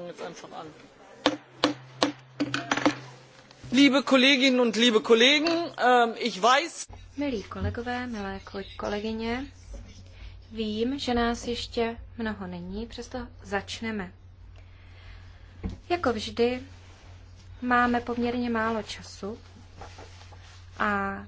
jetzt einfach an. Liebe Kolleginnen und liebe Kollegen, ähm, ich weiß... Milí kolegové, milé kolegyně, vím, že nás ještě mnoho není, přesto začneme. Jako vždy máme poměrně málo času a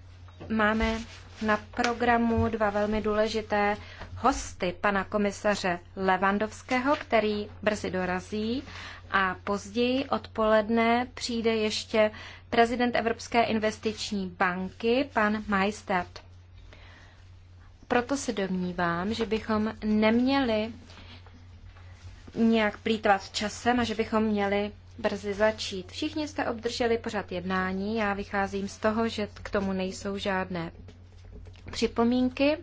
máme na programu dva velmi důležité hosty pana komisaře Levandovského, který brzy dorazí a později odpoledne přijde ještě prezident Evropské investiční banky, pan Majstad. Proto se domnívám, že bychom neměli nějak plítvat časem a že bychom měli brzy začít. Všichni jste obdrželi pořad jednání, já vycházím z toho, že k tomu nejsou žádné připomínky.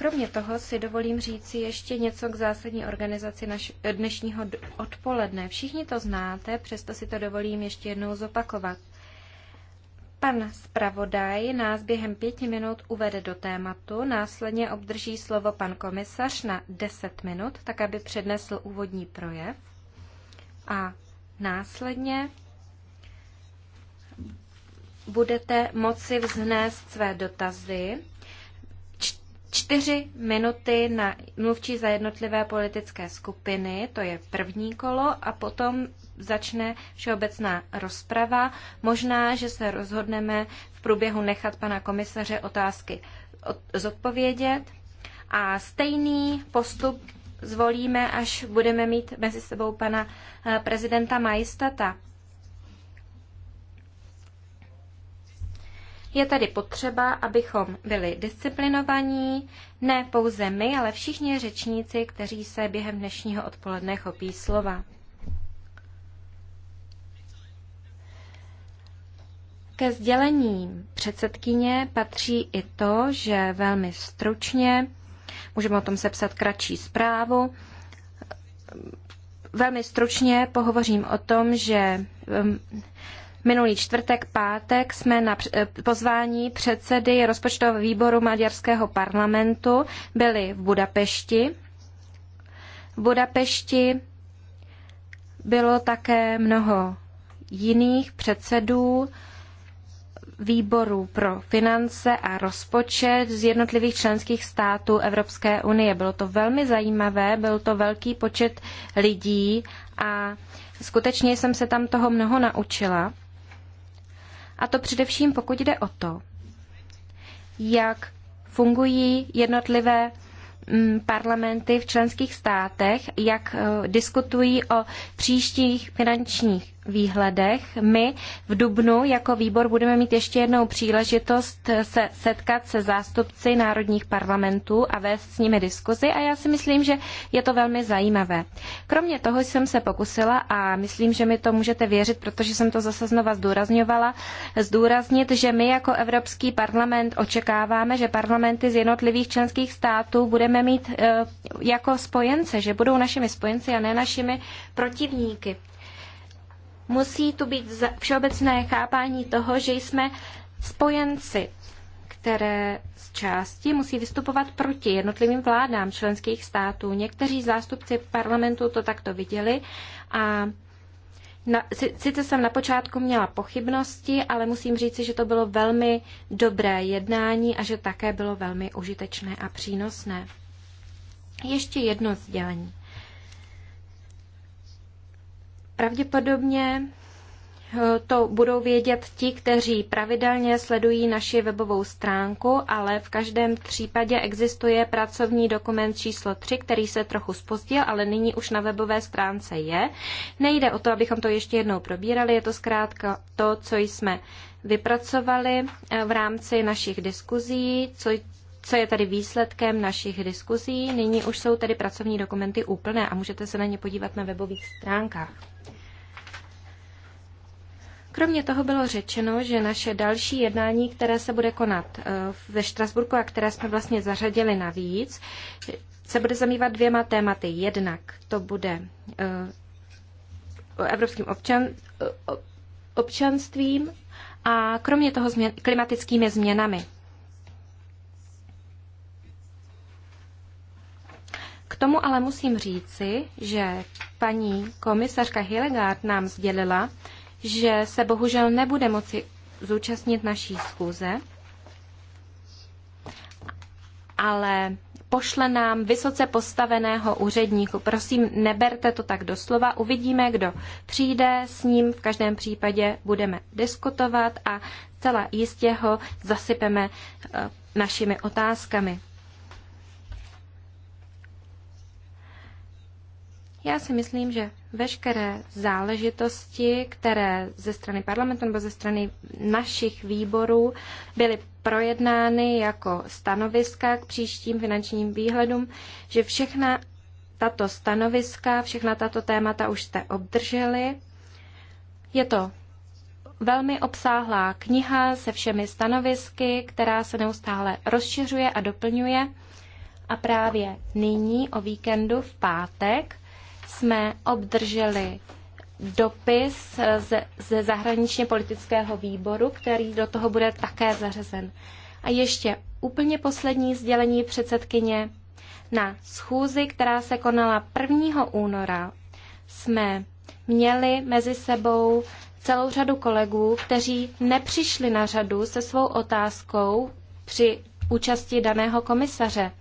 Kromě toho si dovolím říci ještě něco k zásadní organizaci naš, dnešního odpoledne. Všichni to znáte, přesto si to dovolím ještě jednou zopakovat. Pan zpravodaj nás během pěti minut uvede do tématu, následně obdrží slovo pan komisař na deset minut, tak aby přednesl úvodní projev. A následně budete moci vznést své dotazy čtyři minuty na mluvčí za jednotlivé politické skupiny, to je první kolo, a potom začne všeobecná rozprava. Možná, že se rozhodneme v průběhu nechat pana komisaře otázky zodpovědět. A stejný postup zvolíme, až budeme mít mezi sebou pana eh, prezidenta Majstata. Je tady potřeba, abychom byli disciplinovaní, ne pouze my, ale všichni řečníci, kteří se během dnešního odpoledne chopí slova. Ke sdělením předsedkyně patří i to, že velmi stručně, můžeme o tom sepsat kratší zprávu, velmi stručně pohovořím o tom, že um, Minulý čtvrtek, pátek jsme na eh, pozvání předsedy rozpočtového výboru maďarského parlamentu byli v Budapešti. V Budapešti bylo také mnoho jiných předsedů výboru pro finance a rozpočet z jednotlivých členských států Evropské unie. Bylo to velmi zajímavé, byl to velký počet lidí a skutečně jsem se tam toho mnoho naučila. A to především pokud jde o to, jak fungují jednotlivé mm, parlamenty v členských státech, jak eh, diskutují o příštích finančních výhledech. My v Dubnu jako výbor budeme mít ještě jednou příležitost se setkat se zástupci národních parlamentů a vést s nimi diskuzi a já si myslím, že je to velmi zajímavé. Kromě toho jsem se pokusila a myslím, že mi to můžete věřit, protože jsem to zase znova zdůrazňovala, zdůraznit, že my jako Evropský parlament očekáváme, že parlamenty z jednotlivých členských států budeme mít eh, jako spojence, že budou našimi spojenci a ne našimi protivníky. Musí tu být všeobecné chápání toho, že jsme spojenci, které z části musí vystupovat proti jednotlivým vládám členských států. Někteří zástupci parlamentu to takto viděli a na, sice jsem na počátku měla pochybnosti, ale musím říci, že to bylo velmi dobré jednání a že také bylo velmi užitečné a přínosné. Ještě jedno sdělení. Pravděpodobně eh, to budou vědět ti, kteří pravidelně sledují naši webovou stránku, ale v každém případě existuje pracovní dokument číslo 3, který se trochu spozdil, ale nyní už na webové stránce je. Nejde o to, abychom to ještě jednou probírali, je to zkrátka to, co jsme vypracovali eh, v rámci našich diskuzí, co co je tady výsledkem našich diskuzí. Nyní už jsou tedy pracovní dokumenty úplné a můžete se na ně podívat na webových stránkách. Kromě toho bylo řečeno, že naše další jednání, které se bude konat eh, ve Štrasburku a které jsme vlastně zařadili navíc, se bude zamývat dvěma tématy. Jednak to bude o eh, evropským občan, eh, občanstvím a kromě toho změn, klimatickými změnami. tomu ale musím říci, že paní komisařka Hillegard nám sdělila, že se bohužel nebude moci zúčastnit naší schůze, ale pošle nám vysoce postaveného úředníku. Prosím, neberte to tak doslova. Uvidíme, kdo přijde s ním. V každém případě budeme diskutovat a celá jistě ho zasypeme eh, našimi otázkami. Já si myslím, že veškeré záležitosti, které ze strany parlamentu nebo ze strany našich výborů byly projednány jako stanoviska k příštím finančním výhledům, že všechna tato stanoviska, všechna tato témata už jste obdrželi. Je to velmi obsáhlá kniha se všemi stanovisky, která se neustále rozšiřuje a doplňuje. A právě nyní o víkendu v pátek jsme obdrželi dopis ze, ze zahraničně politického výboru, který do toho bude také zařazen. A ještě úplně poslední sdělení předsedkyně. Na schůzi, která se konala 1. února, jsme měli mezi sebou celou řadu kolegů, kteří nepřišli na řadu se svou otázkou při účasti daného komisaře.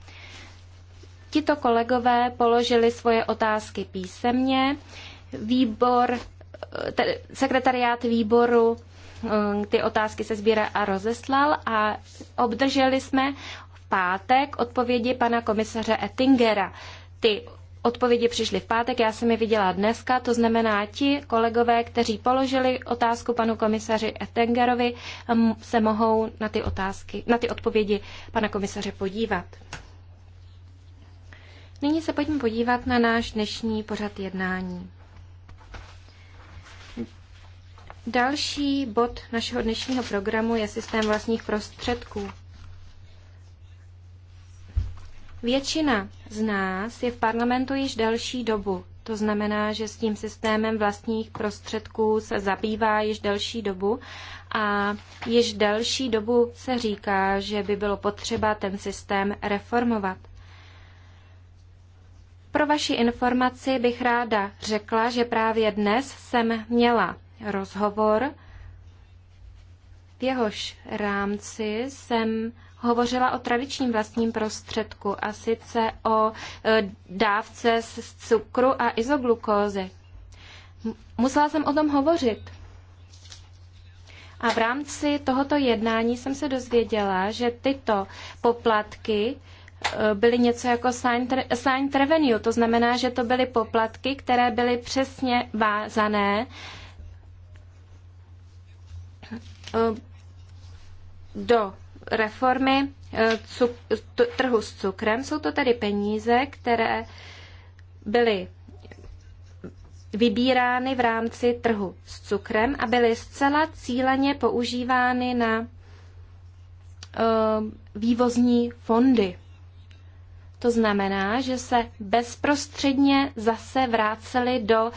Tito kolegové položili svoje otázky písemně. Výbor, sekretariát výboru mm, ty otázky se sbírá a rozeslal a obdrželi jsme v pátek odpovědi pana komisaře Ettingera. Ty Odpovědi přišly v pátek, já jsem je viděla dneska, to znamená ti kolegové, kteří položili otázku panu komisaři Ettingerovi, mm, se mohou na ty, otázky, na ty odpovědi pana komisaře podívat. Nyní se pojďme podívat na náš dnešní pořad jednání. Další bod našeho dnešního programu je systém vlastních prostředků. Většina z nás je v parlamentu již delší dobu. To znamená, že s tím systémem vlastních prostředků se zabývá již delší dobu a již delší dobu se říká, že by bylo potřeba ten systém reformovat. Pro vaši informaci bych ráda řekla, že právě dnes jsem měla rozhovor, v jehož rámci jsem hovořila o tradičním vlastním prostředku, a sice o e, dávce z cukru a izoglukózy. Musela jsem o tom hovořit. A v rámci tohoto jednání jsem se dozvěděla, že tyto poplatky Eh, byly něco jako signed revenue, to znamená, že to byly poplatky, které byly přesně vázané eh, do reformy eh, trhu s cukrem. Jsou to tedy peníze, které byly vybírány v rámci trhu s cukrem a byly zcela cíleně používány na vývozní fondy. To znamená, že se bezprostředně zase vráceli do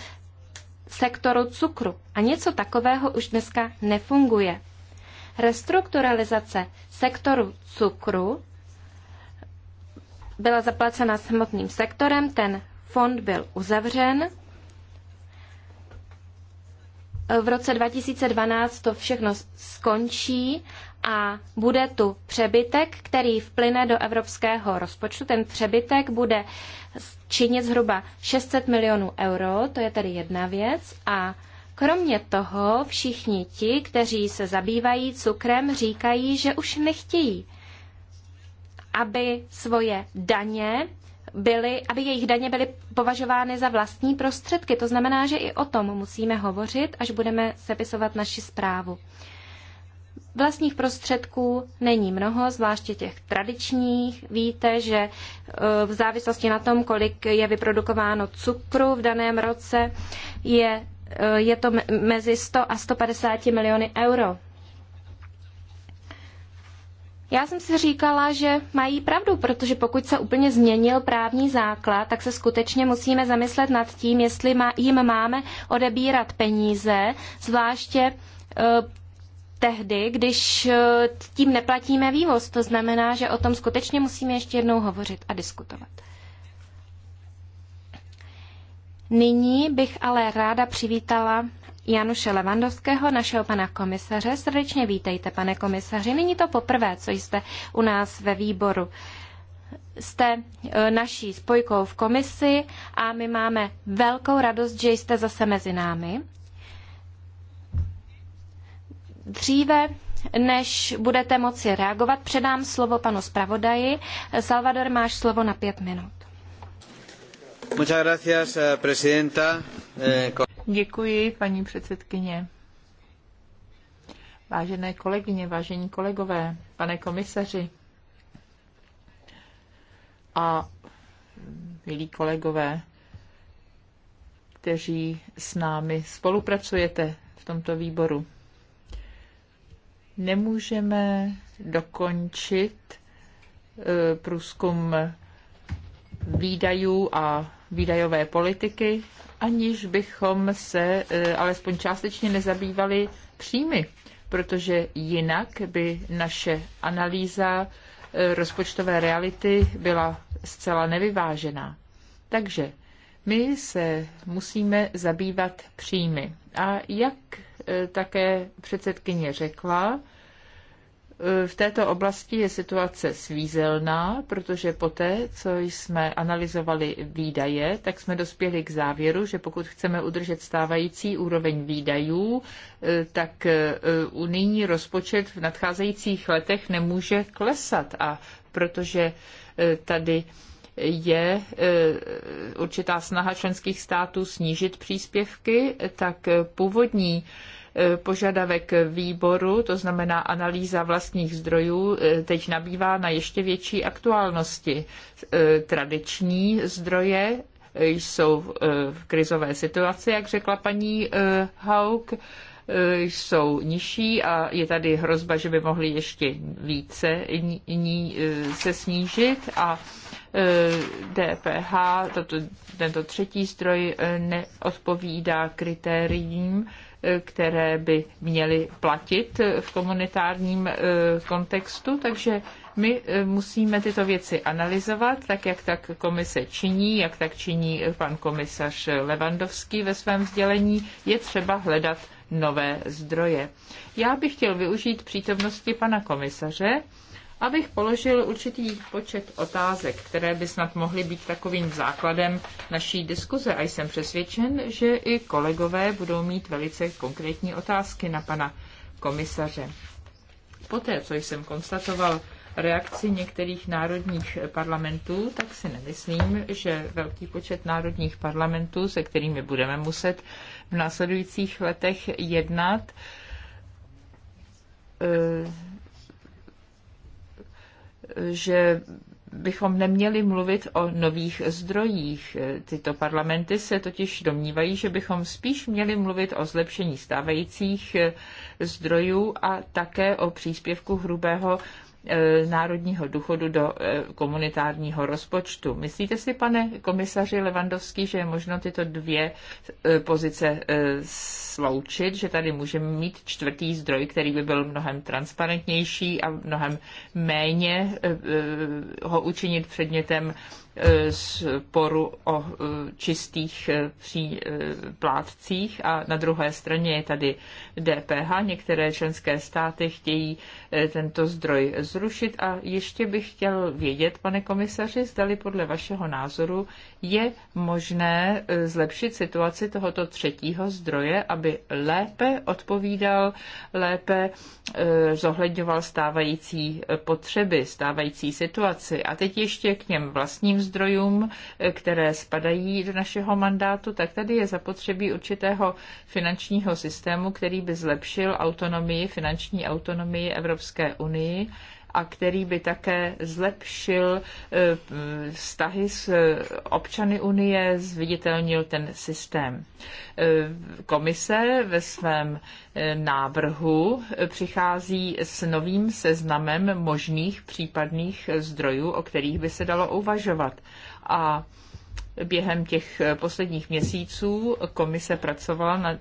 sektoru cukru. A něco takového už dneska nefunguje. Restrukturalizace sektoru cukru byla zaplacena samotným sektorem, ten fond byl uzavřen. V roce 2012 to všechno skončí a bude tu přebytek, který vplyne do evropského rozpočtu. Ten přebytek bude činit zhruba 600 milionů euro, to je tedy jedna věc. A kromě toho všichni ti, kteří se zabývají cukrem, říkají, že už nechtějí, aby svoje daně byly, aby jejich daně byly považovány za vlastní prostředky. To znamená, že i o tom musíme hovořit, až budeme sepisovat naši zprávu. Vlastních prostředků není mnoho, zvláště těch tradičních. Víte, že e, v závislosti na tom, kolik je vyprodukováno cukru v daném roce, je, e, je to mezi 100 a 150 miliony euro. Já jsem si říkala, že mají pravdu, protože pokud se úplně změnil právní základ, tak se skutečně musíme zamyslet nad tím, jestli jim máme odebírat peníze, zvláště e, tehdy, když eh, tím neplatíme vývoz. To znamená, že o tom skutečně musíme ještě jednou hovořit a diskutovat. Nyní bych ale ráda přivítala Januše Levandovského, našeho pana komisaře. Srdečně vítejte, pane komisaři. Není to poprvé, co jste u nás ve výboru. Jste eh, naší spojkou v komisi a my máme velkou radost, že jste zase mezi námi. Dříve, než budete moci reagovat, předám slovo panu zpravodaji. Salvador, máš slovo na pět minut. Eh, eh, Děkuji, paní předsedkyně. Vážené kolegyně, vážení kolegové, pane komisaři a milí kolegové, kteří s námi spolupracujete v tomto výboru nemůžeme dokončit eh, průzkum výdajů a výdajové politiky, aniž bychom se eh, alespoň částečně nezabývali příjmy, protože jinak by naše analýza eh, rozpočtové reality byla zcela nevyvážená. Takže my se musíme zabývat příjmy. A jak také předsedkyně řekla, Eh, v této oblasti je situace svízelná, protože poté, co jsme analyzovali výdaje, tak jsme dospěli k závěru, že pokud chceme udržet stávající úroveň výdajů, eh, tak eh, unijní rozpočet v nadcházejících letech nemůže klesat. A protože tady je určitá snaha členských států snížit příspěvky, tak původní Eh, požadavek výboru, to znamená analýza vlastních zdrojů, eh, teď nabývá na ještě větší aktuálnosti. Eh, tradiční zdroje jsou v krizové situaci, jak řekla paní Haug, jsou nižší a je tady hrozba, že by mohly ještě více se snížit a DPH, toto, tento třetí stroj neodpovídá kritériím, které by měly platit v komunitárním eh, kontextu, takže my eh, musíme tyto věci analyzovat, tak jak tak komise činí, jak tak činí pan komisař Levandovský ve svém vzdělení. je třeba hledat nové zdroje. Já bych chtěl využít přítomnosti pana komisaře, abych položil určitý počet otázek, které by snad mohly být takovým základem naší diskuze. A jsem přesvědčen, že i kolegové budou mít velice konkrétní otázky na pana komisaře. Poté, co jsem konstatoval reakci některých národních parlamentů, tak si nemyslím, že velký počet národních parlamentů, se kterými budeme muset v následujících letech jednat, e že bychom neměli mluvit o nových zdrojích. Tyto parlamenty se totiž domnívají, že bychom spíš měli mluvit o zlepšení stávajících zdrojů a také o příspěvku hrubého E, národního důchodu do e, komunitárního rozpočtu. Myslíte si, pane komisaři Levandovský, že je možno tyto dvě e, pozice sloučit, že tady můžeme mít čtvrtý zdroj, který by byl mnohem transparentnější a mnohem méně ho učinit předmětem sporu o e, čistých e, e, plátcích a na druhé straně je tady DPH. Některé členské státy chtějí tento zdroj zrušit a ještě bych chtěl vědět, pane komisaři, zdali podle vašeho názoru je možné zlepšit situaci tohoto třetího zdroje, aby lépe odpovídal, lépe zohledňoval stávající potřeby, stávající situaci. A teď ještě k něm vlastním zdrojům, které spadají do našeho mandátu, tak tady je zapotřebí určitého finančního systému, který by zlepšil autonomii, finanční autonomii Evropské unii a který by také zlepšil eh, vztahy s eh, občany Unie, zviditelnil ten systém. Eh, komise ve svém návrhu přichází s novým seznamem možných případných zdrojů, o kterých by se dalo uvažovat. A během těch posledních měsíců komise pracovala na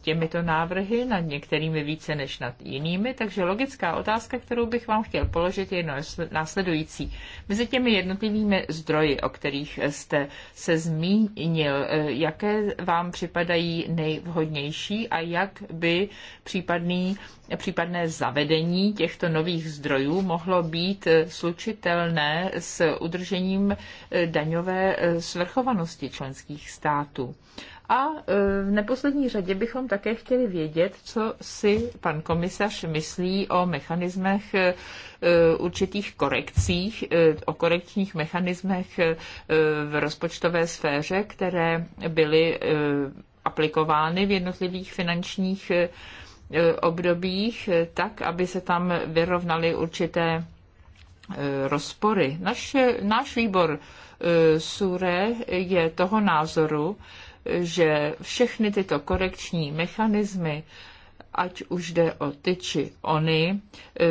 těmito návrhy, nad některými více než nad jinými, takže logická otázka, kterou bych vám chtěl položit, je no- následující. Mezi těmi jednotlivými zdroji, o kterých jste se zmínil, eh, jaké vám připadají nejvhodnější a jak by případný, případné zavedení těchto nových zdrojů mohlo být eh, slučitelné s udržením eh, daňové svrchovanosti členských států. A e, v neposlední řadě bychom také chtěli vědět, co si pan komisař myslí o mechanismech e, e, určitých korekcích, o korekčních mechanismech v rozpočtové sféře, které byly aplikovány v jednotlivých finančních obdobích, tak, aby se tam vyrovnaly určité rozpory. Naš, náš výbor SURE je toho názoru, že všechny tyto korekční mechanismy ať už jde o ty či ony,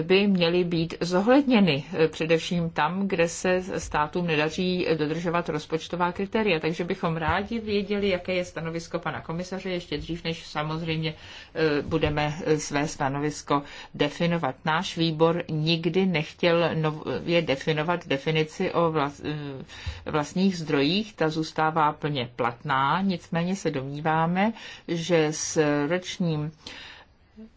by měly být zohledněny, eh, především tam, kde se státům nedaří dodržovat rozpočtová kritéria. Takže bychom rádi věděli, jaké je stanovisko pana komisaře, ještě dřív, než samozřejmě eh, budeme eh, své stanovisko definovat. Náš výbor nikdy nechtěl nově definovat definici o vlastních zdrojích, ta zůstává plně platná, nicméně se domníváme, že s ročním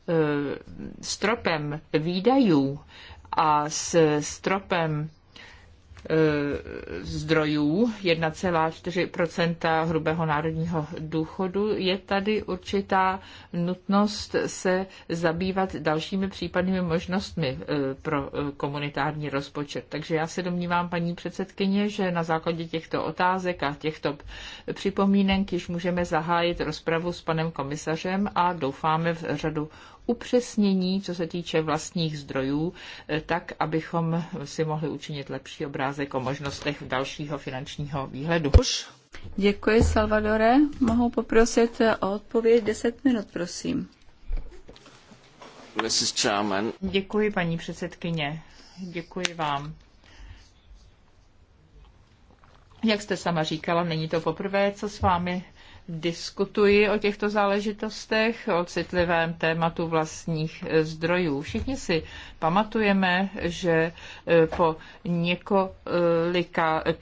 Eh, stropem výdajů a s stropem Eh, zdrojů, 1,4 hrubého národního důchodu, je tady určitá nutnost se zabývat dalšími případnými možnostmi eh, pro eh, komunitární rozpočet. Takže já se domnívám, paní předsedkyně, že na základě těchto otázek a těchto připomínek již můžeme zahájit rozpravu s panem komisařem a doufáme v řadu upřesnění, co se týče vlastních zdrojů, eh, tak, abychom si mohli učinit lepší obrázek o možnostech dalšího finančního výhledu. Děkuji, Salvadore. Mohu poprosit eh, o odpověď 10 minut, prosím. Mrs. Chairman. Děkuji, paní předsedkyně. Děkuji vám. Jak jste sama říkala, není to poprvé, co s vámi diskutují o těchto záležitostech, o citlivém tématu vlastních eh, zdrojů. Všichni si pamatujeme, že eh, po několika eh,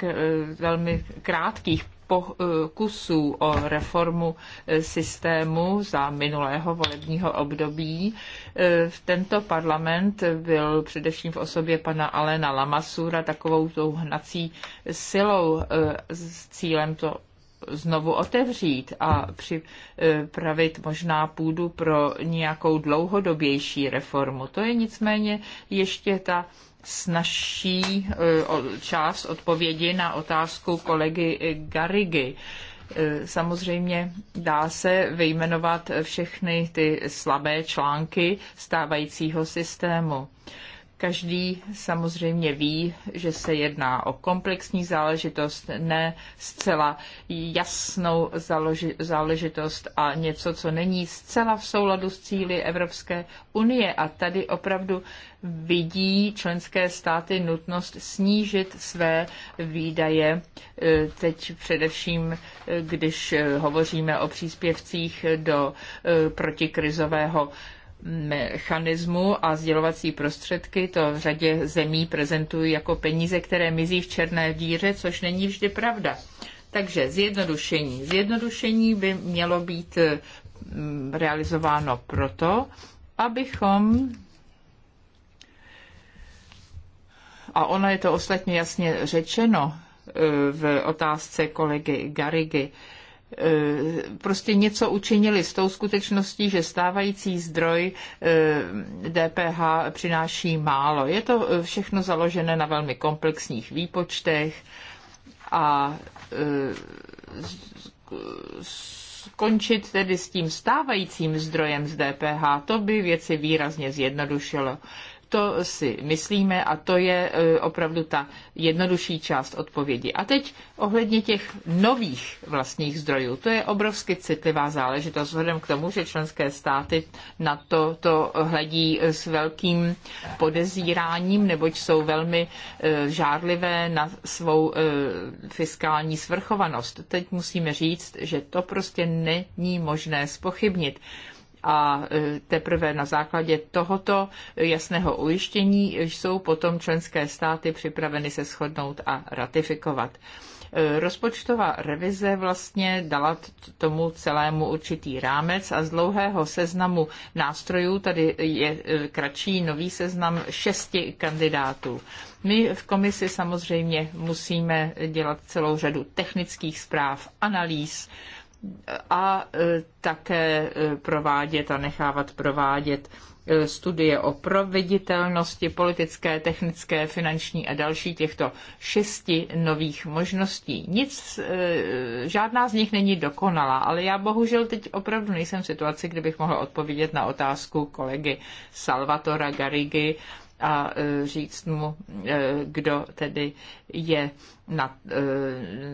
velmi krátkých pokusů o reformu systému za minulého volebního období. V tento parlament byl především v osobě pana Alena Lamasura takovou tou hnací silou s cílem to znovu otevřít a připravit možná půdu pro nějakou dlouhodobější reformu. To je nicméně ještě ta snažší eh, část odpovědi na otázku kolegy Garigy. Eh, samozřejmě dá se vyjmenovat všechny ty slabé články stávajícího systému. Každý samozřejmě ví, že se jedná o komplexní záležitost, ne zcela jasnou záležitost a něco, co není zcela v souladu s cíly Evropské unie. A tady opravdu vidí členské státy nutnost snížit své výdaje, e, teď především, e, když e, hovoříme o příspěvcích do protikrizového mechanismu a sdělovací prostředky to v řadě zemí prezentují jako peníze, které mizí v černé díře, což není vždy pravda. Takže zjednodušení. Zjednodušení by mělo být eh, realizováno proto, abychom a ono je to ostatně jasně řečeno eh, v otázce kolegy Garigy, E, prostě něco učinili s tou skutečností, že stávající zdroj e, DPH přináší málo. Je to e, všechno založené na velmi komplexních výpočtech a skončit tedy s tím stávajícím zdrojem z DPH, to by věci výrazně zjednodušilo to si myslíme a to je e, opravdu ta jednodušší část odpovědi. A teď ohledně těch nových vlastních zdrojů. To je obrovsky citlivá záležitost vzhledem k tomu, že členské státy na to, to hledí s velkým podezíráním, neboť jsou velmi e, žárlivé na svou e, fiskální svrchovanost. Teď musíme říct, že to prostě není možné spochybnit a e, teprve na základě tohoto jasného ujištění jsou potom členské státy připraveny se shodnout a ratifikovat. E, rozpočtová revize vlastně dala tomu celému určitý rámec a z dlouhého seznamu nástrojů tady je e, kratší nový seznam šesti kandidátů. My v komisi samozřejmě musíme dělat celou řadu technických zpráv, analýz, a e, také e, provádět a nechávat provádět e, studie o proveditelnosti politické, technické, finanční a další těchto šesti nových možností. Nic, žádná z nich není dokonalá, ale já bohužel teď opravdu nejsem v situaci, kdybych mohl odpovědět na otázku kolegy Salvatora Garigy a e, říct mu, e, kdo tedy je na, e,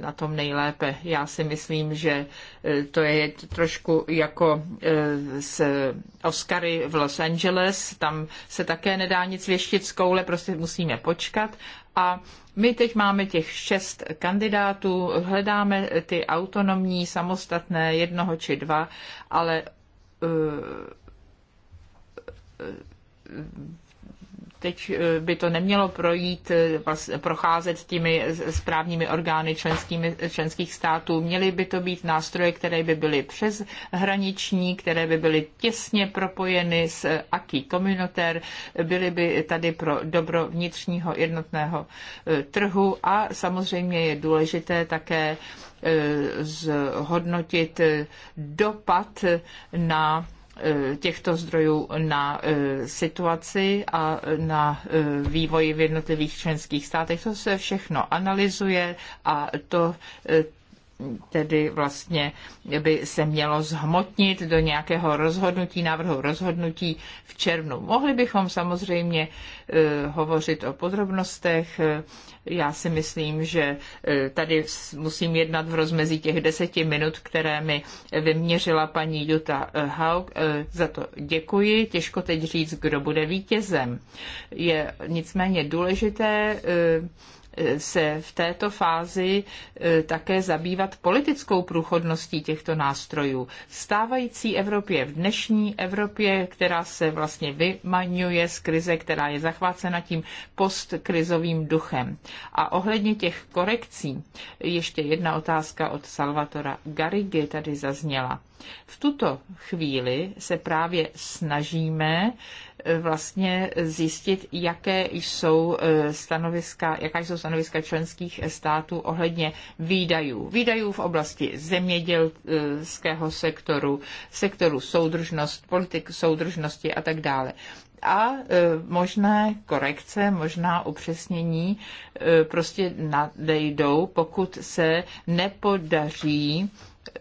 na tom nejlépe. Já si myslím, že to je trošku jako s Oscary v Los Angeles. Tam se také nedá nic věštit z koule, prostě musíme počkat. A my teď máme těch šest kandidátů, hledáme ty autonomní, samostatné, jednoho či dva, ale uh, uh, Teď eh, by to nemělo projít, eh, procházet těmi správními orgány členskými, členských států. Měly by to být nástroje, které by byly přeshraniční, které by byly těsně propojeny s aký komunitér, byly by tady pro dobro vnitřního jednotného eh, trhu a samozřejmě je důležité také zhodnotit dopad na těchto zdrojů na e, situaci a na e, vývoji v jednotlivých členských státech. To se všechno analyzuje a to e, tedy vlastně by se mělo zhmotnit do nějakého rozhodnutí, návrhu rozhodnutí v červnu. Mohli bychom samozřejmě eh, hovořit o podrobnostech. Já si myslím, že eh, tady musím jednat v rozmezí těch deseti minut, které mi vyměřila paní Juta eh, Haug. Za to děkuji. Těžko teď říct, kdo bude vítězem. Je nicméně důležité se v této fázi eh, také zabývat politickou průchodností těchto nástrojů. V stávající Evropě, v dnešní Evropě, která se vlastně vymaňuje z krize, která je zachvácena tím postkrizovým duchem. A ohledně těch korekcí, ještě jedna otázka od Salvatora Garigy tady zazněla. V tuto chvíli se právě snažíme vlastně zjistit, jaké jsou e, stanoviska, jaká jsou stanoviska členských států ohledně výdajů. Výdajů v oblasti zemědělského sektoru, sektoru soudržnost, politik soudržnosti a tak dále a e, možné korekce, možná upřesnění e, prostě nadejdou, pokud se nepodaří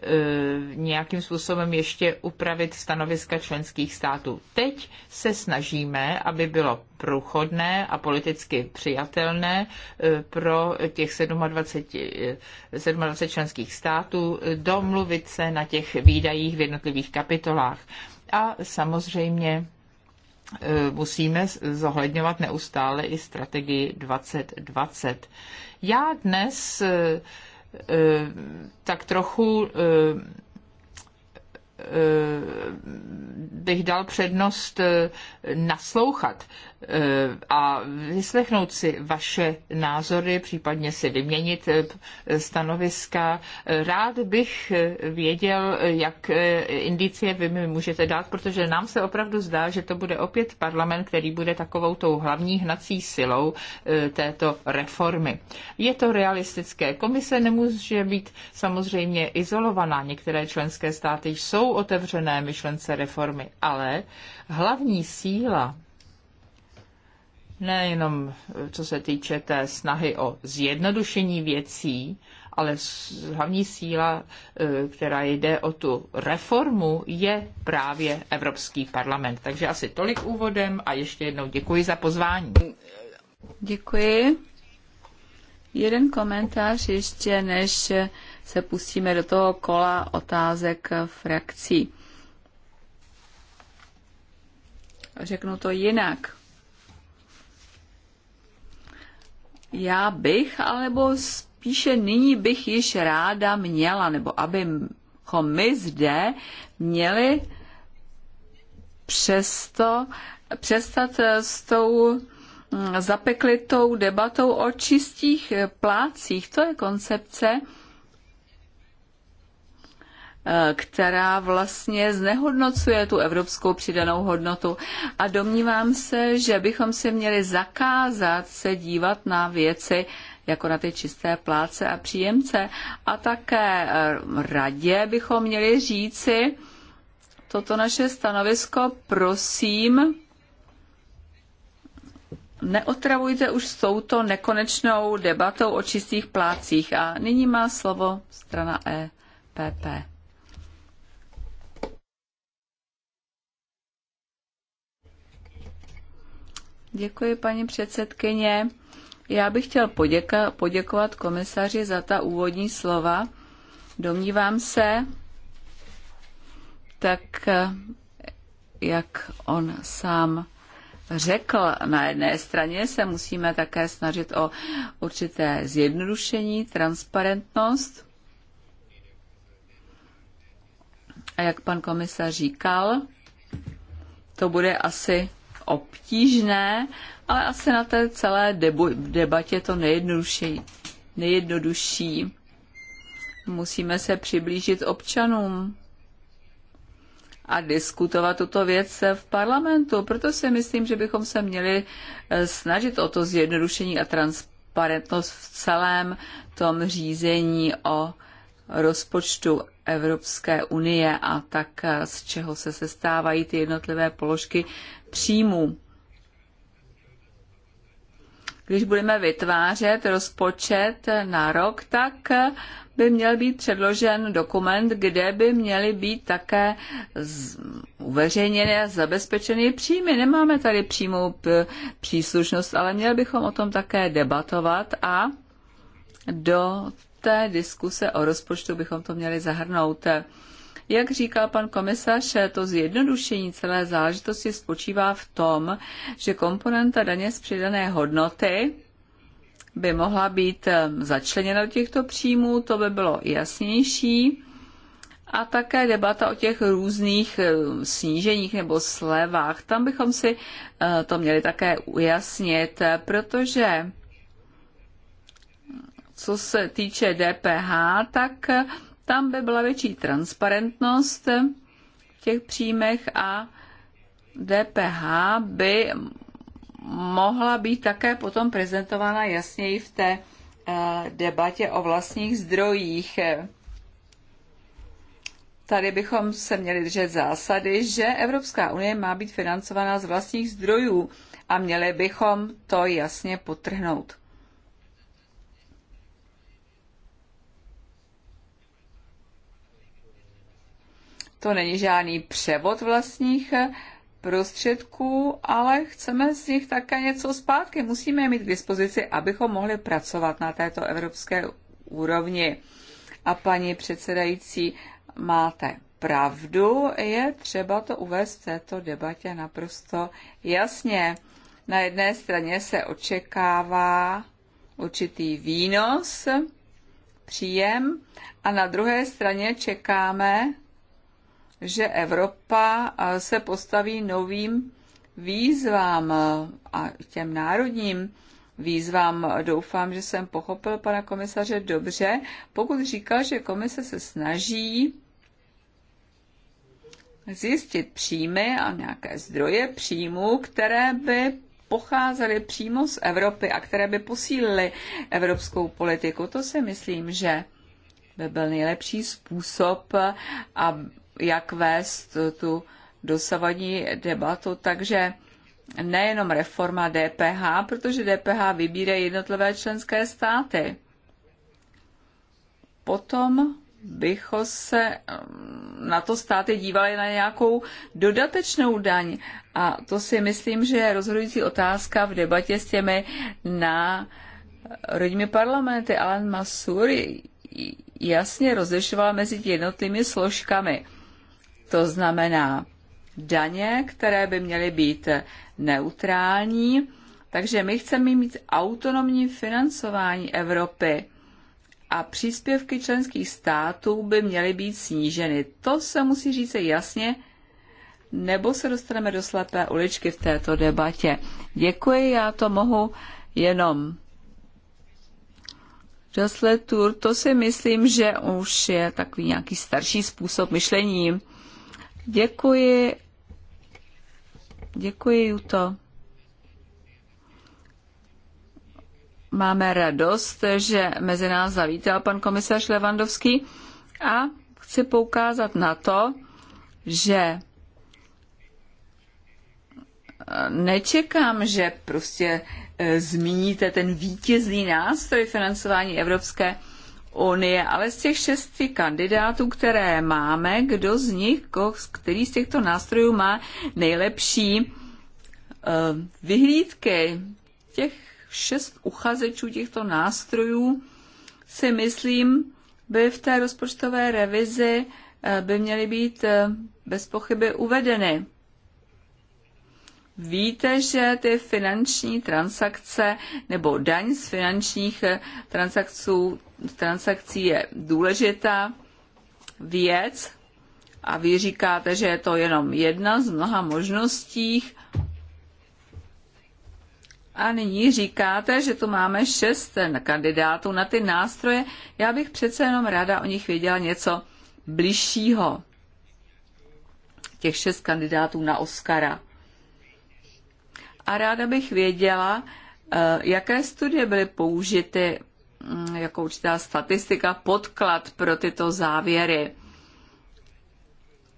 Eh, nějakým způsobem ještě upravit stanoviska členských států. Teď se snažíme, aby bylo průchodné a politicky přijatelné eh, pro těch 27, 27 eh, členských států domluvit se na těch výdajích v jednotlivých kapitolách. A samozřejmě musíme zohledňovat neustále i strategii 2020. Já dnes Eh, tak trochu eh, Eh, bych dal přednost eh, naslouchat eh, a vyslechnout si vaše názory, případně si vyměnit stanoviska. Rád bych věděl, jak indicie vy mi můžete dát, protože nám se opravdu zdá, že to bude opět parlament, který bude takovou tou hlavní hnací silou této reformy. Je to realistické. Komise nemůže být samozřejmě izolovaná. Některé členské státy jsou jsou otevřené myšlence reformy, ale hlavní síla nejenom eh, co se týče té snahy o zjednodušení věcí, ale hlavní síla, eh, která jde o tu reformu, je právě Evropský parlament. Takže asi tolik úvodem a ještě jednou děkuji za pozvání. Děkuji. Jeden komentář ještě, než se pustíme do toho kola otázek frakcí. Řeknu to jinak. Já bych, alebo spíše nyní bych již ráda měla, nebo abychom my zde měli přesto přestat s tou hm, zapeklitou debatou o čistých plácích. To je koncepce, která vlastně znehodnocuje tu evropskou přidanou hodnotu. A domnívám se, že bychom si měli zakázat se dívat na věci jako na ty čisté pláce a příjemce. A také eh, radě bychom měli říci, toto naše stanovisko prosím neotravujte už s touto nekonečnou debatou o čistých plácích. A nyní má slovo strana EPP. Děkuji, paní předsedkyně. Já bych chtěl poděka, poděkovat komisaři za ta úvodní slova. Domnívám se, tak jak on sám řekl, na jedné straně se musíme také snažit o určité zjednodušení, transparentnost. A jak pan komisař říkal, to bude asi obtížné, ale asi na té celé debatě to nejjednodušší. Musíme se přiblížit občanům a diskutovat tuto věc v parlamentu. Proto si myslím, že bychom se měli eh, snažit o to zjednodušení a transparentnost v celém tom řízení o rozpočtu Evropské unie a tak eh, z čeho se sestávají ty jednotlivé položky příjmů. Když budeme vytvářet rozpočet na rok, tak by měl být předložen dokument, kde by měly být také uveřejněné a zabezpečené příjmy. Nemáme tady přímou příslušnost, ale měli bychom o tom také debatovat a do té diskuse o rozpočtu bychom to měli zahrnout. Jak říkal pan komisař, to zjednodušení celé záležitosti spočívá v tom, že komponenta daně z přidané hodnoty by mohla být začleněna do těchto příjmů, to by bylo jasnější. A také debata o těch různých sníženích nebo slevách. Tam bychom si eh, to měli také ujasnit, protože co se týče DPH, tak tam by byla větší transparentnost v těch příjmech a DPH by mohla být také potom prezentována jasněji v té eh, debatě o vlastních zdrojích. Tady bychom se měli držet zásady, že Evropská unie má být financována z vlastních zdrojů a měli bychom to jasně potrhnout. To není žádný převod vlastních prostředků, ale chceme z nich také něco zpátky. Musíme je mít k dispozici, abychom mohli pracovat na této evropské úrovni. A paní předsedající, máte pravdu, je třeba to uvést v této debatě naprosto jasně. Na jedné straně se očekává určitý výnos, příjem, a na druhé straně čekáme že Evropa se postaví novým výzvám a těm národním výzvám. Doufám, že jsem pochopil pana komisaře dobře, pokud říkal, že komise se snaží zjistit příjmy a nějaké zdroje příjmů, které by pocházely přímo z Evropy a které by posílily evropskou politiku. To si myslím, že by byl nejlepší způsob, jak vést tu dosavadní debatu. Takže nejenom reforma DPH, protože DPH vybírá jednotlivé členské státy. Potom bychom se mm, na to státy dívali na nějakou dodatečnou daň. A to si myslím, že je rozhodující otázka v debatě s těmi na rodními parlamenty. Alan Masur jasně rozlišoval mezi jednotlivými složkami. To znamená daně, které by měly být neutrální. Takže my chceme mít autonomní financování Evropy a příspěvky členských států by měly být sníženy. To se musí říct jasně, nebo se dostaneme do slepé uličky v této debatě. Děkuji, já to mohu jenom. Jocelyn to si myslím, že už je takový nějaký starší způsob myšlení. Děkuji. Děkuji, Juto. Máme radost, že mezi nás zavítal pan komisař Levandovský a chci poukázat na to, že nečekám, že prostě eh, zmíníte ten vítězný nástroj financování Evropské unie, ale z těch šesti kandidátů, které máme, kdo z nich, který z těchto nástrojů má nejlepší eh, vyhlídky těch šest uchazečů těchto nástrojů si myslím, by v té rozpočtové revizi eh, by měly být eh, bez pochyby uvedeny. Víte, že ty finanční transakce nebo daň z finančních eh, transakců, transakcí je důležitá věc a vy říkáte, že je to jenom jedna z mnoha možností. A nyní říkáte, že tu máme šest eh, kandidátů na ty nástroje. Já bych přece jenom ráda o nich věděla něco bližšího. Těch šest kandidátů na Oscara a ráda bych věděla, eh, jaké studie byly použity mm, jako určitá statistika, podklad pro tyto závěry.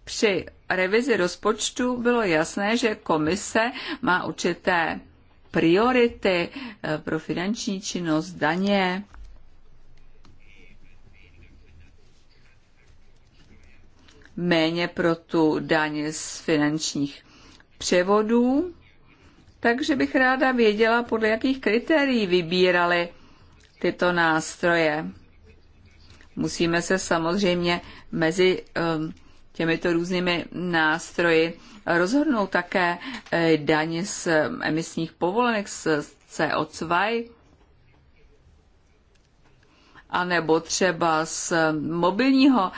Při revizi rozpočtu bylo jasné, že komise má určité priority eh, pro finanční činnost, daně. Méně pro tu daně z finančních převodů. Takže bych ráda věděla, podle jakých kritérií vybírali tyto nástroje. Musíme se samozřejmě mezi um, těmito různými nástroji rozhodnout také eh, daň z um, emisních povolenek z CO2, a nebo třeba z um, mobilního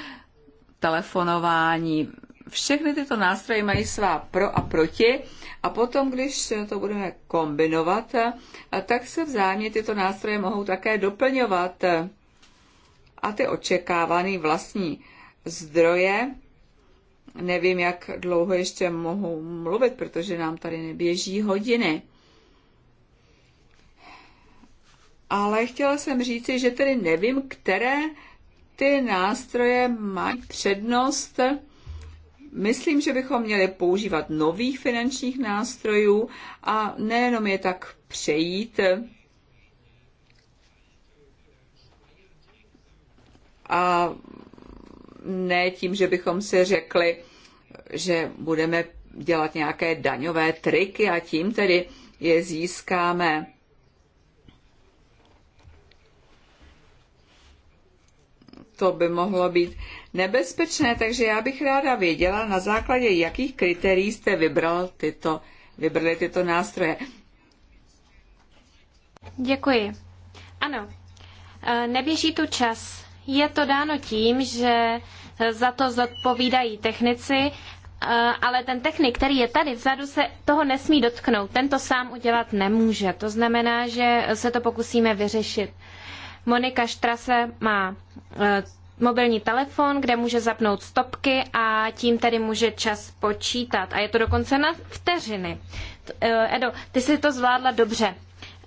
telefonování. Všechny tyto nástroje mají svá pro a proti a potom, když to budeme kombinovat, tak se vzájemně tyto nástroje mohou také doplňovat a ty očekávané vlastní zdroje. Nevím, jak dlouho ještě mohu mluvit, protože nám tady neběží hodiny. Ale chtěla jsem říci, že tedy nevím, které ty nástroje mají přednost Myslím, že bychom měli používat nových finančních nástrojů a nejenom je tak přejít a ne tím, že bychom si řekli, že budeme dělat nějaké daňové triky a tím tedy je získáme. to by mohlo být nebezpečné, takže já bych ráda věděla, na základě jakých kritérií jste vybral tyto, vybrali tyto nástroje. Děkuji. Ano, e, neběží tu čas. Je to dáno tím, že za to zodpovídají technici, e, ale ten technik, který je tady vzadu, se toho nesmí dotknout. Ten to sám udělat nemůže. To znamená, že se to pokusíme vyřešit. Monika Štrase má e, mobilní telefon, kde může zapnout stopky a tím tedy může čas počítat. A je to dokonce na vteřiny. E, Edo, ty jsi to zvládla dobře.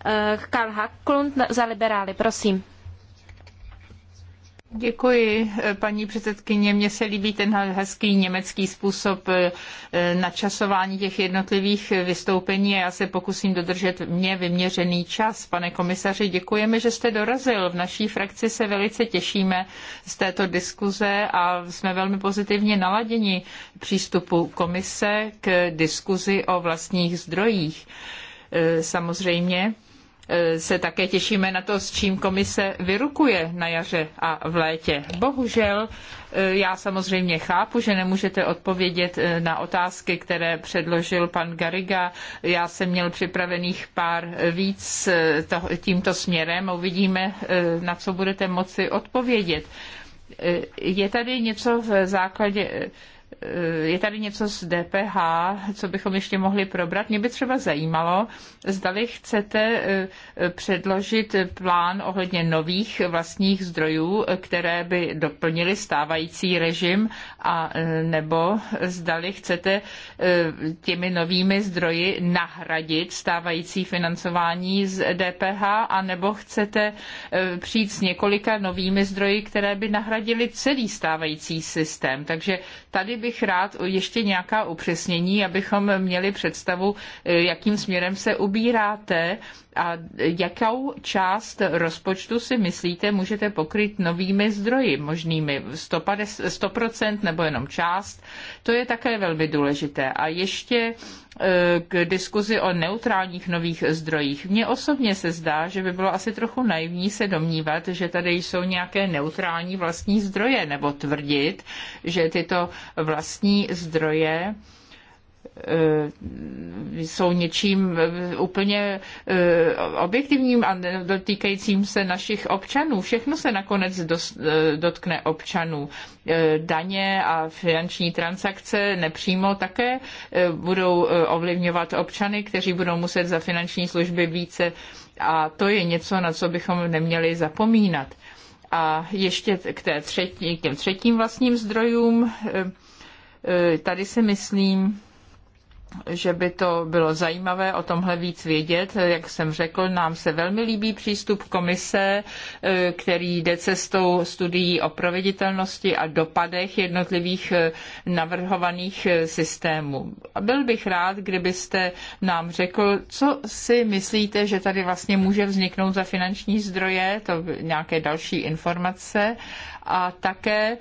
E, Karl Haklund za liberály, prosím. Děkuji, paní předsedkyně. Mně se líbí ten hezký německý způsob eh, načasování těch jednotlivých vystoupení a já se pokusím dodržet mě vyměřený čas. Pane komisaři, děkujeme, že jste dorazil. V naší frakci se velice těšíme z této diskuze a jsme velmi pozitivně naladěni přístupu komise k diskuzi o vlastních zdrojích. Eh, samozřejmě E, se také těšíme na to, s čím komise vyrukuje na jaře a v létě. Bohužel e, já samozřejmě chápu, že nemůžete odpovědět e, na otázky, které předložil pan Gariga. Já jsem měl připravených pár víc tímto směrem. Uvidíme, na co budete moci odpovědět. Je tady něco v základě Eh, je tady něco z DPH, co bychom ještě mohli probrat. Mě by třeba zajímalo, zdali chcete eh, předložit plán ohledně nových vlastních zdrojů, eh, které by doplnili stávající režim, a nebo zdali chcete těmi novými zdroji nahradit stávající financování z DPH, a nebo chcete přijít s několika novými zdroji, které by nahradily celý stávající systém. Takže tady bych bych rád ještě nějaká upřesnění, abychom měli představu, eh, jakým směrem se ubíráte a jakou část rozpočtu si myslíte můžete pokryt novými zdroji, možnými 100% nebo jenom část. To je také velmi důležité. A ještě k diskuzi o neutrálních nových zdrojích. Mně osobně se zdá, že by bylo asi trochu naivní se domnívat, že tady jsou nějaké neutrální vlastní zdroje, nebo tvrdit, že tyto vlastní zdroje E, jsou něčím e, úplně e, objektivním a dotýkajícím se našich občanů. Všechno se nakonec dotkne občanů. Daně a finanční transakce nepřímo také budou ovlivňovat občany, kteří budou muset za finanční služby více a to je něco, na co bychom neměli zapomínat. A ještě k, té třetí, k těm třetím vlastním zdrojům, tady si myslím, že by to bylo zajímavé o tomhle víc vědět. Jak jsem řekl, nám se velmi líbí přístup komise, eh, který jde cestou studií o proveditelnosti a dopadech jednotlivých eh, navrhovaných eh, systémů. Byl bych rád, kdybyste nám řekl, co si myslíte, že tady vlastně může vzniknout za finanční zdroje, to nějaké další informace a také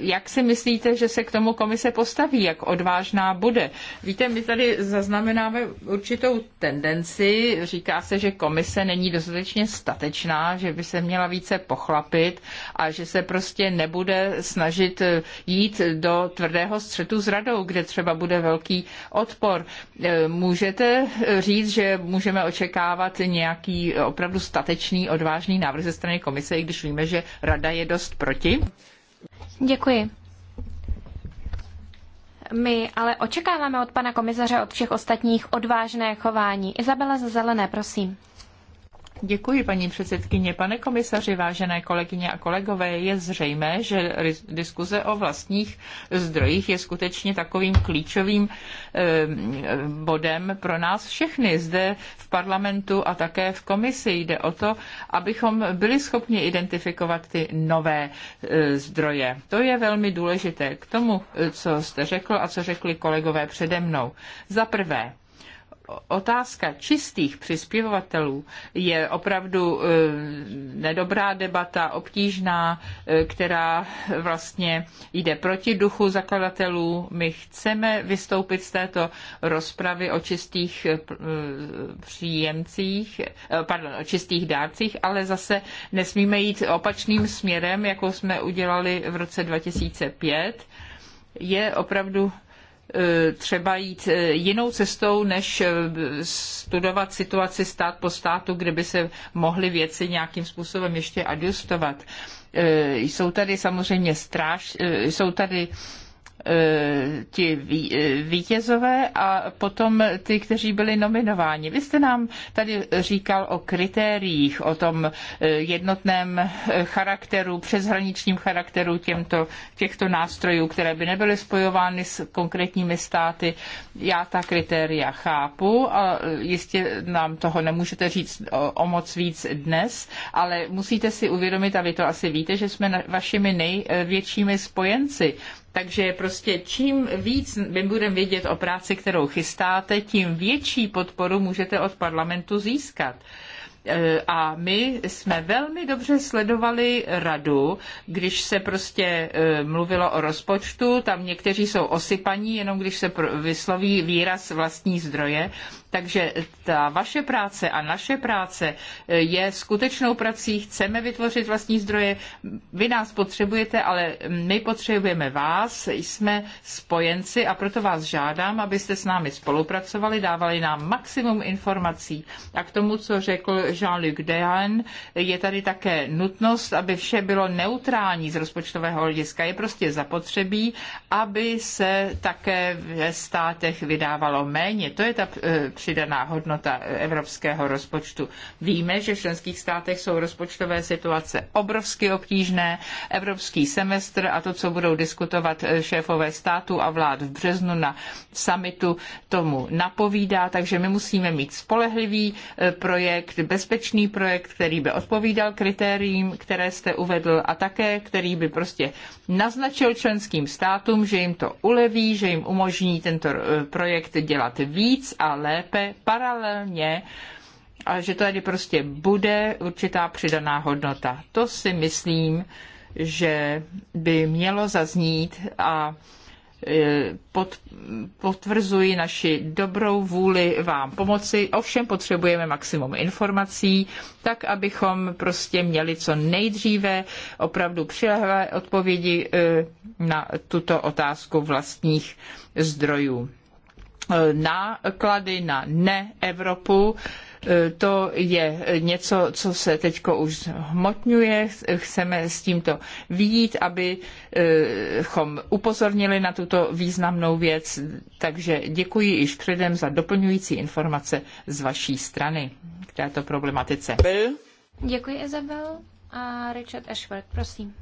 jak si myslíte, že se k tomu komise postaví, jak odvážná bude? Víte, my tady zaznamenáme určitou tendenci, říká se, že komise není dostatečně statečná, že by se měla více pochlapit a že se prostě nebude snažit eh, jít do tvrdého střetu s radou, kde třeba bude velký odpor. Eh, můžete říct, že můžeme očekávat nějaký opravdu statečný, odvážný návrh ze strany komise, i když víme, že rada je dost proti? Děkuji. My ale očekáváme od pana komisaře od všech ostatních odvážné chování. Izabela ze Zelené, prosím. Děkuji, paní předsedkyně. Pane komisaři, vážené kolegyně a kolegové, je zřejmé, že diskuze o vlastních zdrojích je skutečně takovým klíčovým eh, bodem pro nás všechny zde v parlamentu a také v komisi. Jde o to, abychom byli schopni identifikovat ty nové eh, zdroje. To je velmi důležité k tomu, eh, co jste řekl a co řekli kolegové přede mnou. Za prvé, otázka čistých přispěvovatelů je opravdu eh, nedobrá debata, obtížná, eh, která vlastně jde proti duchu zakladatelů. My chceme vystoupit z této rozpravy o čistých eh, příjemcích, pardon, o čistých dárcích, ale zase nesmíme jít opačným směrem, jako jsme udělali v roce 2005 je opravdu Eh, třeba jít eh, jinou cestou, než eh, studovat situaci stát po státu, kde by se mohly věci nějakým způsobem ještě adjustovat. Jsou tady samozřejmě stráž, jsou tady Eh, ti eh, vítězové a potom ty, kteří byli nominováni. Vy jste nám tady říkal o kritériích, o tom eh, jednotném charakteru, přeshraničním charakteru těmto, těchto nástrojů, které by nebyly spojovány s konkrétními státy. Já ta kritéria chápu a jistě nám toho nemůžete říct o, o moc víc dnes, ale musíte si uvědomit, a vy to asi víte, že jsme vašimi největšími spojenci. Takže prostě čím víc my budeme vědět o práci, kterou chystáte, tím větší podporu můžete od parlamentu získat e, a my jsme velmi dobře sledovali radu, když se prostě e, mluvilo o rozpočtu, tam někteří jsou osypaní, jenom když se vysloví výraz vlastní zdroje, takže ta vaše práce a naše práce eh, je skutečnou prací, chceme vytvořit vlastní zdroje, vy nás potřebujete, ale my potřebujeme vás, jsme spojenci a proto vás žádám, abyste s námi spolupracovali, dávali nám maximum informací. A k tomu, co řekl Jean-Luc Dehaene, je tady také nutnost, aby vše bylo neutrální z rozpočtového hlediska. Je prostě zapotřebí, aby se také ve státech vydávalo méně. To je ta eh, přidaná hodnota evropského rozpočtu. Víme, že v členských státech jsou rozpočtové situace obrovsky obtížné. Evropský semestr a to, co budou diskutovat eh, šéfové států a vlád v březnu na summitu, tomu napovídá, takže my musíme mít spolehlivý eh, projekt, bezpečný projekt, který by odpovídal kritériím, které jste uvedl a také, který by prostě naznačil členským státům, že jim to uleví, že jim umožní tento eh, projekt dělat víc a lépe lépe paralelně a že tady prostě bude určitá přidaná hodnota. To si myslím, že by mělo zaznít a e, pod, potvrzuji naši dobrou vůli vám pomoci. Ovšem potřebujeme maximum informací, tak abychom prostě měli co nejdříve opravdu přilehlé odpovědi e, na tuto otázku vlastních zdrojů. Eh, náklady na ne-Evropu, eh, to je něco, co se teď už hmotňuje. Chceme s tímto vidět, abychom eh, upozornili na tuto významnou věc. Takže děkuji již předem za doplňující informace z vaší strany k této problematice. Děkuji, Izabel. A Richard Ashford, prosím.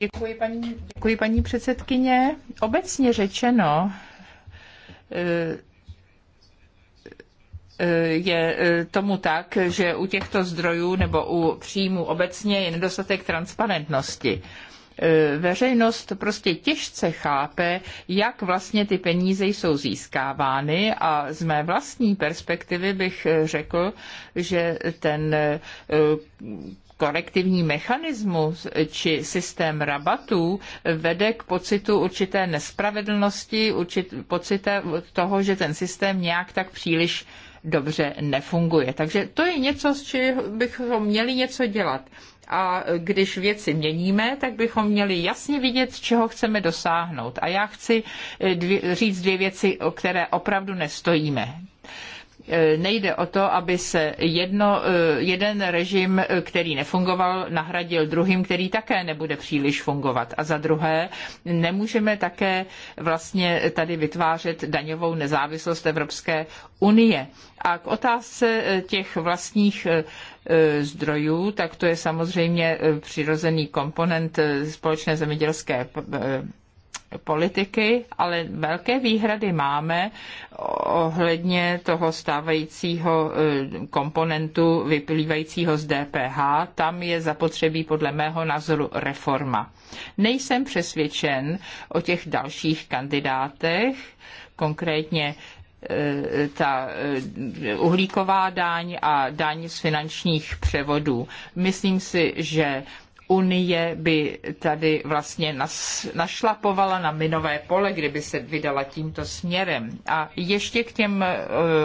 Děkuji paní, děkuji, paní předsedkyně. Obecně řečeno, je e, tomu tak, že u těchto zdrojů nebo u příjmů obecně je nedostatek transparentnosti e, veřejnost prostě těžce chápe, jak vlastně ty peníze jsou získávány a z mé vlastní perspektivy bych řekl, že ten e, korektivní mechanismus či systém rabatů vede k pocitu určité nespravedlnosti, určit, pocita toho, že ten systém nějak tak příliš dobře nefunguje. Takže to je něco, s čím bychom měli něco dělat. A když věci měníme, tak bychom měli jasně vidět, čeho chceme dosáhnout. A já chci dvě, říct dvě věci, o které opravdu nestojíme. Eh, nejde o to, aby se jedno, eh, jeden režim, eh, který nefungoval, nahradil druhým, který také nebude příliš fungovat. A za druhé, nemůžeme také vlastně tady vytvářet daňovou nezávislost Evropské unie. A k otázce těch vlastních zdrojů, tak to je samozřejmě přirozený komponent společné zemědělské politiky, ale velké výhrady máme ohledně toho stávajícího eh, komponentu vyplývajícího z DPH. Tam je zapotřebí podle mého názoru reforma. Nejsem přesvědčen o těch dalších kandidátech, konkrétně eh, ta eh, uhlíková daň a daň z finančních převodů. Myslím si, že Unie by tady vlastně nas, našlapovala na minové pole, kdyby se vydala tímto směrem. A ještě k těm eh,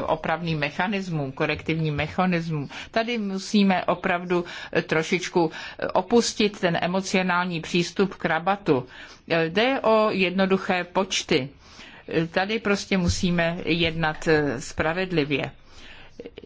opravným mechanismům, korektivním mechanismům. Tady musíme opravdu eh, trošičku eh, opustit ten emocionální přístup k rabatu. Jde o jednoduché počty. Tady prostě musíme jednat spravedlivě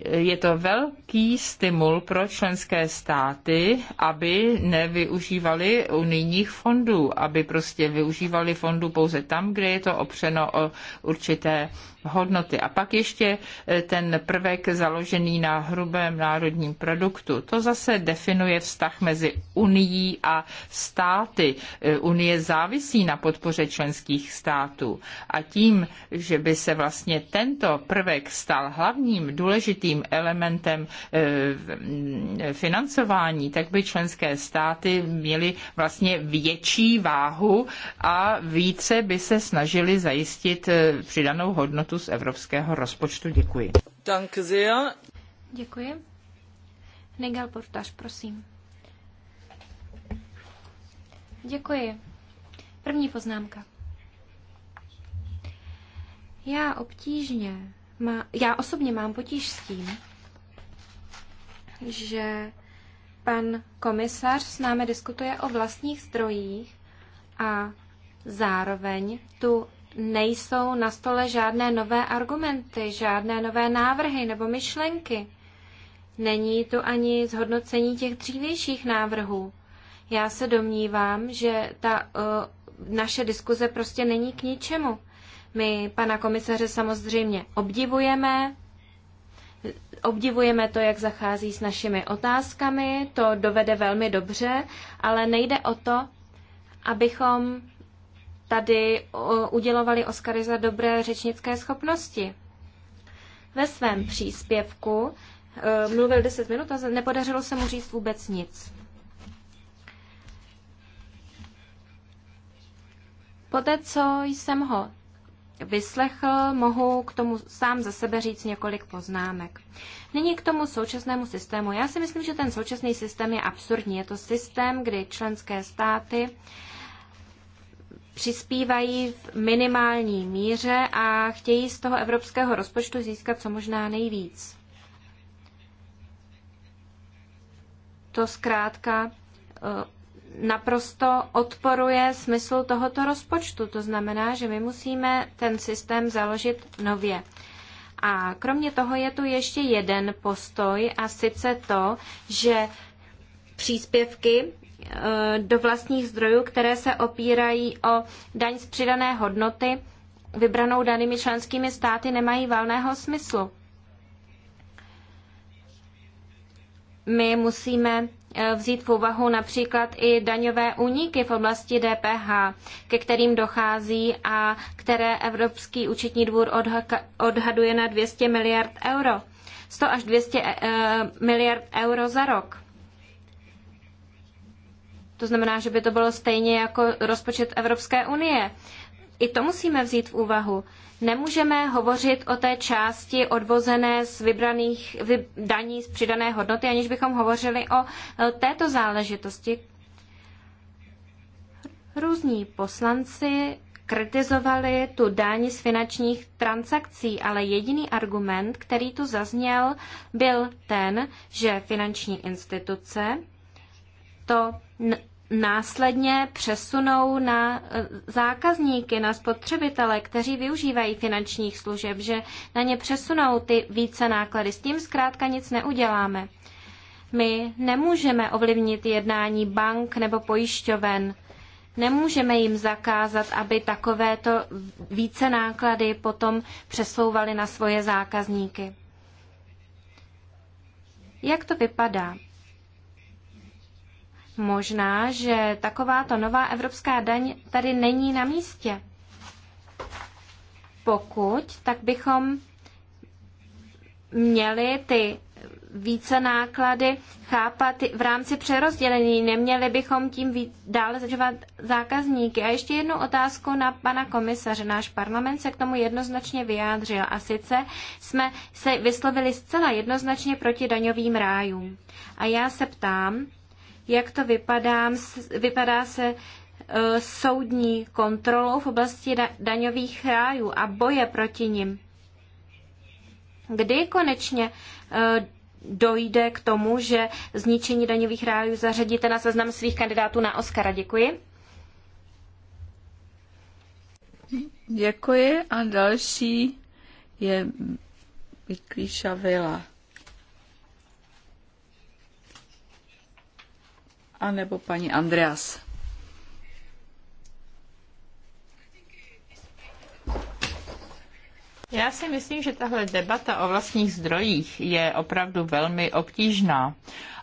je to velký stimul pro členské státy, aby nevyužívali unijních fondů, aby prostě využívali fondů pouze tam, kde je to opřeno o určité hodnoty. A pak ještě eh, ten prvek založený na hrubém národním produktu. To zase definuje vztah mezi Unií a státy. Eh, Unie závisí na podpoře členských států. A tím, že by se vlastně tento prvek stal hlavním důležitým elementem eh, financování, tak by členské státy měly vlastně větší váhu a více by se snažili zajistit přidanou hodnotu hodnotu z evropského rozpočtu. Děkuji. Danke sehr. Děkuji. Nigel Portaž, prosím. Děkuji. První poznámka. Já obtížně, má, já osobně mám potíž s tím, že pan komisař s námi diskutuje o vlastních zdrojích a zároveň tu nejsou na stole žádné nové argumenty, žádné nové návrhy nebo myšlenky. Není tu ani zhodnocení těch dřívějších návrhů. Já se domnívám, že ta uh, naše diskuze prostě není k ničemu. My pana komisaře samozřejmě obdivujeme, obdivujeme to, jak zachází s našimi otázkami, to dovede velmi dobře, ale nejde o to, abychom tady udělovali Oscary za dobré řečnické schopnosti. Ve svém příspěvku e, mluvil 10 minut a nepodařilo se mu říct vůbec nic. Poté, co jsem ho vyslechl, mohu k tomu sám za sebe říct několik poznámek. Nyní k tomu současnému systému. Já si myslím, že ten současný systém je absurdní. Je to systém, kdy členské státy přispívají v minimální míře a chtějí z toho evropského rozpočtu získat co možná nejvíc. To zkrátka eh, naprosto odporuje smyslu tohoto rozpočtu. To znamená, že my musíme ten systém založit nově. A kromě toho je tu ještě jeden postoj, a sice to, že příspěvky Eh, do vlastních zdrojů, které se opírají o daň z přidané hodnoty, vybranou danými členskými státy, nemají valného smyslu. My musíme eh, vzít v úvahu například i daňové úniky v oblasti DPH, ke kterým dochází a které Evropský účetní dvůr odhaduje na 200 miliard euro. 100 až 200 eh, miliard euro za rok. To znamená, že by to bylo stejně jako rozpočet Evropské unie. I to musíme vzít v úvahu. Nemůžeme hovořit o té části odvozené z vybraných daní z přidané hodnoty, aniž bychom hovořili o e, této záležitosti. Různí poslanci kritizovali tu daň z finančních transakcí, ale jediný argument, který tu zazněl, byl ten, že finanční instituce to následně přesunou na e, zákazníky, na spotřebitele, kteří využívají finančních služeb, že na ně přesunou ty více náklady. S tím zkrátka nic neuděláme. My nemůžeme ovlivnit jednání bank nebo pojišťoven. Nemůžeme jim zakázat, aby takovéto více náklady potom přesouvali na svoje zákazníky. Jak to vypadá? možná, že takováto nová evropská daň tady není na místě. Pokud, tak bychom měli ty více náklady chápat v rámci přerozdělení. Neměli bychom tím víc, dále zažovat zákazníky. A ještě jednu otázku na pana komisaře. Náš parlament se k tomu jednoznačně vyjádřil. A sice jsme se vyslovili zcela jednoznačně proti daňovým rájům. A já se ptám, jak to vypadá, vypadá se e, soudní kontrolou v oblasti daňových rájů a boje proti nim. Kdy konečně e, dojde k tomu, že zničení daňových rájů zařadíte na seznam svých kandidátů na Oscara? Děkuji. Děkuji a další je Miklíša Vila. anebo paní Andreas. Já si myslím, že tahle debata o vlastních zdrojích je opravdu velmi obtížná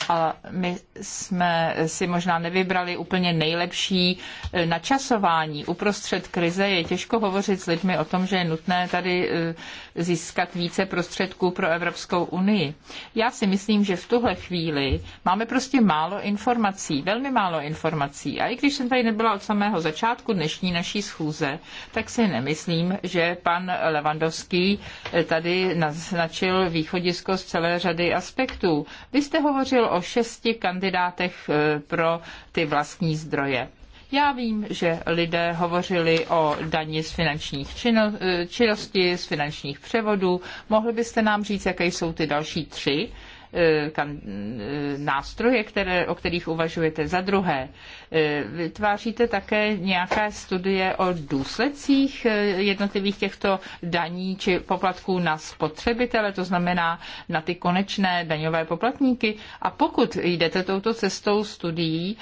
a my jsme si možná nevybrali úplně nejlepší eh, načasování. Uprostřed krize je těžko hovořit s lidmi o tom, že je nutné tady eh, získat více prostředků pro Evropskou unii. Já si myslím, že v tuhle chvíli máme prostě málo informací, velmi málo informací. A i když jsem tady nebyla od samého začátku dnešní naší schůze, tak si nemyslím, že pan Levandovský eh, tady naznačil východisko z celé řady aspektů. Vy jste hovořil o šesti kandidátech eh, pro ty vlastní zdroje. Já vím, že lidé hovořili o dani z finančních eh, činnosti, z finančních převodů. Mohli byste nám říct, jaké jsou ty další tři Eh, eh, nástroje, které, o kterých uvažujete. Za druhé, eh, vytváříte také nějaké studie o důsledcích jednotlivých těchto daní či poplatků na spotřebitele, to znamená na ty konečné daňové poplatníky. A pokud jdete touto cestou studií,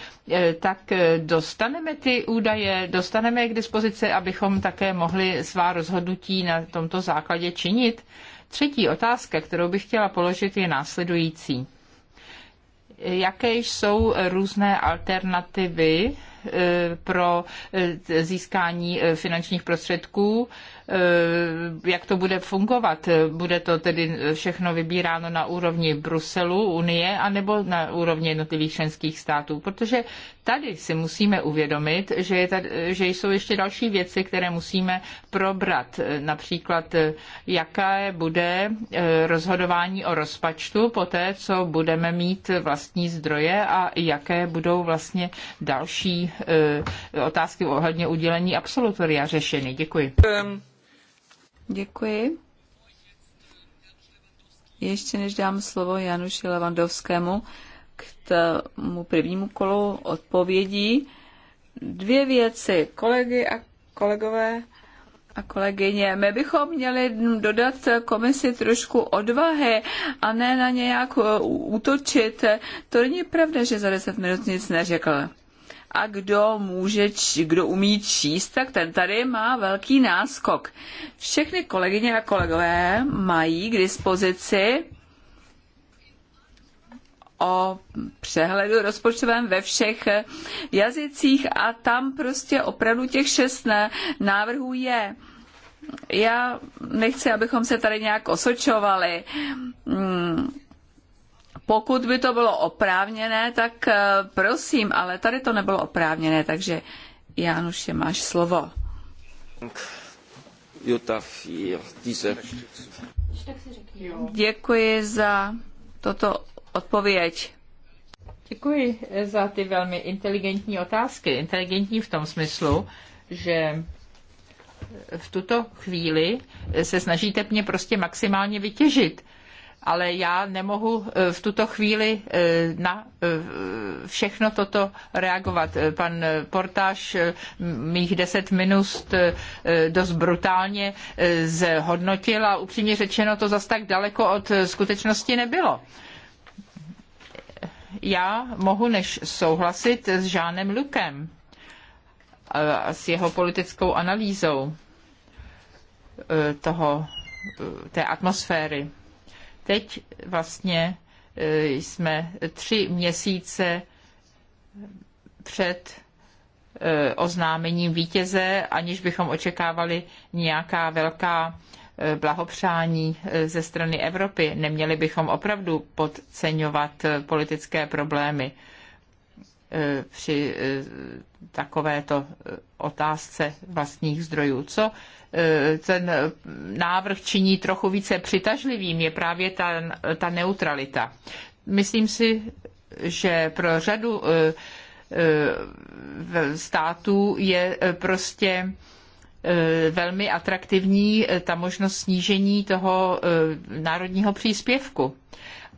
tak dostaneme ty údaje, dostaneme je k dispozici, abychom také mohli svá rozhodnutí na tomto základě činit. Třetí otázka, kterou bych chtěla položit, je následující. Jaké jsou různé alternativy eh, pro eh, získání eh, finančních prostředků Eh, jak to bude fungovat. Bude to tedy všechno vybíráno na úrovni Bruselu, Unie, anebo na úrovni jednotlivých členských států. Protože tady si musíme uvědomit, že, je tady, že jsou ještě další věci, které musíme probrat. Například, eh, jaké bude eh, rozhodování o rozpačtu po té, co budeme mít vlastní zdroje a jaké budou vlastně další otázky ohledně udělení absolutoria řešeny. Děkuji. Ehm, Děkuji. Ještě než dám slovo Januši Levandovskému k tomu prvnímu kolu odpovědí, dvě věci. Kolegy a kolegové a kolegyně, my bychom měli dodat komisi trošku odvahy a ne na nějak útočit. To není pravda, že za deset minut nic neřekl a kdo může, kdo umí číst, tak ten tady má velký náskok. Všechny kolegyně a kolegové mají k dispozici o přehledu rozpočtovém ve všech jazycích a tam prostě opravdu těch šest návrhů je. Já nechci, abychom se tady nějak osočovali. Hmm pokud by to bylo oprávněné, tak eh, prosím, ale tady to nebylo oprávněné, takže Januše, máš slovo. Děkuji za toto odpověď. Děkuji za ty velmi inteligentní otázky. Inteligentní v tom smyslu, že v tuto chvíli se snažíte mě prostě maximálně vytěžit ale já nemohu eh, v tuto chvíli eh, na eh, všechno toto reagovat. Pan Portáš mých deset minut dost brutálně zhodnotil a upřímně řečeno to zas tak daleko od skutečnosti nebylo. Já mohu než souhlasit s Žánem Lukem a s jeho politickou analýzou toho, té atmosféry teď vlastně e, jsme tři měsíce před e, oznámením vítěze, aniž bychom očekávali nějaká velká e, blahopřání ze strany Evropy. Neměli bychom opravdu podceňovat politické problémy při takovéto otázce vlastních zdrojů. Co ten návrh činí trochu více přitažlivým, je právě ta, ta neutralita. Myslím si, že pro řadu eh, eh, států je eh, prostě velmi atraktivní ta možnost snížení toho národního příspěvku.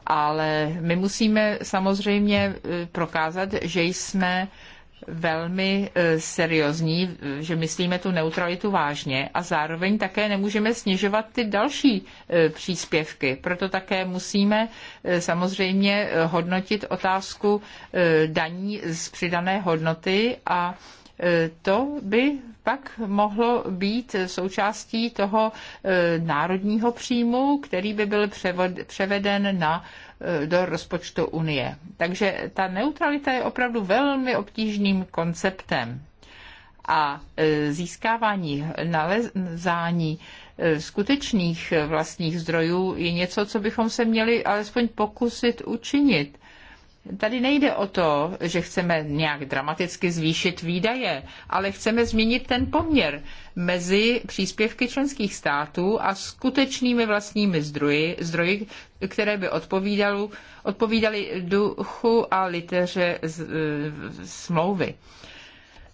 Ale my musíme samozřejmě prokázat, že jsme velmi e, seriózní, e, že myslíme tu neutralitu vážně a zároveň také nemůžeme snižovat ty další e, příspěvky. Proto také musíme samozřejmě hodnotit otázku daní z přidané hodnoty a to by pak mohlo být součástí toho národního příjmu, který by byl převeden na Eh, do rozpočtu Unie. Takže ta neutralita je opravdu velmi obtížným konceptem a eh, získávání, nalezání eh, skutečných vlastních zdrojů je něco, co bychom se měli alespoň pokusit učinit. Tady nejde o to, že chceme nějak dramaticky zvýšit výdaje, ale chceme změnit ten poměr mezi příspěvky členských států a skutečnými vlastními zdroji, zdroji které by odpovídaly duchu a liteře z, e, smlouvy.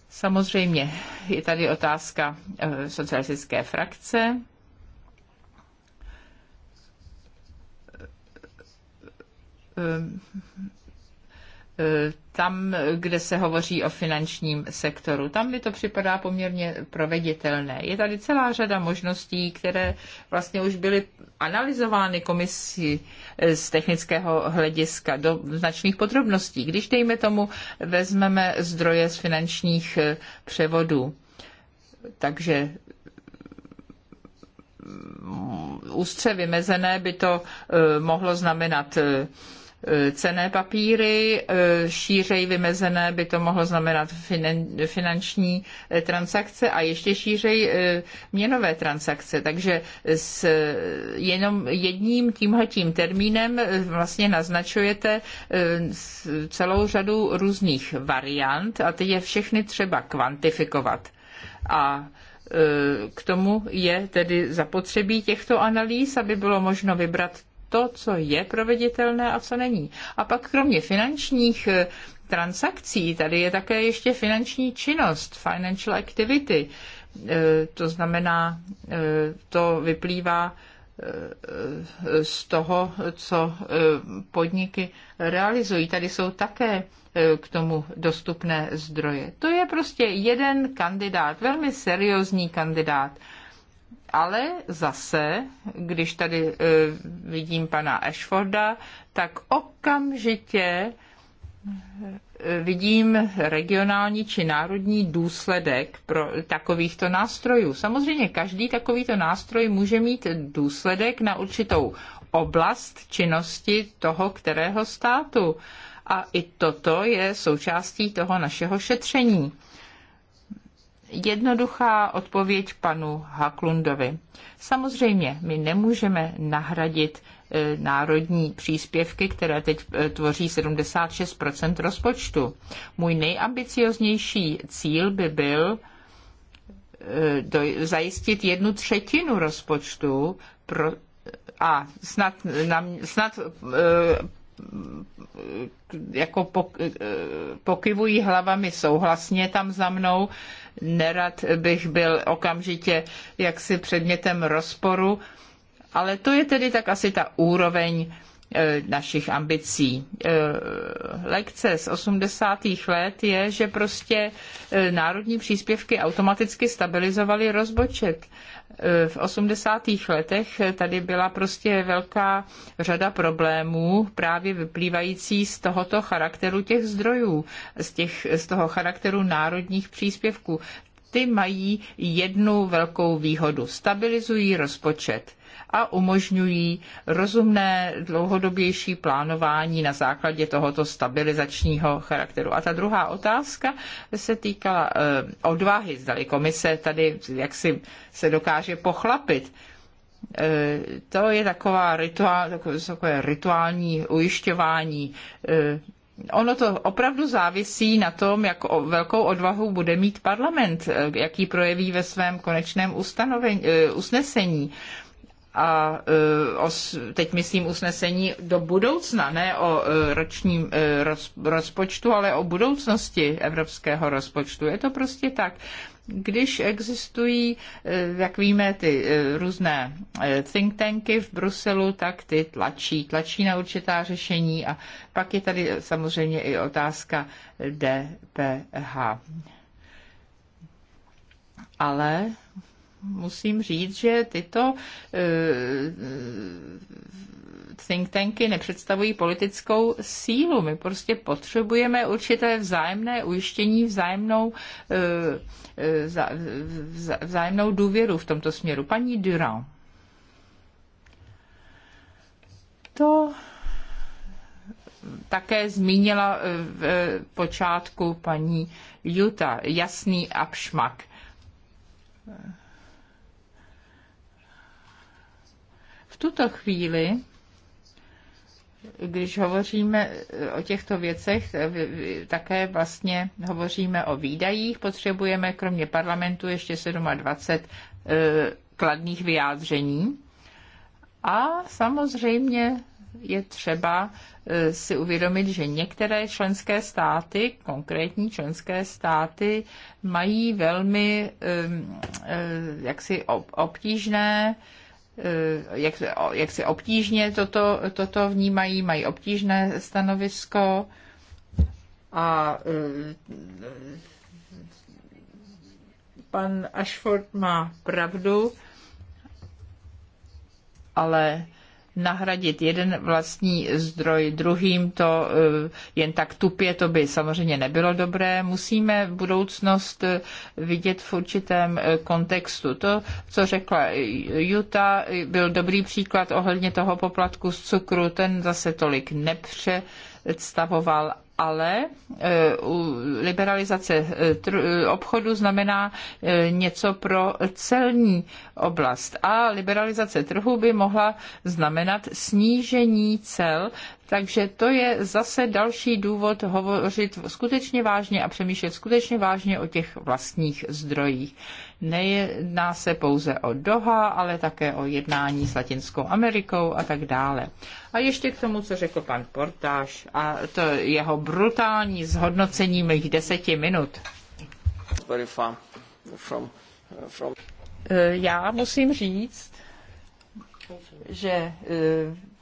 Samozřejmě je tady otázka e, socialistické frakce, e, Eh, tam, kde se hovoří o finančním sektoru. Tam mi to připadá poměrně proveditelné. Je tady celá řada možností, které vlastně už byly analyzovány komisí eh, z technického hlediska do značných podrobností. Když, dejme tomu, vezmeme zdroje z finančních eh, převodů, takže mm, ústře vymezené by to mohlo znamenat Eh, cené papíry, eh, šířej vymezené by to mohlo znamenat finanční eh, transakce a ještě šířej měnové transakce. Takže s jenom jedním tímhletím termínem vlastně naznačujete celou řadu různých variant a ty je všechny třeba kvantifikovat. A k tomu je tedy zapotřebí těchto analýz, aby bylo možno vybrat to, co je proveditelné a co není. A pak kromě finančních eh, transakcí, tady je také ještě finanční činnost, financial activity. Eh, to znamená, eh, to vyplývá z toho, co podniky realizují. Tady jsou také k tomu dostupné zdroje. To je prostě jeden kandidát, velmi seriózní kandidát. Ale zase, když tady e, vidím pana Ashforda, tak okamžitě e, vidím regionální či národní důsledek pro takovýchto nástrojů. Samozřejmě každý takovýto nástroj může mít důsledek na určitou oblast činnosti toho kterého státu. A i toto je součástí toho našeho šetření. Jednoduchá odpověď panu Haklundovi. Samozřejmě, my nemůžeme nahradit e, národní příspěvky, které teď e, tvoří 76 rozpočtu. Můj nejambicioznější cíl by byl e, zajistit jednu třetinu rozpočtu pro, a snad, na, snad jako pokyvují hlavami souhlasně tam za mnou. Nerad bych byl okamžitě jaksi předmětem rozporu, ale to je tedy tak asi ta úroveň E, našich ambicí. E, lekce z 80. let je, že prostě e, národní příspěvky automaticky stabilizovaly rozpočet. V 80. letech tady byla prostě velká řada problémů právě vyplývající z tohoto charakteru těch zdrojů, z, těch, z toho charakteru národních příspěvků. Ty mají jednu velkou výhodu. Stabilizují rozpočet a umožňují rozumné dlouhodobější plánování na základě tohoto stabilizačního charakteru. A ta druhá otázka se týkala eh, odvahy, zdali komise tady jaksi se dokáže pochlapit eh, to je taková rituál, takové rituální ujišťování. Eh, ono to opravdu závisí na tom, jak velkou odvahu bude mít parlament, jaký projeví ve svém konečném usnesení a e, teď myslím usnesení do budoucna, ne o e, ročním e, rozpočtu, ale o budoucnosti evropského rozpočtu. Je to prostě tak. Když existují, jak víme, ty různé think tanky v Bruselu, tak ty tlačí, tlačí na určitá řešení a pak je tady samozřejmě i otázka DPH. Ale musím říct, že tyto eh, think tanky nepředstavují politickou sílu. My prostě potřebujeme určité vzájemné ujištění, vzájemnou, eh, eh, vzájemnou důvěru v tomto směru. Paní Durand. To také zmínila v počátku paní Juta. Jasný abšmak tuto chvíli když hovoříme o těchto věcech, také vlastně hovoříme o výdajích. Potřebujeme kromě parlamentu ještě 27 e, kladných vyjádření. A samozřejmě je třeba e, si uvědomit, že některé členské státy, konkrétní členské státy, mají velmi e, jaksi obtížné Eh, jak, jak si obtížně toto, toto vnímají, mají obtížné stanovisko a eh, pan Ashford má pravdu, ale nahradit jeden vlastní zdroj druhým, to eh, jen tak tupě, to by samozřejmě nebylo dobré. Musíme budoucnost eh, vidět v určitém eh, kontextu. To, co řekla Juta, byl dobrý příklad ohledně toho poplatku z cukru, ten zase tolik nepře představoval, ale e, liberalizace e, obchodu znamená e, něco pro celní oblast. A liberalizace trhu by mohla znamenat snížení cel takže to je zase další důvod hovořit skutečně vážně a přemýšlet skutečně vážně o těch vlastních zdrojích. Nejedná se pouze o Doha, ale také o jednání s Latinskou Amerikou a tak dále. A ještě k tomu, co řekl pan Portáš a to jeho brutální zhodnocení mých deseti minut. Já musím říct, že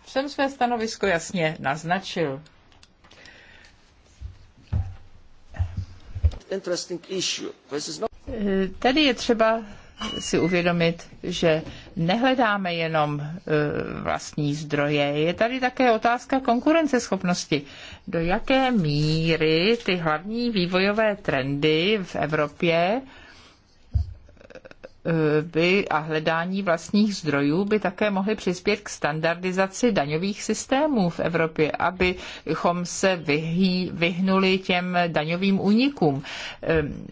jsem své stanovisko jasně naznačil. Eh, tady je třeba si uvědomit, že nehledáme jenom eh, vlastní zdroje. Je tady také otázka konkurenceschopnosti. Do jaké míry ty hlavní vývojové trendy v Evropě by a hledání vlastních zdrojů by také mohly přispět k standardizaci daňových systémů v Evropě, abychom se vyhý, vyhnuli těm daňovým únikům. Ehm,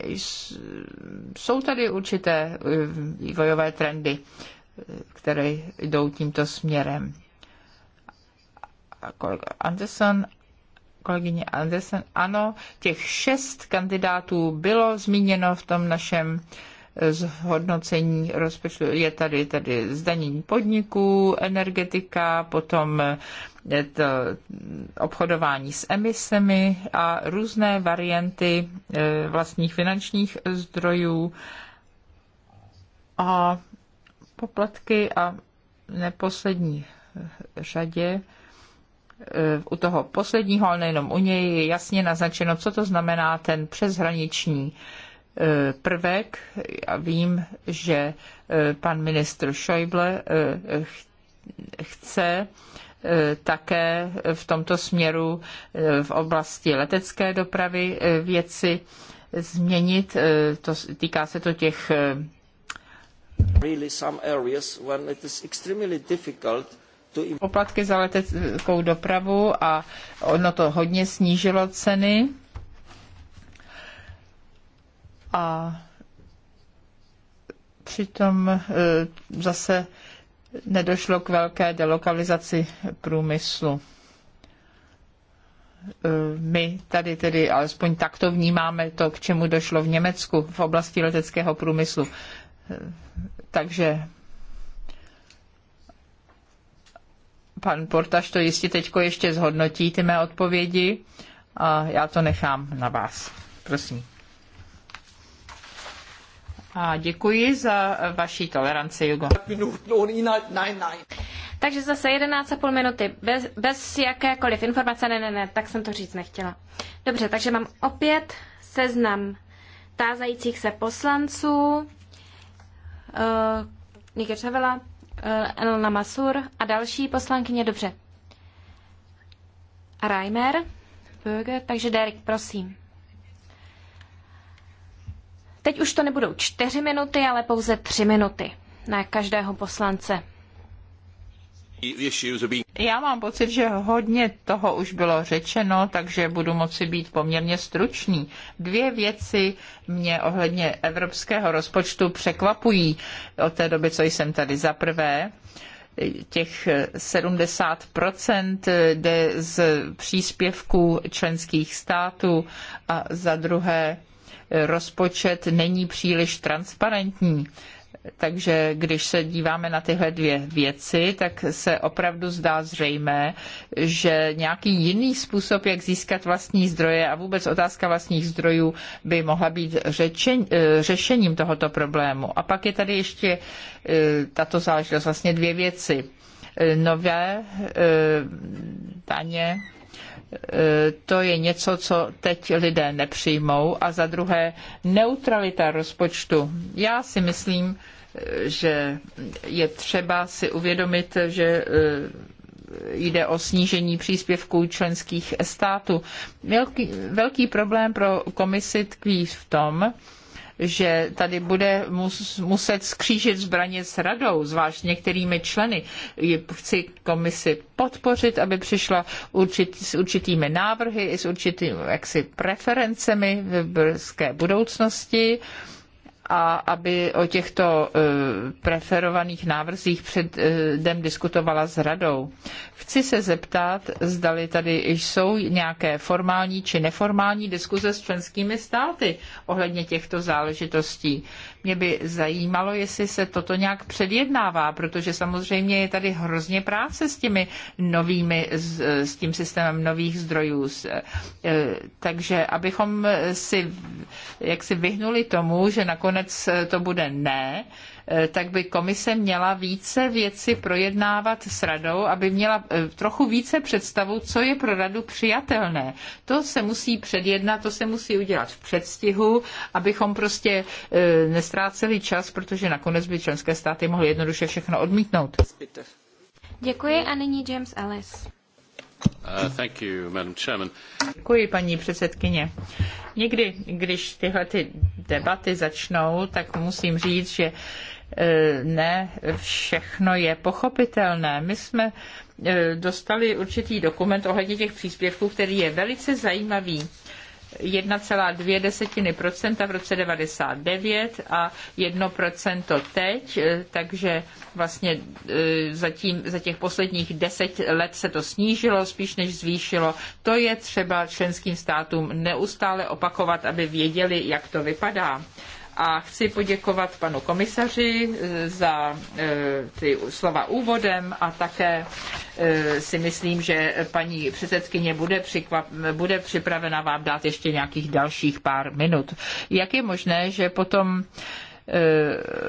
jsou tady určité ehm, vývojové trendy, které jdou tímto směrem. Anderson kolegyně Anderson, Ano, těch šest kandidátů bylo zmíněno v tom našem zhodnocení rozpočtu. Je tady tady zdanění podniků, energetika, potom to obchodování s emisemi a různé varianty eh, vlastních finančních zdrojů a poplatky a neposlední řadě eh, u toho posledního, ale nejenom u něj, je jasně naznačeno, co to znamená ten přeshraniční Eh, prvek. Já vím, že eh, pan ministr Schäuble eh, chce také v tomto směru v oblasti letecké dopravy věci změnit. To, týká se to těch poplatky za leteckou dopravu a ono to hodně snížilo ceny a přitom e, zase nedošlo k velké delokalizaci průmyslu. E, my tady tedy alespoň takto vnímáme to, k čemu došlo v Německu v oblasti leteckého průmyslu. E, takže pan Portaš to jistě teď ještě zhodnotí, ty mé odpovědi, a já to nechám na vás. Prosím. A děkuji za vaši toleranci, Jugo. No, takže zase 11,5 minuty. Bez, bez jakékoliv informace, ne, ne, ne, tak jsem to říct nechtěla. Dobře, takže mám opět seznam tázajících se poslanců. Uh, eh, Nike Čavela, uh, eh, Elna Masur a další poslankyně, dobře. Reimer, Böger, takže Derek, prosím. Teď už to nebudou čtyři minuty, ale pouze tři minuty na každého poslance. Já mám pocit, že hodně toho už bylo řečeno, takže budu moci být poměrně stručný. Dvě věci mě ohledně evropského rozpočtu překvapují od té doby, co jsem tady za prvé těch 70% jde z příspěvků členských států a za druhé rozpočet není příliš transparentní. Takže když se díváme na tyhle dvě věci, tak se opravdu zdá zřejmé, že nějaký jiný způsob, jak získat vlastní zdroje a vůbec otázka vlastních zdrojů by mohla být řečen, eh, řešením tohoto problému. A pak je tady ještě eh, tato záležitost, vlastně dvě věci. Eh, nové daně E, to je něco, co teď lidé nepřijmou. A za druhé, neutralita rozpočtu. Já si myslím, e, že je třeba si uvědomit, že e, jde o snížení příspěvků členských států. Velký, velký problém pro komisi tkví v tom, že tady bude muset skřížit zbraně s radou, zvlášť některými členy. Chci komisi podpořit, aby přišla s určitými návrhy i s určitými jaksi preferencemi v brzké budoucnosti a aby o těchto e, preferovaných návrzích předem diskutovala s radou. Chci se zeptat, zdali tady jsou nějaké formální či neformální diskuze s členskými státy ohledně těchto záležitostí. Mě by zajímalo, jestli se toto nějak předjednává, protože samozřejmě je tady hrozně práce s těmi novými, s tím systémem nových zdrojů. E, takže abychom si jak si vyhnuli tomu, že nakonec to bude ne, Eh, tak by komise měla více věci projednávat s radou, aby měla eh, trochu více představu, co je pro radu přijatelné. To se musí předjednat, to se musí udělat v předstihu, abychom prostě eh, nestráceli čas, protože nakonec by členské státy mohly jednoduše všechno odmítnout. Děkuji a nyní James Ellis. Uh, you, Děkuji, paní předsedkyně. Někdy, když tyhle ty debaty začnou, tak musím říct, že Eh, ne všechno je pochopitelné. My jsme eh, dostali určitý dokument ohledně těch příspěvků, který je velice zajímavý. 1,2% v roce 99 a 1% teď, eh, takže vlastně zatím, za těch posledních 10 let se to snížilo spíš než zvýšilo. To je třeba členským státům neustále opakovat, aby věděli, jak to vypadá a chci poděkovat panu komisaři eh, za eh, ty slova úvodem a také eh, si myslím, že paní předsedkyně bude, přikvap, bude připravena vám dát ještě nějakých dalších pár minut. Jak je možné, že potom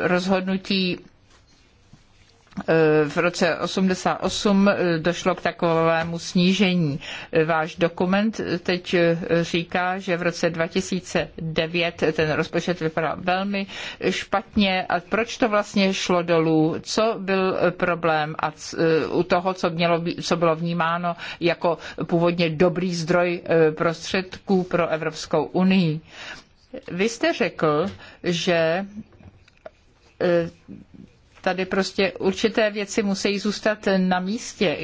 rozhodnutí v roce 88 eh, došlo k takovému snížení. Eh, váš dokument teď eh, říká, že v roce 2009 ten rozpočet vypadá velmi špatně. A proč to vlastně šlo dolů? Co byl problém a u toho, co, mělo, co bylo vnímáno jako původně dobrý zdroj prostředků pro Evropskou unii? Vy jste řekl, že Tady prostě určité věci musí zůstat na místě.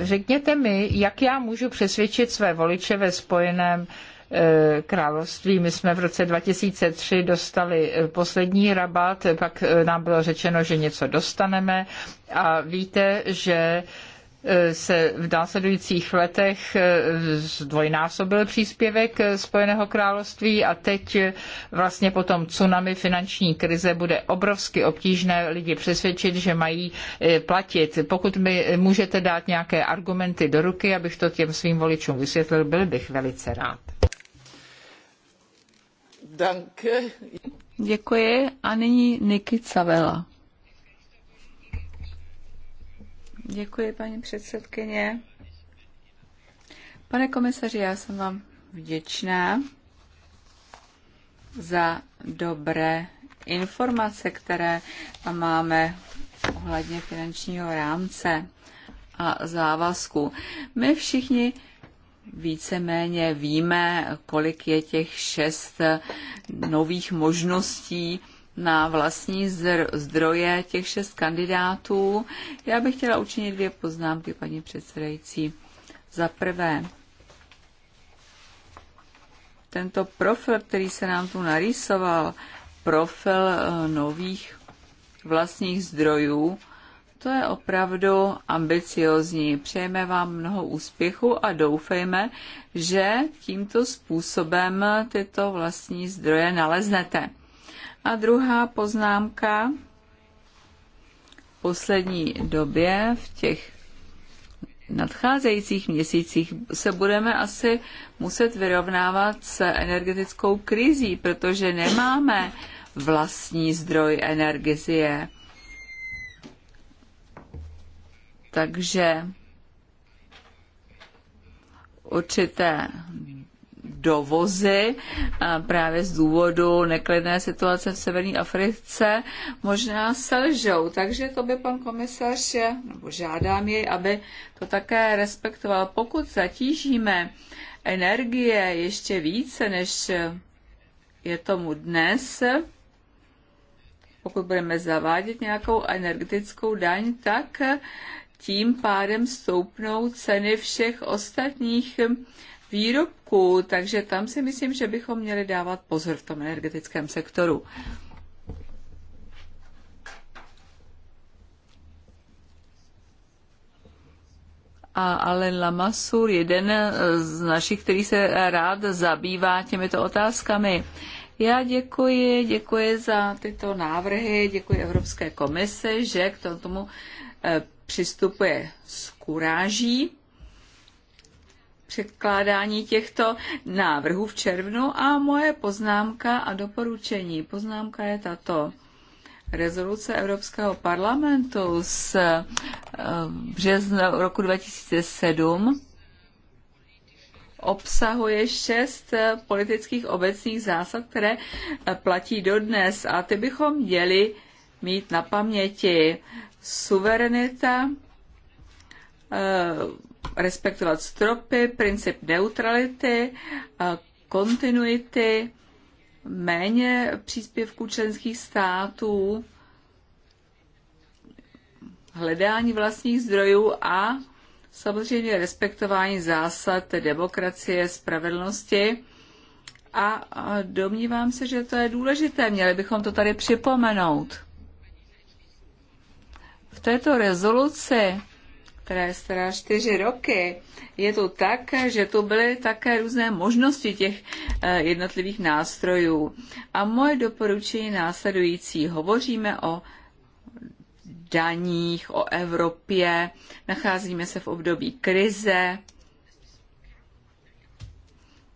Řekněte mi, jak já můžu přesvědčit své voliče ve Spojeném eh, království. My jsme v roce 2003 dostali eh, poslední rabat, pak eh, nám bylo řečeno, že něco dostaneme a víte, že se v následujících letech eh, zdvojnásobil příspěvek eh, Spojeného království a teď eh, vlastně po tom tsunami finanční krize bude obrovsky obtížné lidi přesvědčit, že mají platit. Pokud mi můžete dát nějaké argumenty do ruky, abych to těm svým voličům vysvětlil, byl bych velice rád. Danke. Děkuji a nyní Niky Cavela. Děkuji, paní předsedkyně. Pane komisaři, já jsem vám vděčná za dobré informace, které máme ohledně finančního rámce a závazku. My všichni víceméně víme, kolik je těch šest nových možností na vlastní zdroje těch šest kandidátů. Já bych chtěla učinit dvě poznámky, paní předsedající. Za prvé, tento profil, který se nám tu narýsoval, profil eh, nových vlastních zdrojů, to je opravdu ambiciozní. Přejeme vám mnoho úspěchu a doufejme, že tímto způsobem tyto vlastní zdroje naleznete. A druhá poznámka. V poslední době, v těch nadcházejících měsících, se budeme asi muset vyrovnávat s energetickou krizí, protože nemáme vlastní zdroj energie. Takže určité dovozy právě z důvodu neklidné situace v severní Africe možná selžou. Takže to by pan komisař, nebo žádám jej, aby to také respektoval. Pokud zatížíme energie ještě více, než je tomu dnes, pokud budeme zavádět nějakou energetickou daň, tak tím pádem stoupnou ceny všech ostatních výrobků, takže tam si myslím, že bychom měli dávat pozor v tom energetickém sektoru. a Alen Lamassur, jeden z našich, který se rád zabývá těmito otázkami. Já děkuji, děkuji za tyto návrhy, děkuji Evropské komise, že k tomu eh, přistupuje s kuráží předkládání těchto návrhů v červnu a moje poznámka a doporučení. Poznámka je tato. Rezoluce Evropského parlamentu z eh, března roku 2007 obsahuje šest eh, politických obecných zásad, které eh, platí dodnes a ty bychom měli mít na paměti. Suverenita, respektovat stropy, princip neutrality, kontinuity, méně příspěvků členských států, hledání vlastních zdrojů a samozřejmě respektování zásad demokracie, spravedlnosti. A domnívám se, že to je důležité. Měli bychom to tady připomenout. V této rezoluci je stará čtyři roky. Je to tak, že tu byly také různé možnosti těch eh, jednotlivých nástrojů. A moje doporučení následující. Hovoříme o daních, o Evropě, nacházíme se v období krize.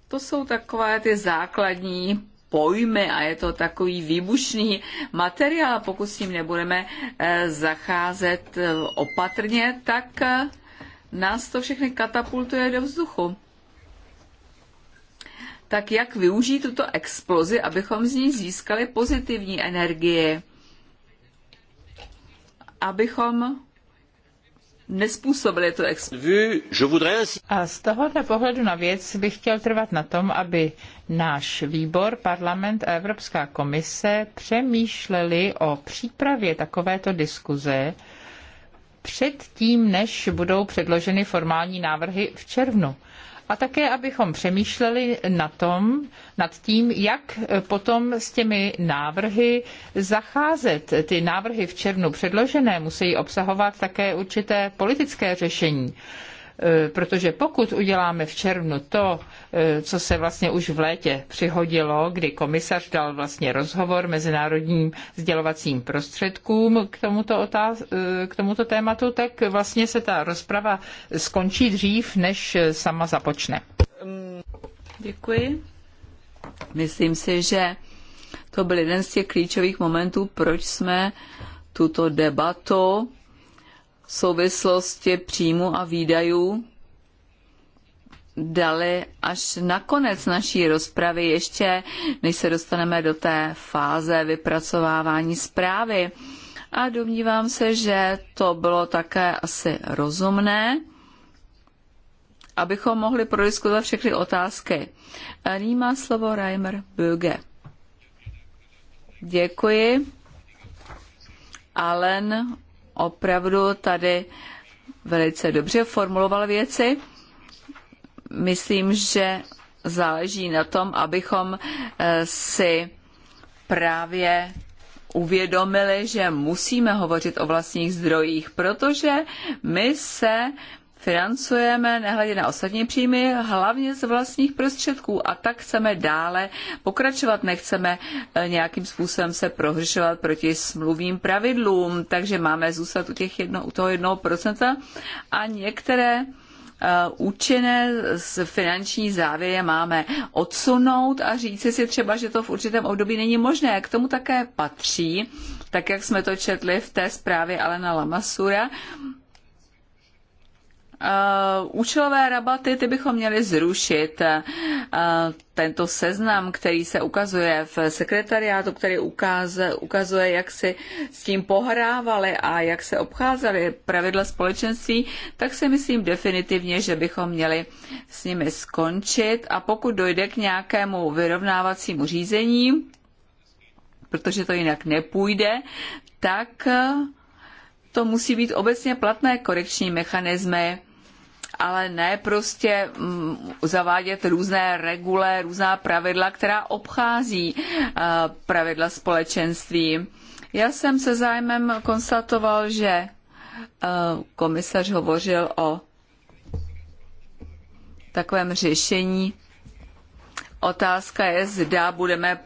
To jsou takové ty základní pojmy a je to takový výbušný materiál. Pokud s ním nebudeme eh, zacházet eh, opatrně, tak eh, nás to všechny katapultuje do vzduchu. Tak jak využít tuto explozi, abychom z ní získali pozitivní energie, Abychom nespůsobili tu explozí. A z tohoto pohledu na věc bych chtěl trvat na tom, aby náš výbor, parlament a Evropská komise přemýšleli o přípravě takovéto diskuze předtím, než budou předloženy formální návrhy v červnu a také, abychom přemýšleli na tom, nad tím, jak potom s těmi návrhy zacházet. Ty návrhy v červnu předložené musí obsahovat také určité politické řešení. E, protože pokud uděláme v červnu to, e, co se vlastně už v létě přihodilo, kdy komisař dal vlastně rozhovor mezinárodním sdělovacím prostředkům k tomuto, otáz- e, k tomuto tématu, tak vlastně se ta rozprava skončí dřív, než sama započne. Děkuji. Myslím si, že to byl jeden z těch klíčových momentů, proč jsme tuto debatu souvislosti příjmu a výdajů dali až na konec naší rozpravy, ještě než se dostaneme do té fáze vypracovávání zprávy. A domnívám se, že to bylo také asi rozumné, abychom mohli prodiskutovat všechny otázky. nyní má slovo Reimer Böge. Děkuji. Alen opravdu tady velice dobře formuloval věci. Myslím, že záleží na tom, abychom eh, si právě uvědomili, že musíme hovořit o vlastních zdrojích, protože my se financujeme, nehledě na ostatní příjmy, hlavně z vlastních prostředků. A tak chceme dále pokračovat. Nechceme eh, nějakým způsobem se prohřešovat proti smluvním pravidlům, takže máme zůstat u, těch jedno, u toho jednoho procenta a některé eh, účinné z finanční závěry máme odsunout a říci si třeba, že to v určitém období není možné. K tomu také patří, tak jak jsme to četli v té zprávě Alena Lamasura, Uh, účelové rabaty, ty bychom měli zrušit. Uh, tento seznam, který se ukazuje v sekretariátu, který ukazuje, ukazuje, jak si s tím pohrávali a jak se obcházeli pravidla společenství, tak si myslím definitivně, že bychom měli s nimi skončit a pokud dojde k nějakému vyrovnávacímu řízení, protože to jinak nepůjde, tak to musí být obecně platné korekční mechanismy ale ne prostě mm, zavádět různé regule, různá pravidla, která obchází eh, pravidla společenství. Já jsem se zájmem konstatoval, že eh, komisař hovořil o takovém řešení. Otázka je, zda budeme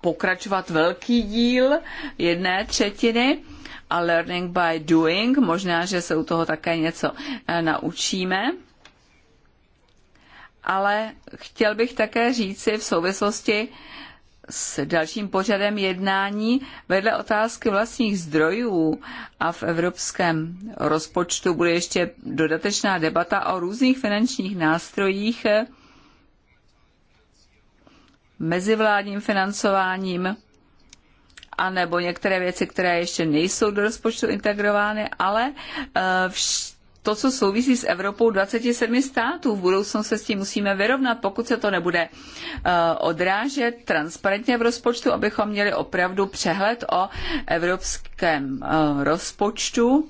pokračovat velký díl jedné třetiny, a learning by doing. Možná, že se u toho také něco eh, naučíme. Ale chtěl bych také říci v souvislosti s dalším pořadem jednání vedle otázky vlastních zdrojů a v evropském rozpočtu bude ještě dodatečná debata o různých finančních nástrojích, eh, mezivládním financováním anebo některé věci, které ještě nejsou do rozpočtu integrovány, ale eh, to, co souvisí s Evropou 27 států. V budoucnu se s tím musíme vyrovnat, pokud se to nebude eh, odrážet transparentně v rozpočtu, abychom měli opravdu přehled o evropském eh, rozpočtu.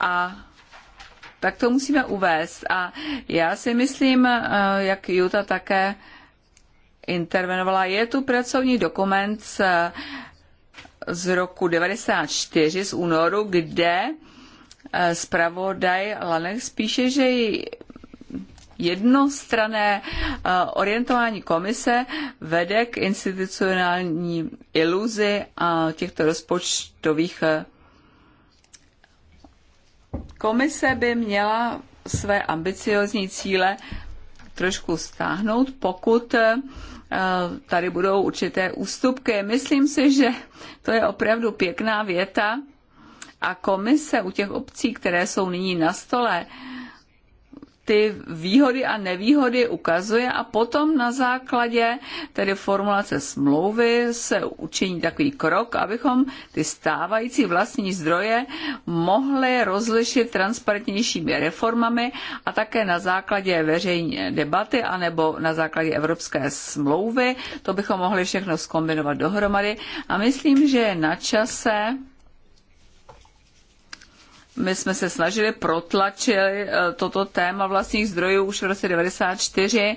A tak to musíme uvést. A já si myslím, jak Juta také intervenovala. Je tu pracovní dokument z, z roku 94 z únoru, kde eh, zpravodaj Lanek spíše, že jednostrané eh, orientování komise vede k institucionální iluzi a těchto rozpočtových eh, komise by měla své ambiciozní cíle trošku stáhnout, pokud Eh, tady budou určité ústupky. Myslím si, že to je opravdu pěkná věta a komise u těch obcí, které jsou nyní na stole, ty výhody a nevýhody ukazuje a potom na základě tedy formulace smlouvy se učiní takový krok, abychom ty stávající vlastní zdroje mohli rozlišit transparentnějšími reformami a také na základě veřejné debaty anebo na základě evropské smlouvy. To bychom mohli všechno skombinovat dohromady a myslím, že je na čase my jsme se snažili protlačit eh, toto téma vlastních zdrojů už v roce 94.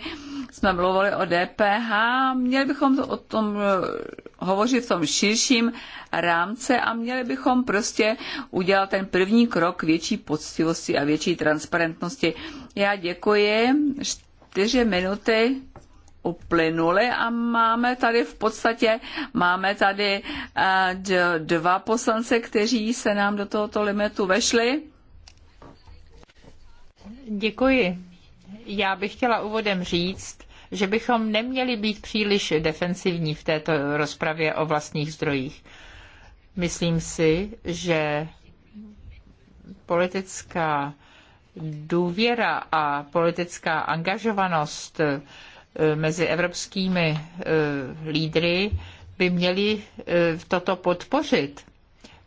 Jsme mluvili o DPH, měli bychom to o tom eh, hovořit v tom širším rámce a měli bychom prostě udělat ten první krok větší poctivosti a větší transparentnosti. Já děkuji. Čtyři minuty uplynuly a máme tady v podstatě máme tady eh, dva poslance, kteří se nám do tohoto limitu vešli. Děkuji. Já bych chtěla úvodem říct, že bychom neměli být příliš defensivní v této rozpravě o vlastních zdrojích. Myslím si, že politická důvěra a politická angažovanost Eh, mezi evropskými eh, lídry by měli eh, toto podpořit.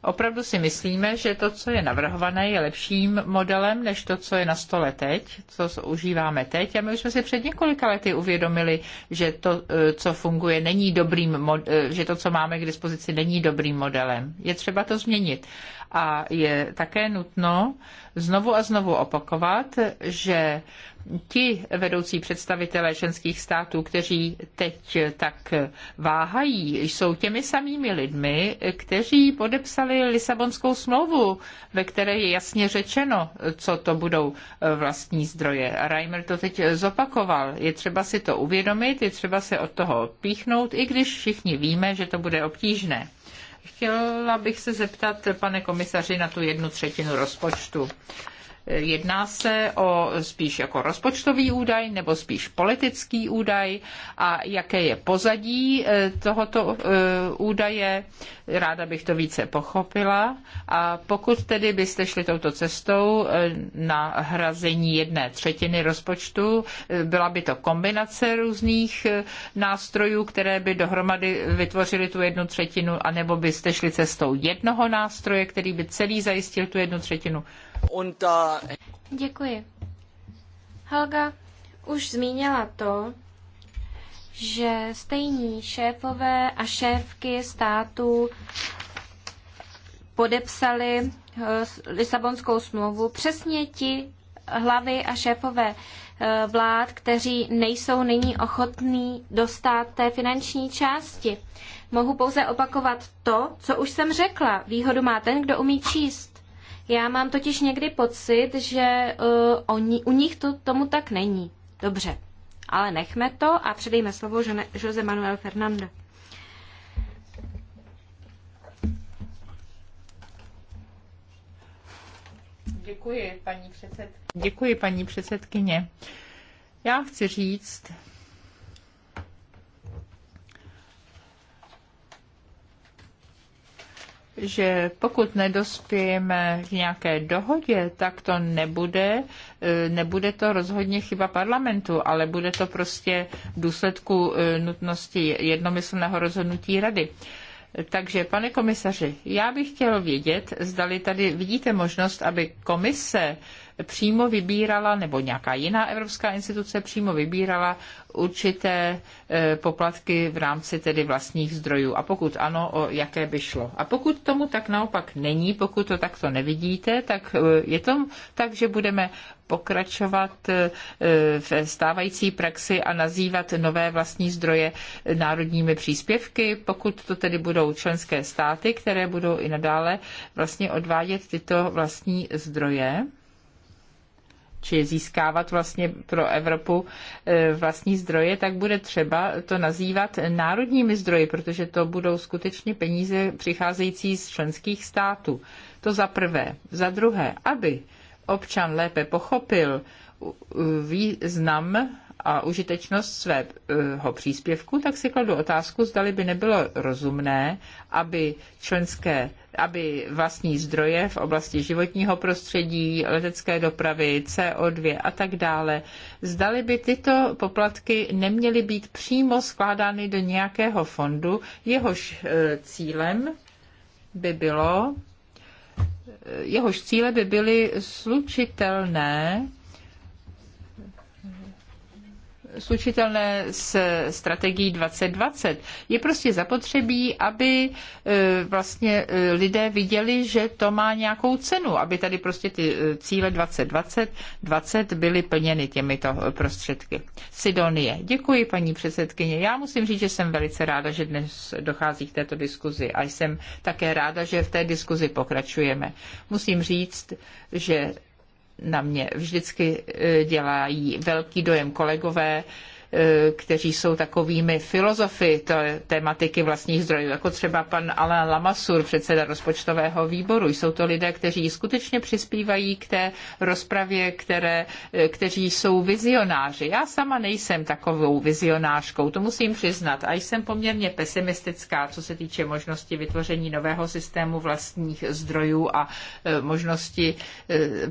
Opravdu si myslíme, že to, co je navrhované, je lepším modelem než to, co je na stole teď, co užíváme teď. A my už jsme si před několika lety uvědomili, že to, co funguje, není dobrým, že to, co máme k dispozici, není dobrým modelem. Je třeba to změnit. A je také nutno znovu a znovu opakovat, že ti vedoucí představitelé členských států, kteří teď tak váhají, jsou těmi samými lidmi, kteří podepsali Lisabonskou smlouvu, ve které je jasně řečeno, co to budou eh, vlastní zdroje. Reimer to teď zopakoval. Je třeba si to uvědomit, je třeba se od toho píchnout, i když všichni víme, že to bude obtížné. Chtěla bych se zeptat, pane komisaři, na tu jednu třetinu rozpočtu. Jedná se o spíš jako rozpočtový údaj nebo spíš politický údaj a jaké je pozadí eh, tohoto eh, údaje. Ráda bych to více pochopila. A pokud tedy byste šli touto cestou eh, na hrazení jedné třetiny rozpočtu, byla by to kombinace různých nástrojů, které by dohromady vytvořily tu jednu třetinu, anebo byste šli cestou jednoho nástroje, který by celý zajistil tu jednu třetinu. Děkuji. Helga už zmínila to, že stejní šéfové a šéfky států podepsali eh, Lisabonskou smlouvu přesně ti hlavy a šéfové eh, vlád, kteří nejsou nyní ochotní dostat té finanční části. Mohu pouze opakovat to, co už jsem řekla. Výhodu má ten, kdo umí číst. Já mám totiž někdy pocit, že uh, oni, u nich to tomu tak není. Dobře, ale nechme to a předejme slovo Jose Manuel fernande. Děkuji, paní předsedkyně. Děkuji, paní předsedkyně. Já chci říct, že pokud nedospějeme k nějaké dohodě, tak to nebude, e, nebude to rozhodně chyba parlamentu, ale bude to prostě v důsledku e, nutnosti jednomyslného rozhodnutí rady. Takže, pane komisaři, já bych chtěl vědět, zdali tady vidíte možnost, aby komise přímo vybírala, nebo nějaká jiná evropská instituce přímo vybírala určité e, poplatky v rámci tedy vlastních zdrojů. A pokud ano, o jaké by šlo. A pokud tomu tak naopak není, pokud to takto nevidíte, tak e, je to tak, že budeme pokračovat e, v stávající praxi a nazývat nové vlastní zdroje národními příspěvky, pokud to tedy budou členské státy, které budou i nadále vlastně odvádět tyto vlastní zdroje či získávat vlastně pro Evropu e, vlastní zdroje, tak bude třeba to nazývat národními zdroji, protože to budou skutečně peníze přicházející z členských států. To za prvé. Za druhé, aby občan lépe pochopil význam a užitečnost svého příspěvku, tak si kladu otázku, zdali by nebylo rozumné, aby členské aby vlastní zdroje v oblasti životního prostředí, letecké dopravy, CO2 a tak dále, zdali by tyto poplatky neměly být přímo skládány do nějakého fondu, jehož eh, cílem by bylo, eh, jehož cíle by byly slučitelné slučitelné s strategií 2020. Je prostě zapotřebí, aby e, vlastně e, lidé viděli, že to má nějakou cenu, aby tady prostě ty e, cíle 2020 20 byly plněny těmito prostředky. Sidonie. Děkuji, paní předsedkyně. Já musím říct, že jsem velice ráda, že dnes dochází k této diskuzi a jsem také ráda, že v té diskuzi pokračujeme. Musím říct, že na mě vždycky eh, dělají velký dojem kolegové, Eh, kteří jsou takovými filozofy tematiky vlastních zdrojů, jako třeba pan Alain Lamassur, předseda rozpočtového výboru. Jsou to lidé, kteří skutečně přispívají k té rozpravě, které, eh, kteří jsou vizionáři. Já sama nejsem takovou vizionářkou, to musím přiznat. A jsem poměrně pesimistická, co se týče možnosti vytvoření nového systému vlastních zdrojů a eh, možnosti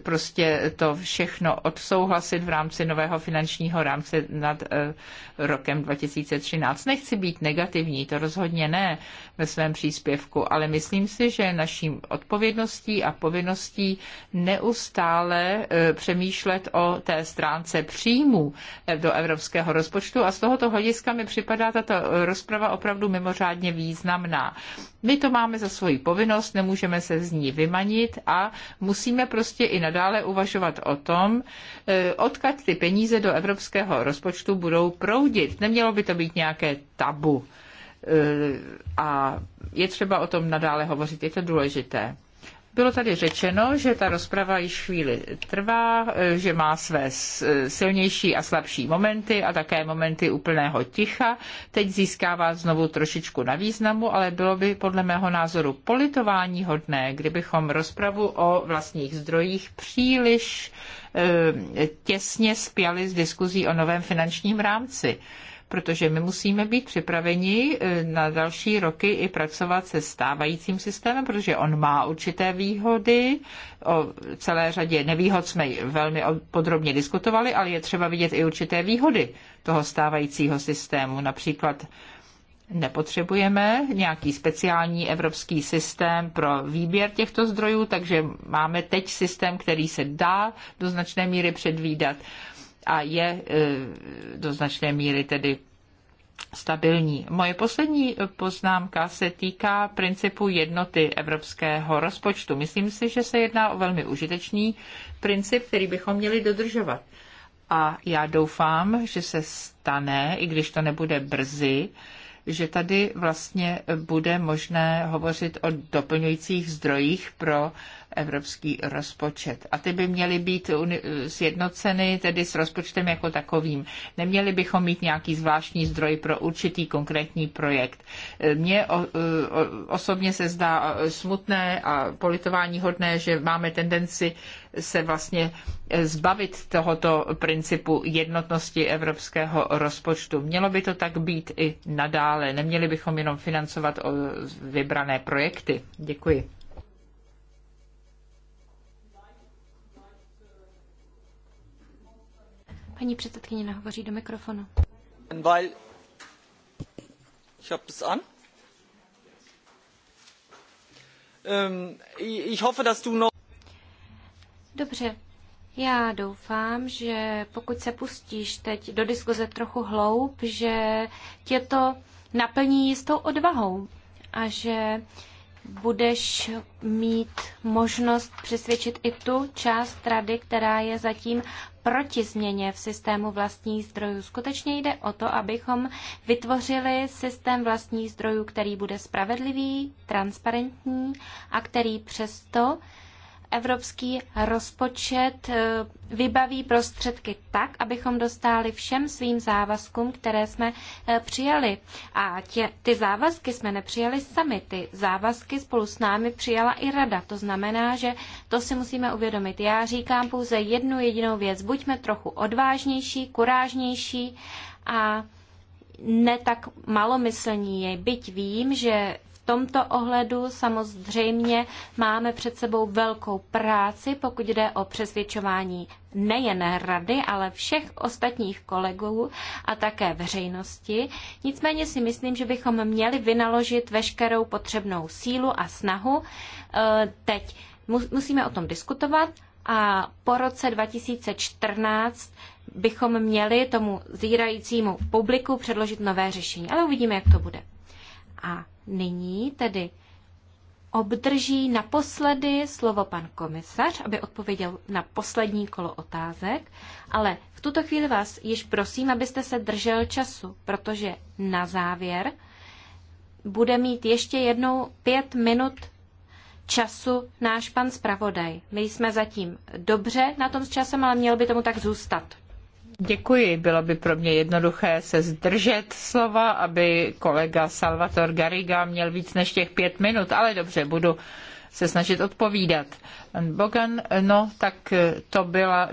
prostě to všechno odsouhlasit v rámci nového finančního rámce nad rokem 2013. Nechci být negativní, to rozhodně ne ve svém příspěvku, ale myslím si, že naším odpovědností a povinností neustále eh, přemýšlet o té stránce příjmů eh, do evropského rozpočtu a z tohoto hlediska mi připadá tato rozprava opravdu mimořádně významná. My to máme za svoji povinnost, nemůžeme se z ní vymanit a musíme prostě i nadále uvažovat o tom, eh, odkud ty peníze do evropského rozpočtu budou budou proudit. Nemělo by to být nějaké tabu. E, a je třeba o tom nadále hovořit, je to důležité. Bylo tady řečeno, že ta rozprava již chvíli trvá, e, že má své e, silnější a slabší momenty a také momenty úplného ticha. Teď získává znovu trošičku na významu, ale bylo by podle mého názoru politování hodné, kdybychom rozpravu o vlastních zdrojích příliš e, těsně spjali s diskuzí o novém finančním rámci protože my musíme být připraveni eh, na další roky i pracovat se stávajícím systémem, protože on má určité výhody. O celé řadě nevýhod jsme velmi podrobně diskutovali, ale je třeba vidět i určité výhody toho stávajícího systému. Například nepotřebujeme nějaký speciální evropský systém pro výběr těchto zdrojů, takže máme teď systém, který se dá do značné míry předvídat a je e, do značné míry tedy stabilní. Moje poslední poznámka se týká principu jednoty evropského rozpočtu. Myslím si, že se jedná o velmi užitečný princip, který bychom měli dodržovat. A já doufám, že se stane, i když to nebude brzy, že tady vlastně bude možné hovořit o doplňujících zdrojích pro uh, evropský rozpočet. A ty by měly být sjednoceny tedy s rozpočtem jako takovým. Neměli bychom mít nějaký zvláštní zdroj pro určitý konkrétní projekt. Mně osobně se zdá smutné a politování hodné, že máme tendenci se vlastně zbavit tohoto principu jednotnosti evropského rozpočtu. Mělo by to tak být i nadále. Neměli bychom jenom financovat vybrané projekty. Děkuji. Paní předsedkyně nehovoří do mikrofonu. Weil ich habe das an. Ähm, ich hoffe, dass du noch... Dobře, já doufám, že pokud se pustíš teď do diskuze trochu hloub, že tě to naplní jistou odvahou a že uh, budeš mít možnost přesvědčit i tu část rady, která je zatím proti změně v systému vlastních zdrojů. Skutečně jde o to, abychom vytvořili systém vlastních zdrojů, který bude spravedlivý, transparentní a který přesto uh, evropský rozpočet eh, vybaví prostředky tak, abychom dostáli všem svým závazkům, které jsme eh, přijali. A tě, ty závazky jsme nepřijali sami, ty závazky spolu s námi přijala i rada. To znamená, že to si musíme uvědomit. Já říkám pouze jednu jedinou věc. Buďme trochu odvážnější, kurážnější a ne tak malomyslní je, byť vím, že tomto ohledu samozřejmě máme před sebou velkou práci, pokud jde o přesvědčování nejen rady, ale všech ostatních kolegů a také veřejnosti. Nicméně si myslím, že bychom měli vynaložit veškerou potřebnou sílu a snahu. E, teď musíme o tom diskutovat a po roce 2014 bychom měli tomu zírajícímu publiku předložit nové řešení. Ale uvidíme, jak to bude. A nyní tedy obdrží naposledy slovo pan komisař, aby odpověděl na poslední kolo otázek, ale v tuto chvíli vás již prosím, abyste se držel času, protože na závěr bude mít ještě jednou pět minut času náš pan zpravodaj. My jsme zatím dobře na tom s časem, ale měl by tomu tak zůstat. Děkuji. Bylo by pro mě jednoduché se zdržet slova, aby kolega Salvator Garriga měl víc než těch pět minut, ale dobře, budu se snažit odpovídat. Bogan, no tak to byla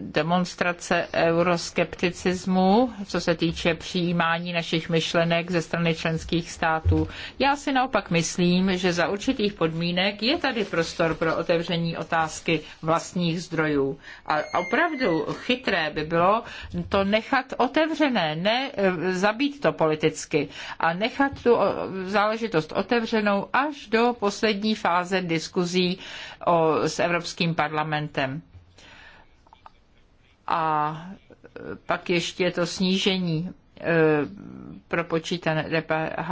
demonstrace euroskepticismu, co se týče přijímání našich myšlenek ze strany členských států. Já si naopak myslím, že za určitých podmínek je tady prostor pro otevření otázky vlastních zdrojů. A opravdu chytré by bylo to nechat otevřené, ne eh, zabít to politicky a nechat tu eh, záležitost otevřenou až do poslední fáze diskuzí o, s Evropským parlamentem a e, pak ještě to snížení e, propočítané DPH.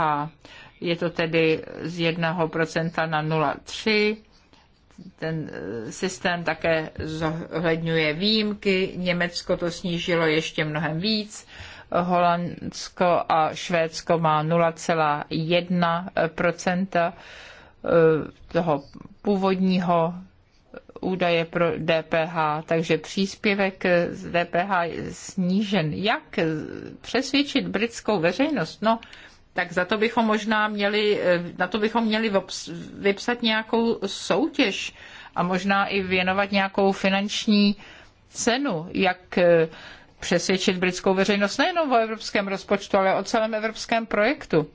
Je to tedy z 1% na 0,3. Ten e, systém také zohledňuje výjimky. Německo to snížilo ještě mnohem víc. Holandsko a Švédsko má 0,1% toho původního údaje pro DPH, takže příspěvek z DPH je snížen. Jak přesvědčit britskou veřejnost? No, tak za to bychom možná měli, eh, na to bychom měli vypsat nějakou soutěž a možná i věnovat nějakou finanční cenu, jak eh, přesvědčit britskou veřejnost nejenom o evropském rozpočtu, ale o celém evropském projektu.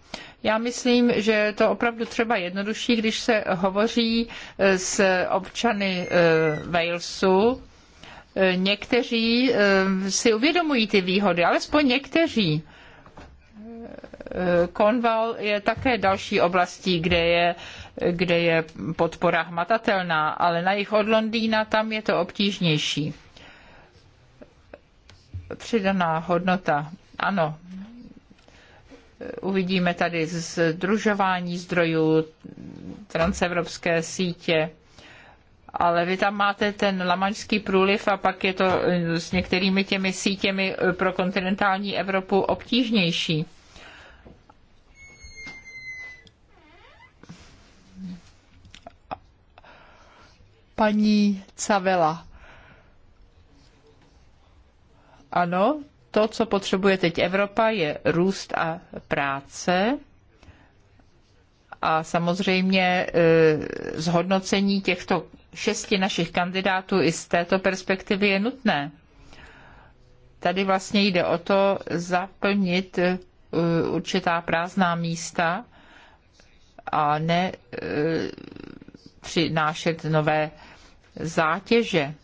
Já myslím, že je to opravdu třeba jednodušší, když se hovoří eh, s občany eh, Walesu. Eh, někteří si uvědomují ty výhody, alespoň někteří. Konval je také další oblastí, kde je, kde je podpora hmatatelná, ale na jich od Londýna tam je to obtížnější přidaná hodnota. Ano, uvidíme tady združování zdrojů, transevropské sítě, ale vy tam máte ten lamaňský průliv a pak je to eh, s některými těmi sítěmi eh, pro kontinentální Evropu obtížnější. Paní Cavela ano, to, co potřebuje teď Evropa, je růst a práce a samozřejmě e, zhodnocení těchto šesti našich kandidátů i z této perspektivy je nutné. Tady vlastně jde o to zaplnit e, určitá prázdná místa a ne e, přinášet nové zátěže.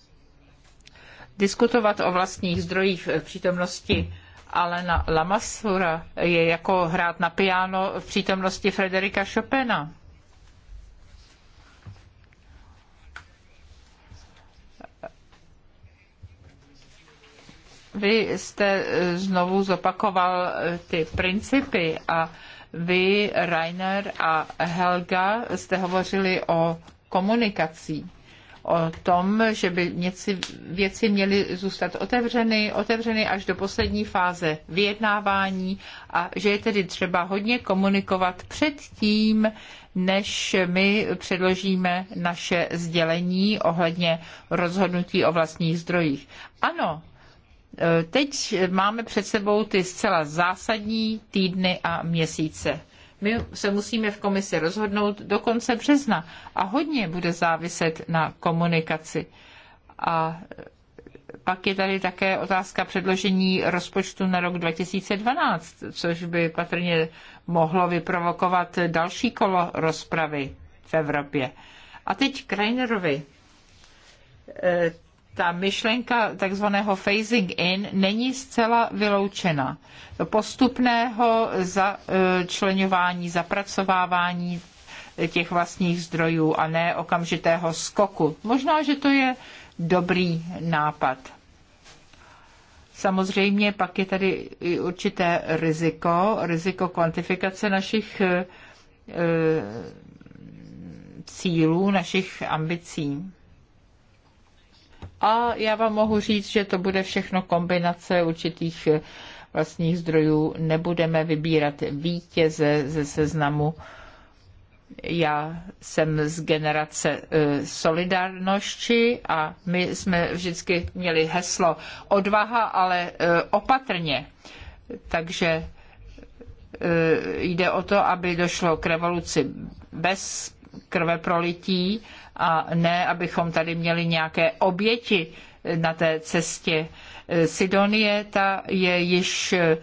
Diskutovat o vlastních zdrojích v přítomnosti Alena Lamassura je jako hrát na piano v přítomnosti Frederika Chopina. Vy jste znovu zopakoval ty principy a vy, Rainer a Helga, jste hovořili o komunikacích o tom, že by něci, věci měly zůstat otevřeny, otevřeny až do poslední fáze vyjednávání a že je tedy třeba hodně komunikovat před tím, než my předložíme naše sdělení ohledně rozhodnutí o vlastních zdrojích. Ano, e, teď máme před sebou ty zcela zásadní týdny a měsíce. My se musíme v komisi rozhodnout do konce března a hodně bude záviset na komunikaci. A pak je tady také otázka předložení rozpočtu na rok 2012, což by patrně mohlo vyprovokovat další kolo rozpravy v Evropě. A teď Krajnerovi ta myšlenka takzvaného phasing in není zcela vyloučena. Postupného začlenování, e, zapracovávání těch vlastních zdrojů a ne okamžitého skoku. Možná, že to je dobrý nápad. Samozřejmě pak je tady i určité riziko, riziko kvantifikace našich e, e, cílů, našich ambicí. A já vám mohu říct, že to bude všechno kombinace určitých eh, vlastních zdrojů. Nebudeme vybírat vítěze ze seznamu. Já jsem z generace eh, solidarnosti a my jsme vždycky měli heslo odvaha, ale eh, opatrně. Takže jde o to, aby došlo k revoluci bez krve prolití a ne, abychom tady měli nějaké oběti na té cestě. Sidonie, ta je již e,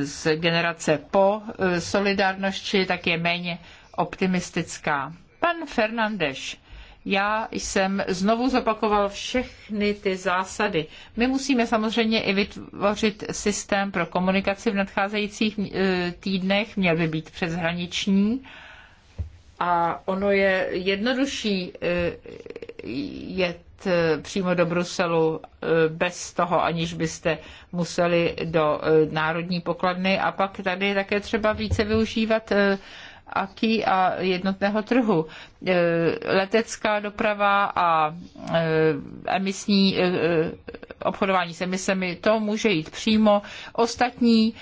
z generace po e, solidárnosti, tak je méně optimistická. Pan Fernandeš, já jsem znovu zopakoval všechny ty zásady. My musíme samozřejmě i vytvořit systém pro komunikaci v nadcházejících e, týdnech, měl by být přeshraniční a ono je jednodušší eh, jet eh, přímo do Bruselu eh, bez toho, aniž byste museli do národní pokladny. A pak tady je také třeba více využívat aký a jednotného trhu. E, letecká doprava a e, emisní e, obchodování s emisemi, to může jít přímo. Ostatní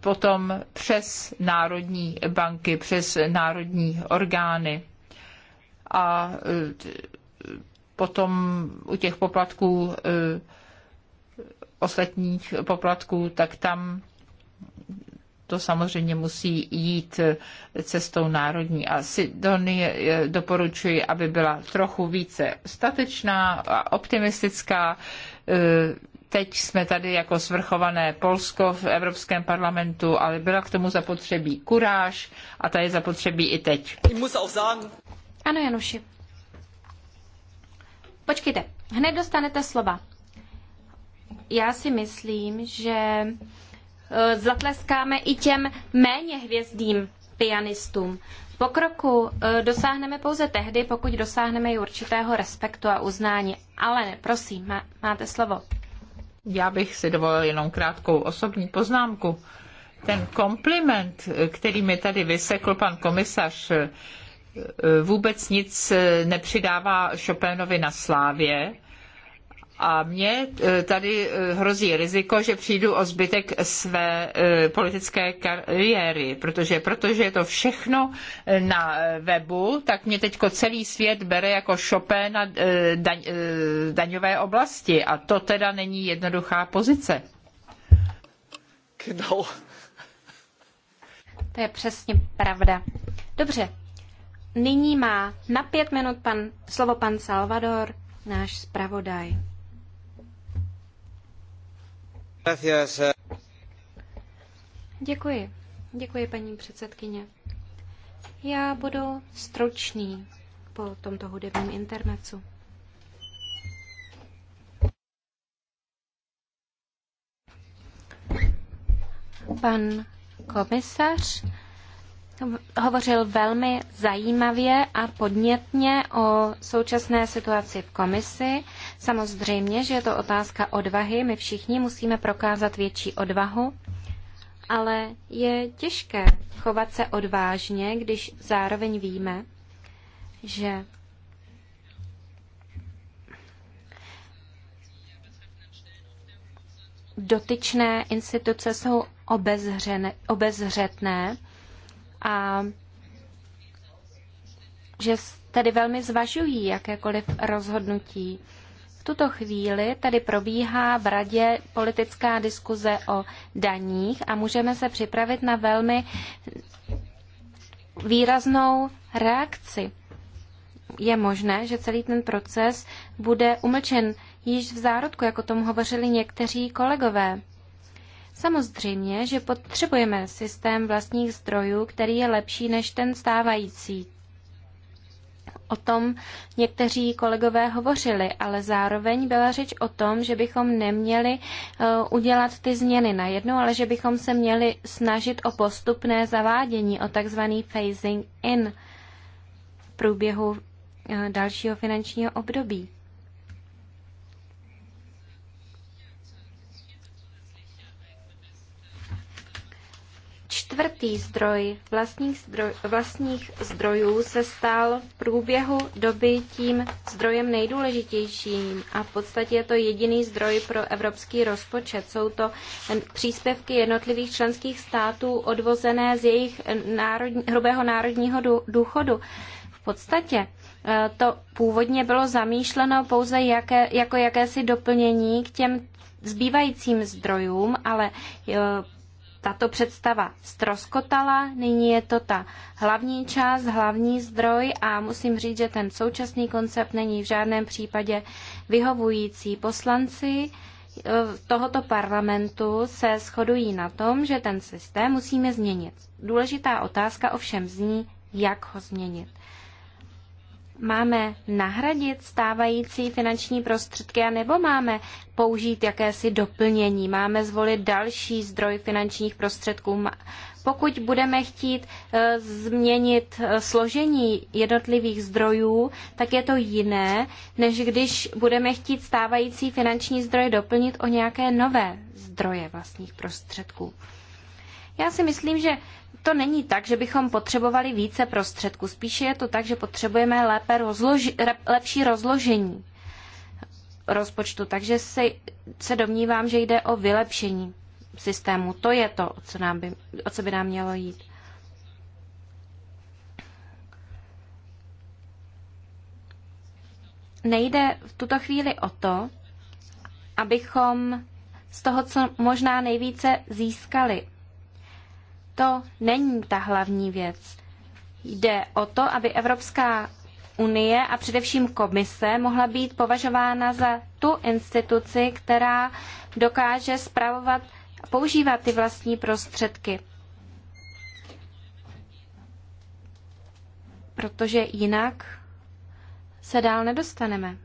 potom přes národní banky, přes národní orgány. A potom u těch poplatků ostatních poplatků, tak tam to samozřejmě musí jít cestou národní. A Sidonie eh, doporučuji, aby byla trochu více statečná a optimistická. Eh, teď jsme tady jako svrchované Polsko v Evropském parlamentu, ale byla k tomu zapotřebí kuráž a ta je zapotřebí i teď. Ano, Januši. Počkejte, hned dostanete slova. Já si myslím, že Eh, zatleskáme i těm méně hvězdným pianistům. Pokroku eh, dosáhneme pouze tehdy, pokud dosáhneme i určitého respektu a uznání. Ale prosím, má, máte slovo. Já bych si dovolil jenom krátkou osobní poznámku. Ten kompliment, eh, který mi tady vysekl pan komisař, vůbec nic nepřidává Chopinovi na slávě a mně e, tady e, hrozí riziko, že přijdu o zbytek své e, politické kariéry, protože, protože je to všechno na webu, tak mě teď celý svět bere jako šopé na daň, daňové oblasti a to teda není jednoduchá pozice. Genau. To je přesně pravda. Dobře, nyní má na pět minut pan, slovo pan Salvador, náš zpravodaj. Eh. Děkuji. Děkuji, paní předsedkyně. Já budu stručný po tomto hudebním internetu. Pan komisař hovořil velmi zajímavě a podnětně o současné situaci v komisi Samozřejmě, že je to otázka odvahy. My všichni musíme prokázat větší odvahu, ale je těžké chovat se odvážně, když zároveň víme, že dotyčné instituce jsou obezřené, obezřetné a že tedy velmi zvažují jakékoliv rozhodnutí tuto chvíli tady probíhá v radě politická diskuze o daních a můžeme se připravit na velmi výraznou reakci. Je možné, že celý ten proces bude umlčen již v zárodku, jako tomu hovořili někteří kolegové. Samozřejmě, že potřebujeme systém vlastních zdrojů, který je lepší než ten stávající o tom někteří kolegové hovořili, ale zároveň byla řeč o tom, že bychom neměli eh, udělat ty změny najednou, ale že bychom se měli snažit o postupné zavádění, o takzvaný phasing in v průběhu eh, dalšího finančního období. čtvrtý zdroj vlastních, zdroj vlastních zdrojů se stal v průběhu doby tím zdrojem nejdůležitějším a v podstatě je to jediný zdroj pro evropský rozpočet. Jsou to příspěvky jednotlivých členských států odvozené z jejich národní, hrubého národního důchodu. V podstatě e, to původně bylo zamýšleno pouze jaké, jako jakési doplnění k těm zbývajícím zdrojům, ale e, tato představa stroskotala, nyní je to ta hlavní část, hlavní zdroj a musím říct, že ten současný koncept není v žádném případě vyhovující. Poslanci eh, tohoto parlamentu se shodují na tom, že ten systém musíme změnit. Důležitá otázka ovšem zní, jak ho změnit. Máme nahradit stávající finanční prostředky anebo nebo máme použít jakési doplnění, máme zvolit další zdroj finančních prostředků. Pokud budeme chtít e, změnit e, složení jednotlivých zdrojů, tak je to jiné, než když budeme chtít stávající finanční zdroje doplnit o nějaké nové zdroje vlastních prostředků. Já si myslím, že to není tak, že bychom potřebovali více prostředků. Spíše je to tak, že potřebujeme lépe rozloži, lepší rozložení rozpočtu. Takže se, se domnívám, že jde o vylepšení systému. To je to, o co, nám by, o co by nám mělo jít. Nejde v tuto chvíli o to, abychom z toho, co možná nejvíce získali, to není ta hlavní věc. Jde o to, aby Evropská unie a především komise mohla být považována za tu instituci, která dokáže spravovat a používat ty vlastní prostředky. Protože jinak se dál nedostaneme.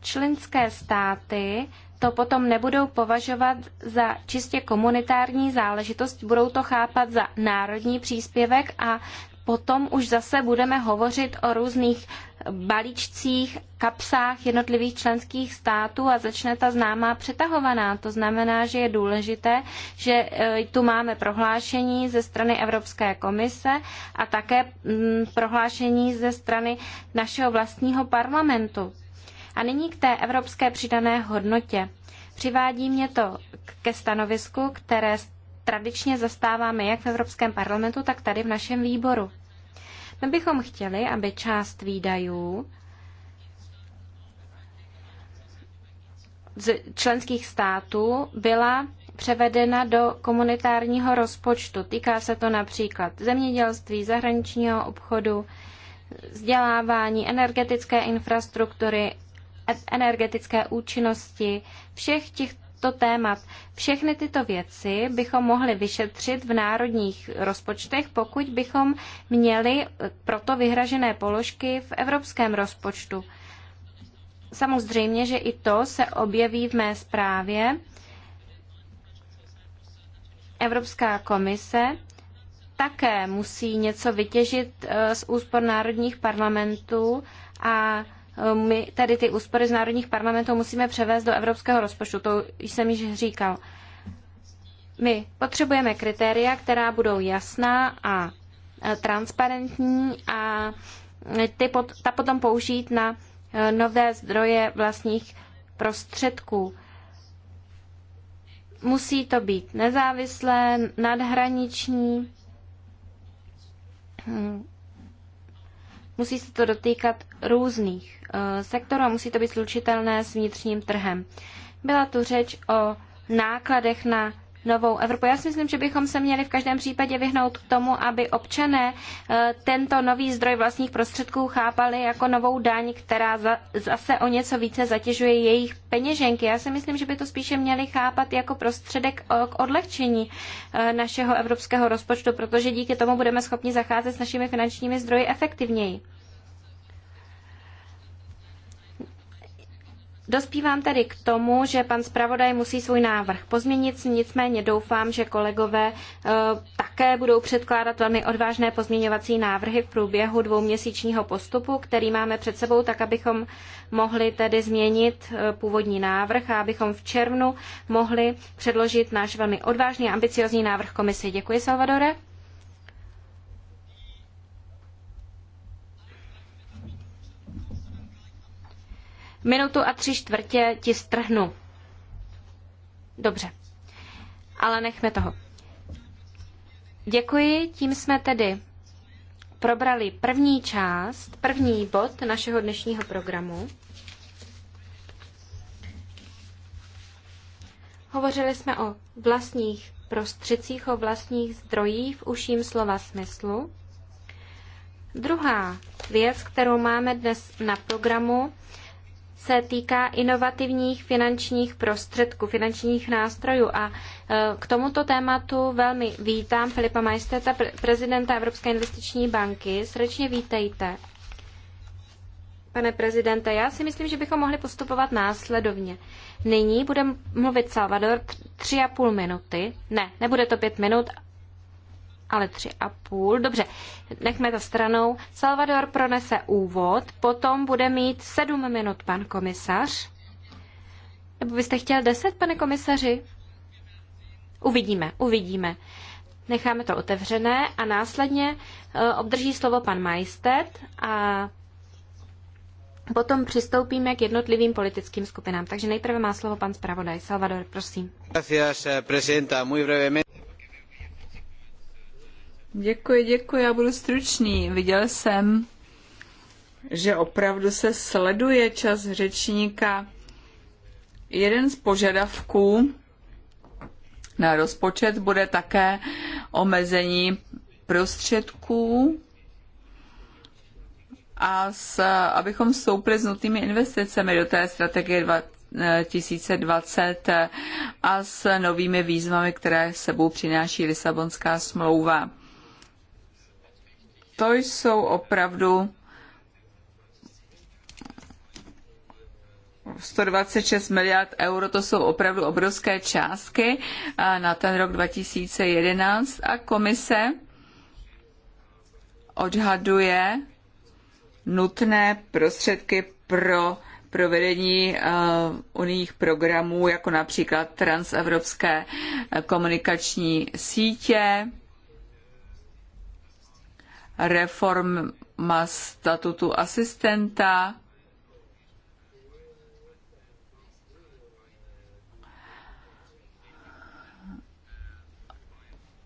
Členské státy to potom nebudou považovat za čistě komunitární záležitost, budou to chápat za národní příspěvek a potom už zase budeme hovořit o různých balíčcích, kapsách jednotlivých členských států a začne ta známá přetahovaná. To znamená, že je důležité, že e, tu máme prohlášení ze strany Evropské komise a také mm, prohlášení ze strany našeho vlastního parlamentu. A nyní k té evropské přidané hodnotě. Přivádí mě to ke stanovisku, které tradičně zastáváme jak v Evropském parlamentu, tak tady v našem výboru. My bychom chtěli, aby část výdajů z členských států byla převedena do komunitárního rozpočtu. Týká se to například zemědělství, zahraničního obchodu, vzdělávání, energetické infrastruktury energetické účinnosti, všech těchto témat. Všechny tyto věci bychom mohli vyšetřit v národních rozpočtech, pokud bychom měli proto vyhražené položky v evropském rozpočtu. Samozřejmě, že i to se objeví v mé zprávě. Evropská komise také musí něco vytěžit eh, z úspor národních parlamentů a my tady ty úspory z národních parlamentů musíme převést do evropského rozpočtu, to jsem již říkal. My potřebujeme kritéria, která budou jasná a e, transparentní a e, ty pot, ta potom použít na e, nové zdroje vlastních prostředků. Musí to být nezávislé, nadhraniční, hm, Musí se to dotýkat různých eh, sektorů a musí to být slučitelné s vnitřním trhem. Byla tu řeč o nákladech na novou Evropu. Já si myslím, že bychom se měli v každém případě vyhnout k tomu, aby občané eh, tento nový zdroj vlastních prostředků chápali jako novou daň, která zase o něco více zatěžuje jejich peněženky. Já si myslím, že by to spíše měli chápat jako prostředek eh, k odlehčení eh, našeho evropského rozpočtu, protože díky tomu budeme schopni zacházet s našimi finančními zdroji efektivněji. Dospívám tedy k tomu, že pan zpravodaj musí svůj návrh pozměnit, nicméně doufám, že kolegové eh, také budou předkládat velmi odvážné pozměňovací návrhy v průběhu dvouměsíčního postupu, který máme před sebou, tak abychom mohli tedy změnit eh, původní návrh a abychom v červnu mohli předložit náš velmi odvážný a ambiciozní návrh komisi. Děkuji, Salvadore. minutu a tři čtvrtě ti strhnu. Dobře, ale nechme toho. Děkuji, tím jsme tedy probrali první část, první bod našeho dnešního programu. Hovořili jsme o vlastních prostředcích, o vlastních zdrojích v uším slova smyslu. Druhá věc, kterou máme dnes na programu, se týká inovativních finančních prostředků, finančních nástrojů. A e, k tomuto tématu velmi vítám Filipa Majsteta, prezidenta Evropské investiční banky. Srdečně vítejte. Pane prezidente, já si myslím, že bychom mohli postupovat následovně. Nyní bude mluvit Salvador tři a půl minuty. Ne, nebude to pět minut, ale tři a půl. Dobře, nechme to stranou. Salvador pronese úvod, potom bude mít sedm minut pan komisař. Nebo byste chtěl deset, pane komisaři? Uvidíme, uvidíme. Necháme to otevřené a následně eh, obdrží slovo pan Majstet a potom přistoupíme k jednotlivým politickým skupinám. Takže nejprve má slovo pan zpravodaj. Salvador, prosím. Gracias, eh, presidenta. Muy brevemente. Děkuji, děkuji, já budu stručný. Viděl jsem, že opravdu se sleduje čas řečníka. Jeden z požadavků na rozpočet bude také omezení prostředků a s, abychom vstoupili s nutnými investicemi do té strategie 2020 eh, eh, a s novými výzvami, které sebou přináší Lisabonská smlouva. To jsou opravdu 126 miliard euro, to jsou opravdu obrovské částky na ten rok 2011 a komise odhaduje nutné prostředky pro provedení uh, unijních programů, jako například transevropské komunikační sítě, reforma statutu asistenta,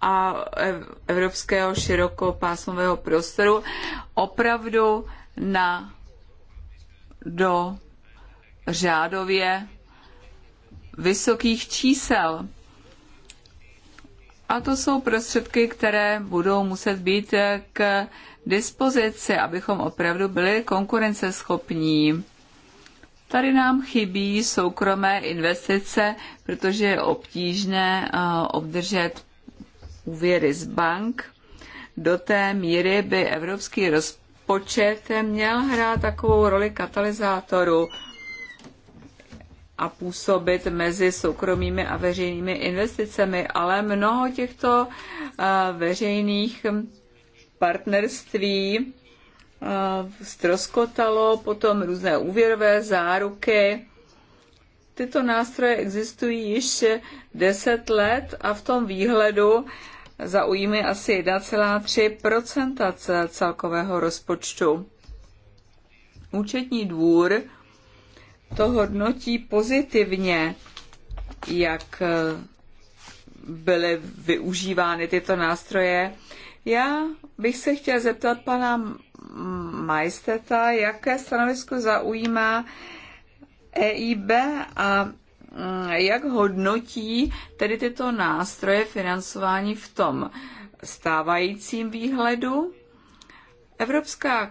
a evropského širokopásmového prostoru opravdu na do řádově vysokých čísel. A to jsou prostředky, které budou muset být eh, k dispozici, abychom opravdu byli konkurenceschopní. Tady nám chybí soukromé investice, protože je obtížné eh, obdržet úvěry z bank. Do té míry by evropský rozpočet měl hrát takovou roli katalyzátoru a působit mezi soukromými a veřejnými investicemi, ale mnoho těchto eh, veřejných partnerství eh, ztroskotalo, potom různé úvěrové záruky. Tyto nástroje existují již 10 let a v tom výhledu zaujíme asi 1,3 celkového rozpočtu. Účetní dvůr to hodnotí pozitivně, jak eh, byly využívány tyto nástroje. Já bych se chtěla zeptat pana Majsteta, jaké stanovisko zaujímá EIB a mm, jak hodnotí tedy tyto nástroje financování v tom stávajícím výhledu. Evropská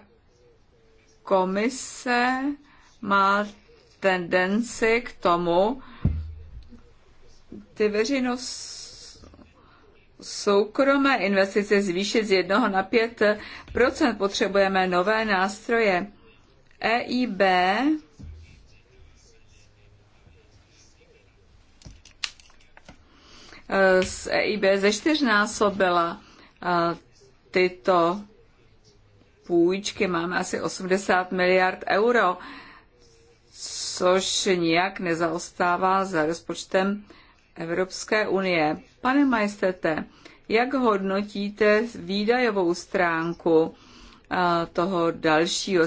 komise má tendenci k tomu, ty veřejnost soukromé investice zvýšit z 1 na 5 potřebujeme nové nástroje. EIB z EIB ze čtyřnásobila tyto půjčky. Máme asi 80 miliard euro což nijak nezaostává za rozpočtem Evropské unie. Pane majestete, jak hodnotíte výdajovou stránku eh, toho dalšího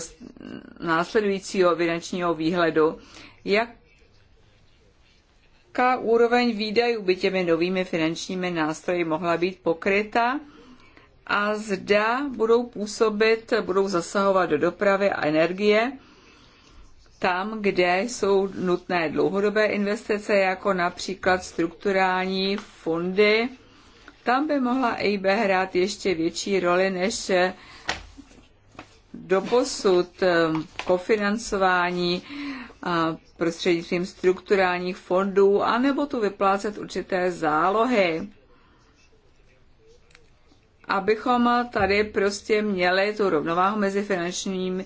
následujícího finančního výhledu? Jaká úroveň výdajů by těmi novými finančními nástroji mohla být pokryta? A zda budou působit, budou zasahovat do dopravy a energie? tam, kde jsou nutné dlouhodobé investice, jako například strukturální fondy. Tam by mohla EIB hrát ještě větší roli než doposud ehm, kofinancování prostřednictvím strukturálních fondů, anebo tu vyplácet určité zálohy. Abychom tady prostě měli tu rovnováhu mezi finančním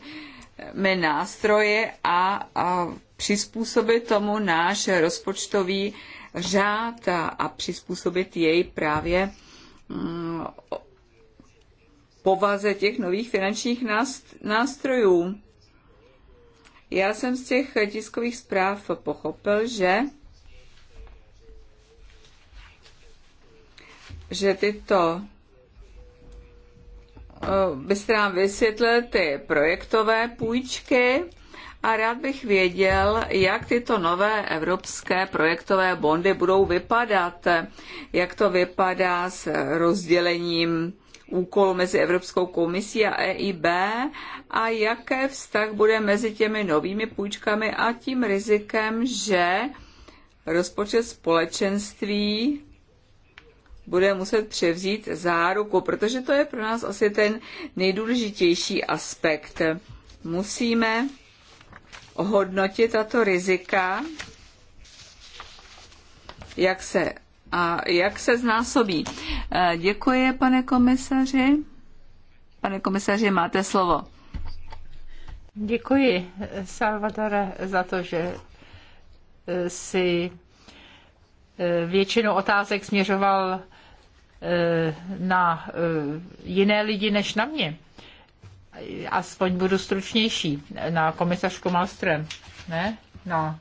nástroje a, a přizpůsobit tomu náš rozpočtový řád a, a přizpůsobit jej právě mm, povaze těch nových finančních nástrojů. Já jsem z těch tiskových zpráv pochopil, že že tyto Eh, byste nám vysvětlil ty projektové půjčky a rád bych věděl, jak tyto nové evropské projektové bondy budou vypadat, jak to vypadá s rozdělením úkolu mezi Evropskou komisí a EIB a jaké vztah bude mezi těmi novými půjčkami a tím rizikem, že rozpočet společenství bude muset převzít záruku, protože to je pro nás asi ten nejdůležitější aspekt. Musíme ohodnotit tato rizika, jak se, a jak se znásobí. Eh, děkuji, pane komisaři. Pane komisaři, máte slovo. Děkuji, Salvatore, za to, že eh, si Eh, většinu otázek směřoval eh, na eh, jiné lidi než na mě. Aspoň budu stručnější. Na komisařku Malström. ne? Na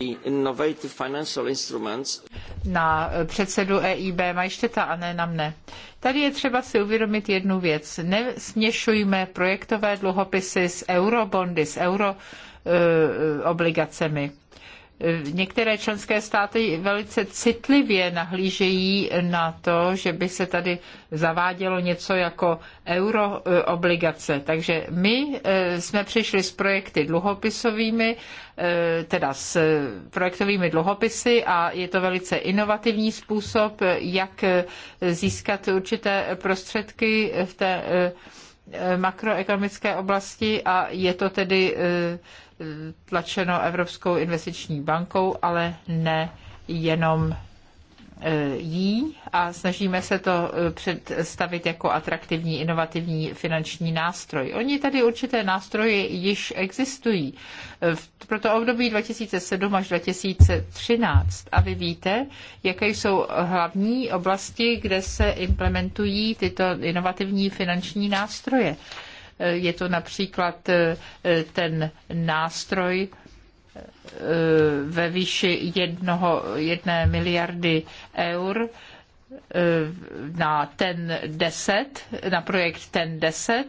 no. innovative financial instruments. Na předsedu EIB Majšteta a ne na mne. Tady je třeba si uvědomit jednu věc. Nesměšujme projektové dluhopisy s eurobondy, s euroobligacemi. Uh, některé členské státy velice citlivě nahlížejí na to, že by se tady zavádělo něco jako euroobligace. Eh, Takže my eh, jsme přišli s projekty dluhopisovými, eh, teda s projektovými dluhopisy a je to velice inovativní způsob, jak získat určité prostředky v té makroekonomické oblasti a je to tedy tlačeno Evropskou investiční bankou, ale ne jenom e, jí a snažíme se to e, představit jako atraktivní inovativní finanční nástroj. Oni tady určité nástroje již existují. E, pro to období 2007 až 2013. A vy víte, jaké jsou hlavní oblasti, kde se implementují tyto inovativní finanční nástroje. Eh, je to například eh, ten nástroj eh, ve výši jednoho, jedné miliardy eur, na ten 10, na projekt ten 10,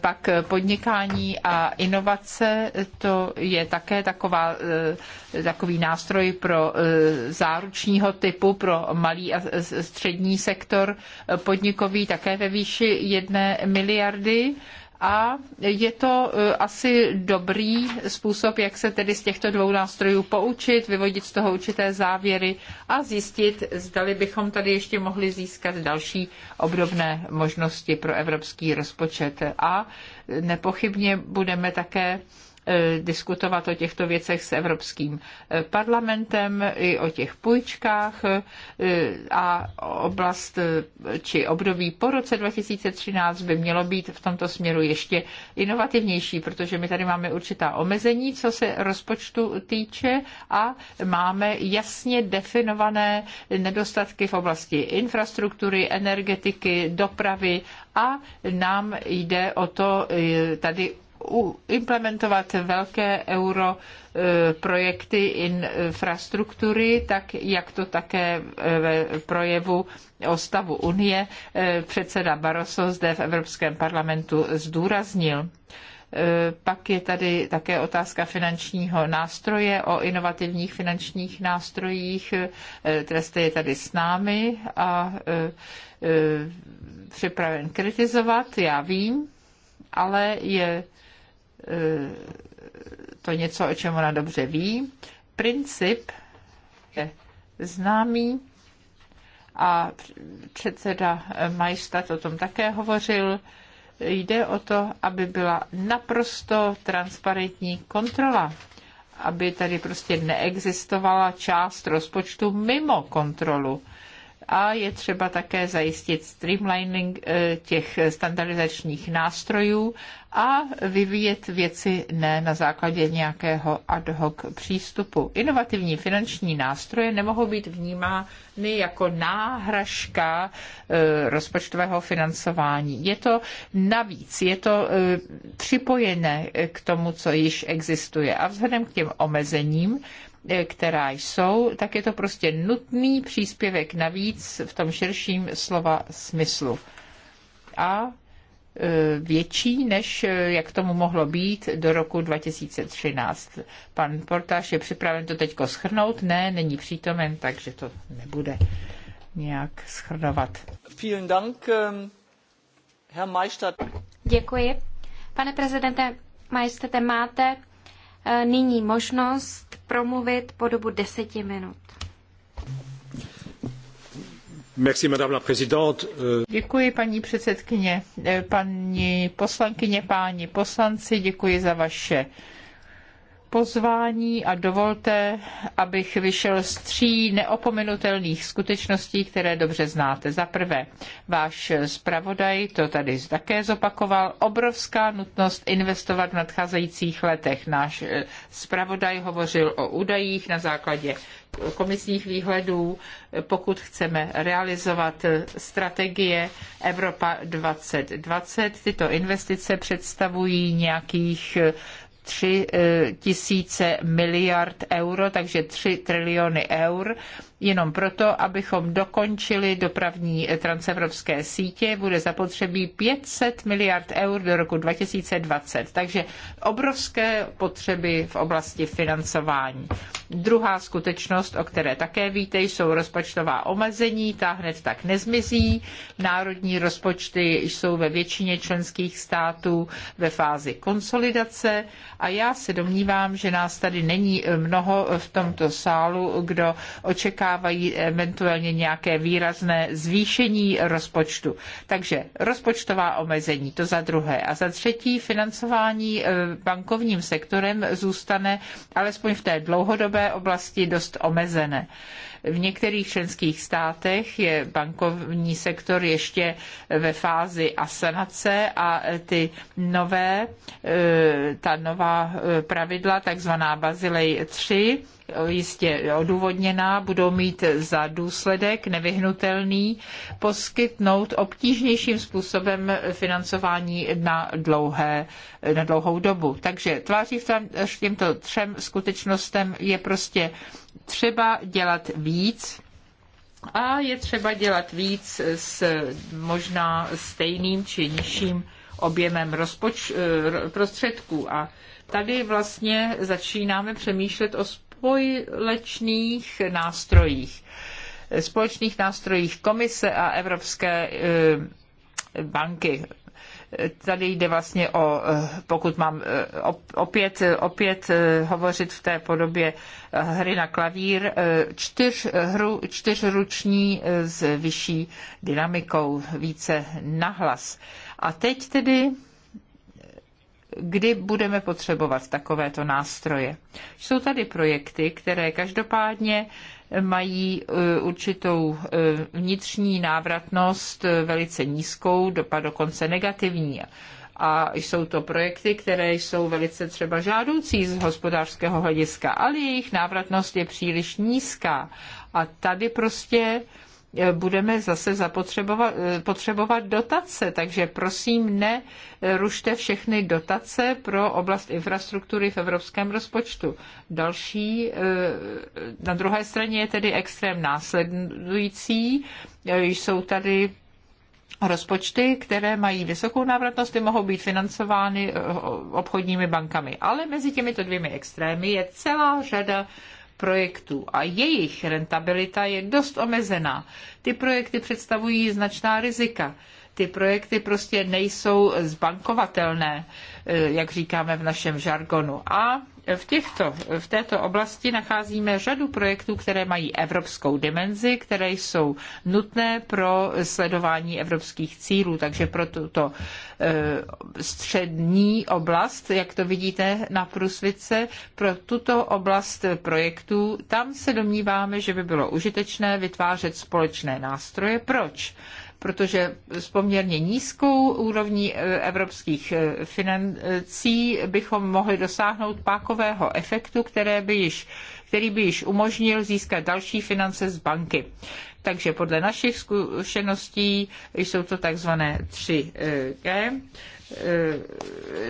pak podnikání a inovace, to je také taková, takový nástroj pro záručního typu, pro malý a střední sektor podnikový, také ve výši jedné miliardy a je to e, asi dobrý způsob, jak se tedy z těchto dvou nástrojů poučit, vyvodit z toho určité závěry a zjistit, zdali bychom tady ještě mohli získat další obdobné možnosti pro evropský rozpočet. A nepochybně budeme také Eh, diskutovat o těchto věcech s Evropským eh, parlamentem i o těch půjčkách eh, a oblast či období po roce 2013 by mělo být v tomto směru ještě inovativnější, protože my tady máme určitá omezení, co se rozpočtu týče a máme jasně definované nedostatky v oblasti infrastruktury, energetiky, dopravy a nám jde o to tady implementovat velké euro e, projekty infrastruktury, tak jak to také e, ve projevu o stavu Unie e, předseda Barroso zde v Evropském parlamentu zdůraznil. Pak je tady také otázka finančního nástroje o inovativních finančních nástrojích. Treste je tady s námi a připraven kritizovat, já vím, ale je Eh, to něco, o čem ona dobře ví. Princip je známý a předseda Majstat o tom také hovořil. Jde o to, aby byla naprosto transparentní kontrola, aby tady prostě neexistovala část rozpočtu mimo kontrolu a je třeba také zajistit streamlining eh, těch standardizačních nástrojů a vyvíjet věci ne na základě nějakého ad hoc přístupu. Inovativní finanční nástroje nemohou být vnímány jako náhražka eh, rozpočtového financování. Je to navíc, je to eh, připojené k tomu, co již existuje. A vzhledem k těm omezením E, která jsou, tak je to prostě nutný příspěvek navíc v tom širším slova smyslu. A e, větší, než e, jak tomu mohlo být do roku 2013. Pan Portáš je připraven to teď schrnout? Ne, není přítomen, takže to nebude nějak schrnovat. Vielen Dank, ähm, Herr Majstad. Děkuji. Pane prezidente majestete máte Eh, nyní možnost promluvit po dobu deseti minut. Eh, děkuji, paní předsedkyně, eh, paní poslankyně, páni poslanci, děkuji za vaše pozvání a dovolte, abych vyšel z tří neopominutelných skutečností, které dobře znáte. Za prvé, váš zpravodaj to tady také zopakoval, obrovská nutnost investovat v nadcházejících letech. Náš eh, zpravodaj hovořil o údajích na základě komisních výhledů, pokud chceme realizovat eh, strategie Evropa 2020. Tyto investice představují nějakých eh, 3 eh, tisíce miliard euro, takže 3 triliony eur, jenom proto, abychom dokončili dopravní eh, transevropské sítě, bude zapotřebí 500 miliard eur do roku 2020. Takže obrovské potřeby v oblasti financování. Druhá skutečnost, o které také víte, jsou rozpočtová omezení, ta hned tak nezmizí. Národní rozpočty jsou ve většině členských států ve fázi konsolidace a já se domnívám, že nás tady není eh, mnoho eh, v tomto sálu, kdo očekávají eventuálně nějaké výrazné zvýšení rozpočtu. Takže rozpočtová omezení, to za druhé. A za třetí, financování eh, bankovním sektorem zůstane alespoň v té dlouhodobé oblasti dost omezené. V některých členských státech je bankovní sektor ještě ve fázi asanace a ty nové, eh, ta nová eh, pravidla, takzvaná Bazilej 3, jistě odůvodněná, budou mít za důsledek nevyhnutelný poskytnout obtížnějším způsobem financování na, dlouhé, na dlouhou dobu. Takže tváří v těmto třem skutečnostem je prostě třeba dělat víc, a je třeba dělat víc s možná stejným či nižším objemem rozpoč, eh, prostředků. A tady vlastně začínáme přemýšlet o společných nástrojích, společných nástrojích Komise a Evropské eh, banky. Tady jde vlastně o, eh, pokud mám eh, opět, opět hovořit v té podobě hry na klavír, čtyř hru, čtyřruční s vyšší dynamikou, více nahlas. A teď tedy kdy budeme potřebovat takovéto nástroje. Jsou tady projekty, které každopádně mají e, určitou e, vnitřní návratnost e, velice nízkou, dopad dokonce negativní a jsou to projekty, které jsou velice třeba žádoucí z hospodářského hlediska, ale jejich návratnost je příliš nízká. A tady prostě Eh, budeme zase zapotřebovat eh, potřebovat dotace, takže prosím ne rušte všechny dotace pro oblast infrastruktury v evropském rozpočtu. Další, eh, na druhé straně je tedy extrém následující, jsou tady rozpočty, které mají vysokou návratnost, ty mohou být financovány obchodními bankami. Ale mezi těmito dvěmi extrémy je celá řada projektů a jejich rentabilita je dost omezená. Ty projekty představují značná rizika. Ty projekty prostě nejsou zbankovatelné. Eh, jak říkáme v našem žargonu. A v, těchto, v této oblasti nacházíme řadu projektů, které mají evropskou dimenzi, které jsou nutné pro sledování evropských cílů. Takže pro tuto eh, střední oblast, jak to vidíte na Prusvice, pro tuto oblast projektů, tam se domníváme, že by bylo užitečné vytvářet společné nástroje. Proč? protože s poměrně nízkou úrovní e, evropských e, financí bychom mohli dosáhnout pákového efektu, které by již, který by již umožnil získat další finance z banky. Takže podle našich zkušeností jsou to takzvané 3G, e,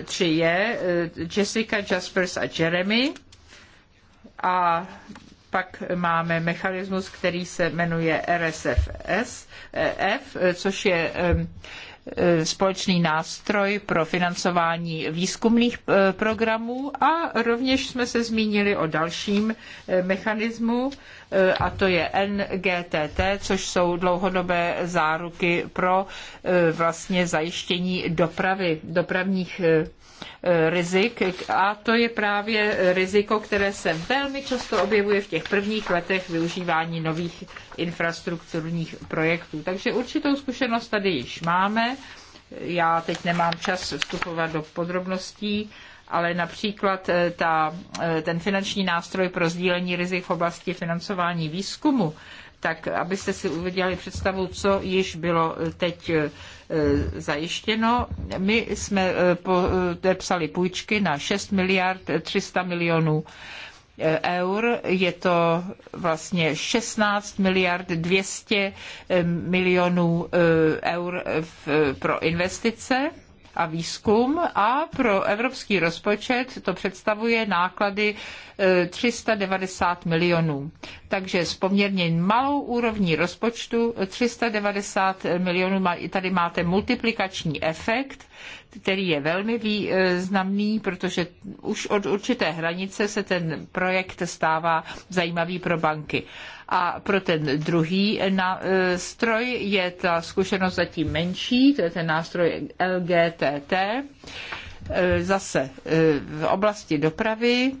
3J, Jessica, Jaspers a Jeremy. A pak máme mechanismus, který se jmenuje RSFS, e F, což je e, společný nástroj pro financování výzkumných e, programů a rovněž jsme se zmínili o dalším mechanismu, a to je NGTT, což jsou dlouhodobé záruky pro vlastně zajištění dopravy, dopravních Eh, rizik a to je právě riziko, které se velmi často objevuje v těch prvních letech využívání nových infrastrukturních projektů. Takže určitou zkušenost tady již máme. Já teď nemám čas vstupovat do podrobností, ale například eh, ta, eh, ten finanční nástroj pro sdílení rizik v oblasti financování výzkumu, tak abyste si uvěděli představu, co již bylo teď Eh, zajištěno. My jsme eh, podepsali půjčky na 6 miliard 300 milionů eh, eur. Je to vlastně 16 miliard 200 milionů eur pro investice a výzkum a pro evropský rozpočet to představuje náklady 390 e, milionů. Takže s poměrně malou úrovní rozpočtu 390 e, milionů, tady máte multiplikační efekt, který je velmi významný, protože už od určité hranice se ten projekt stává zajímavý pro banky. A pro ten druhý nástroj e, je ta zkušenost zatím menší, to je ten nástroj LGTT, e, zase e, v oblasti dopravy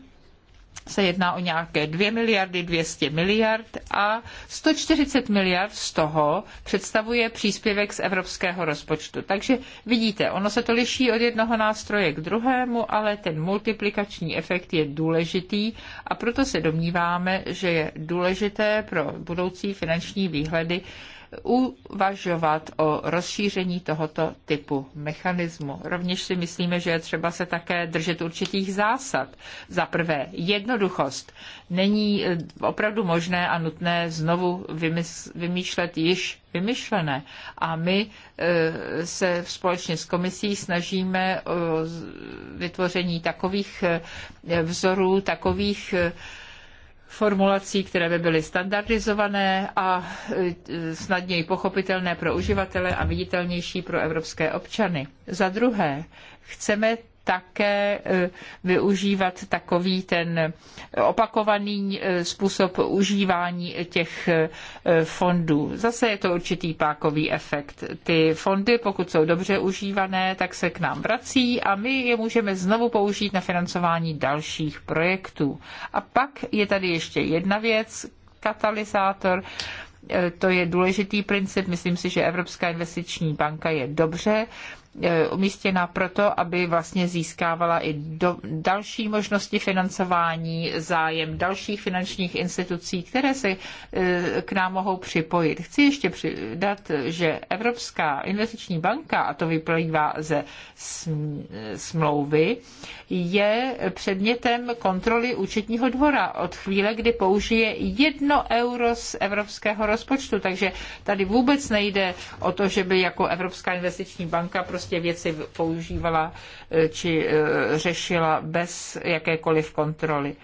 se jedná o nějaké 2 miliardy 200 miliard a 140 miliard z toho představuje příspěvek z evropského rozpočtu. Takže vidíte, ono se to liší od jednoho nástroje k druhému, ale ten multiplikační efekt je důležitý a proto se domníváme, že je důležité pro budoucí finanční výhledy uvažovat o rozšíření tohoto typu mechanismu. Rovněž si myslíme, že je třeba se také držet určitých zásad. Za prvé, jednoduchost. Není eh, opravdu možné a nutné znovu vymýšlet již vymyšlené. A my eh, se společně s komisí snažíme o vytvoření takových eh, vzorů, takových formulací, které by byly standardizované a e, snadněji pochopitelné pro uživatele a viditelnější pro evropské občany. Za druhé, chceme také e, využívat takový ten opakovaný e, způsob užívání těch e, fondů. Zase je to určitý pákový efekt. Ty fondy, pokud jsou dobře užívané, tak se k nám vrací a my je můžeme znovu použít na financování dalších projektů. A pak je tady ještě jedna věc, katalyzátor, to je důležitý princip. Myslím si, že Evropská investiční banka je dobře E, umístěna proto, aby vlastně získávala i do, další možnosti financování, zájem dalších finančních institucí, které se e, k nám mohou připojit. Chci ještě přidat, že Evropská investiční banka, a to vyplývá ze smlouvy, je předmětem kontroly účetního dvora od chvíle, kdy použije jedno euro z evropského rozpočtu. Takže tady vůbec nejde o to, že by jako Evropská investiční banka prostě prostě věci používala eh, či eh, řešila bez jakékoliv kontroly.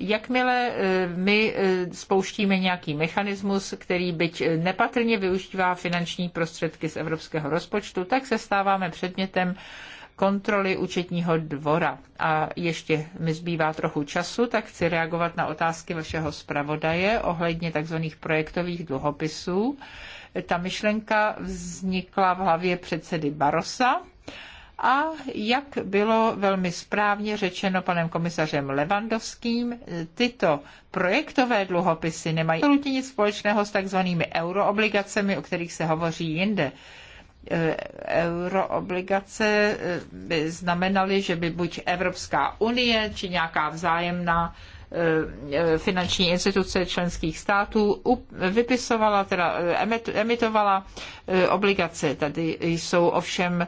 Jakmile eh, my spouštíme nějaký mechanismus, který byť nepatrně využívá finanční prostředky z evropského rozpočtu, tak se stáváme předmětem kontroly účetního dvora. A ještě mi zbývá trochu času, tak chci reagovat na otázky vašeho zpravodaje ohledně tzv. projektových dluhopisů. Ta myšlenka vznikla v hlavě předsedy Barosa a jak bylo velmi správně řečeno panem komisařem Levandovským, tyto projektové dluhopisy nemají absolutně nic společného s takzvanými euroobligacemi, o kterých se hovoří jinde e, euroobligace e, by znamenaly, že by buď Evropská unie či nějaká vzájemná Eh, finanční instituce členských států vypisovala, teda eh, emitovala eh, obligace. Tady jsou ovšem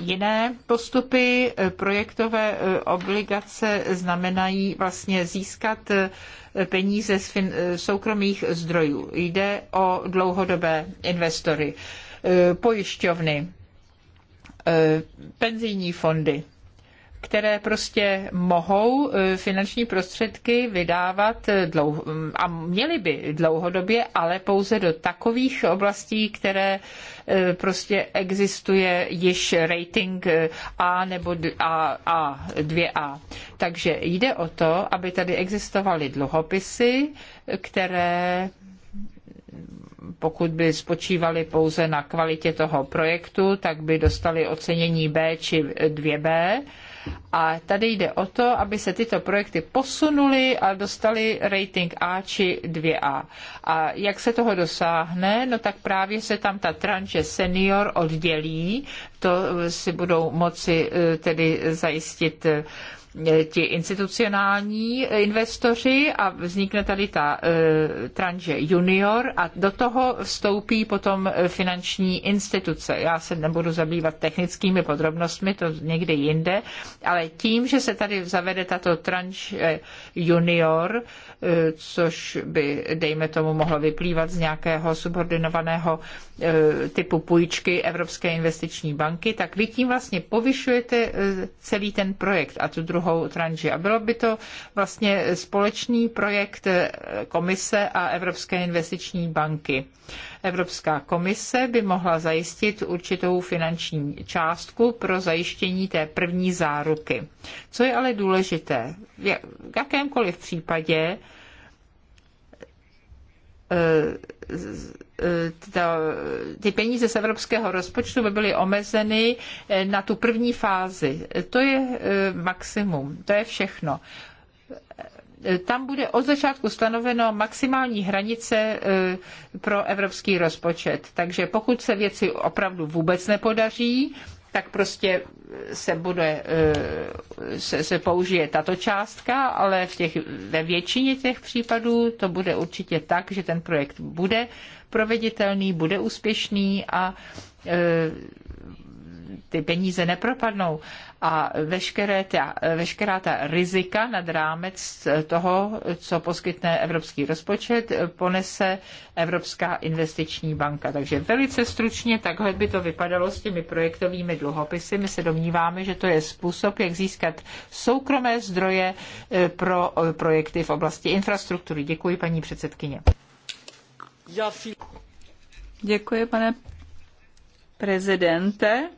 jiné postupy. Projektové obligace znamenají vlastně získat peníze z soukromých zdrojů. Jde o dlouhodobé investory, pojišťovny, penzijní fondy které prostě mohou eh, finanční prostředky vydávat eh, dlouho, mm, a měly by dlouhodobě, ale pouze do takových oblastí, které eh, prostě existuje již rating A nebo A, A, 2A. Takže jde o to, aby tady existovaly dluhopisy, které mm, pokud by spočívali pouze na kvalitě toho projektu, tak by dostali ocenění B či 2B a tady jde o to, aby se tyto projekty posunuly a dostaly rating A či 2A. A jak se toho dosáhne? No tak právě se tam ta tranche senior oddělí, to si budou moci eh, tedy zajistit eh, ti institucionální investoři a vznikne tady ta e, tranže junior a do toho vstoupí potom finanční instituce. Já se nebudu zabývat technickými podrobnostmi, to někde jinde, ale tím, že se tady zavede tato tranže junior, e, což by, dejme tomu, mohlo vyplývat z nějakého subordinovaného e, typu půjčky Evropské investiční banky, tak vy tím vlastně povyšujete celý ten projekt a tu druhou druhou tranži. A bylo by to vlastně společný projekt komise a Evropské investiční banky. Evropská komise by mohla zajistit určitou finanční částku pro zajištění té první záruky. Co je ale důležité, v jakémkoliv případě, eh, Eh, to, ty peníze z evropského rozpočtu by byly omezeny eh, na tu první fázi. To je eh, maximum, to je všechno tam bude od začátku stanoveno maximální hranice pro evropský rozpočet. Takže pokud se věci opravdu vůbec nepodaří, tak prostě se bude, se, se použije tato částka, ale v těch, ve většině těch případů to bude určitě tak, že ten projekt bude proveditelný, bude úspěšný a e, ty peníze nepropadnou a veškeré ta, veškerá ta rizika nad rámec toho, co poskytne evropský rozpočet, ponese Evropská investiční banka. Takže velice stručně takhle by to vypadalo s těmi projektovými dluhopisy. My se domníváme, že to je způsob, jak získat soukromé zdroje e, pro e, projekty v oblasti infrastruktury. Děkuji, paní předsedkyně. Děkuji, pane prezidente.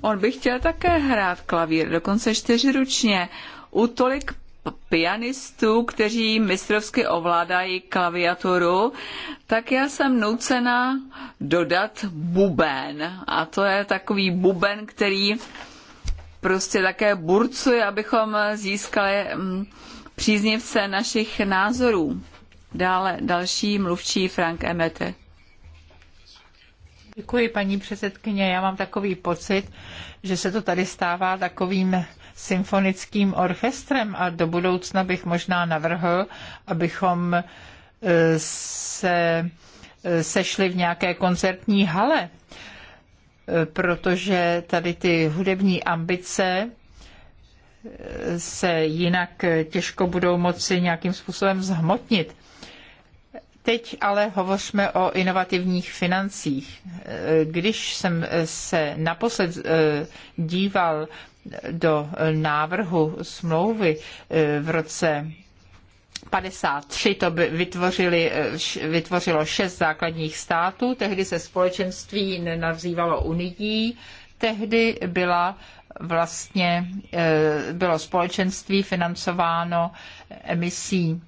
On by chtěl také hrát klavír, dokonce čtyřiručně. U tolik pianistů, kteří mistrovsky ovládají klaviaturu, tak já jsem nucena dodat buben. A to je takový buben, který prostě také burcuje, abychom získali mm, příznivce našich názorů. Dále další mluvčí Frank Emete. Děkuji, paní předsedkyně. Já mám takový pocit, že se to tady stává takovým symfonickým orchestrem a do budoucna bych možná navrhl, abychom e, se e, sešli v nějaké koncertní hale, e, protože tady ty hudební ambice se jinak těžko budou moci nějakým způsobem zhmotnit. Teď ale hovořme o inovativních financích. Eh, když jsem eh, se naposled eh, díval do návrhu smlouvy v roce 53 to by vytvořili, vytvořilo šest základních států, tehdy se společenství nenazývalo Unií, tehdy byla vlastně, bylo společenství financováno emisí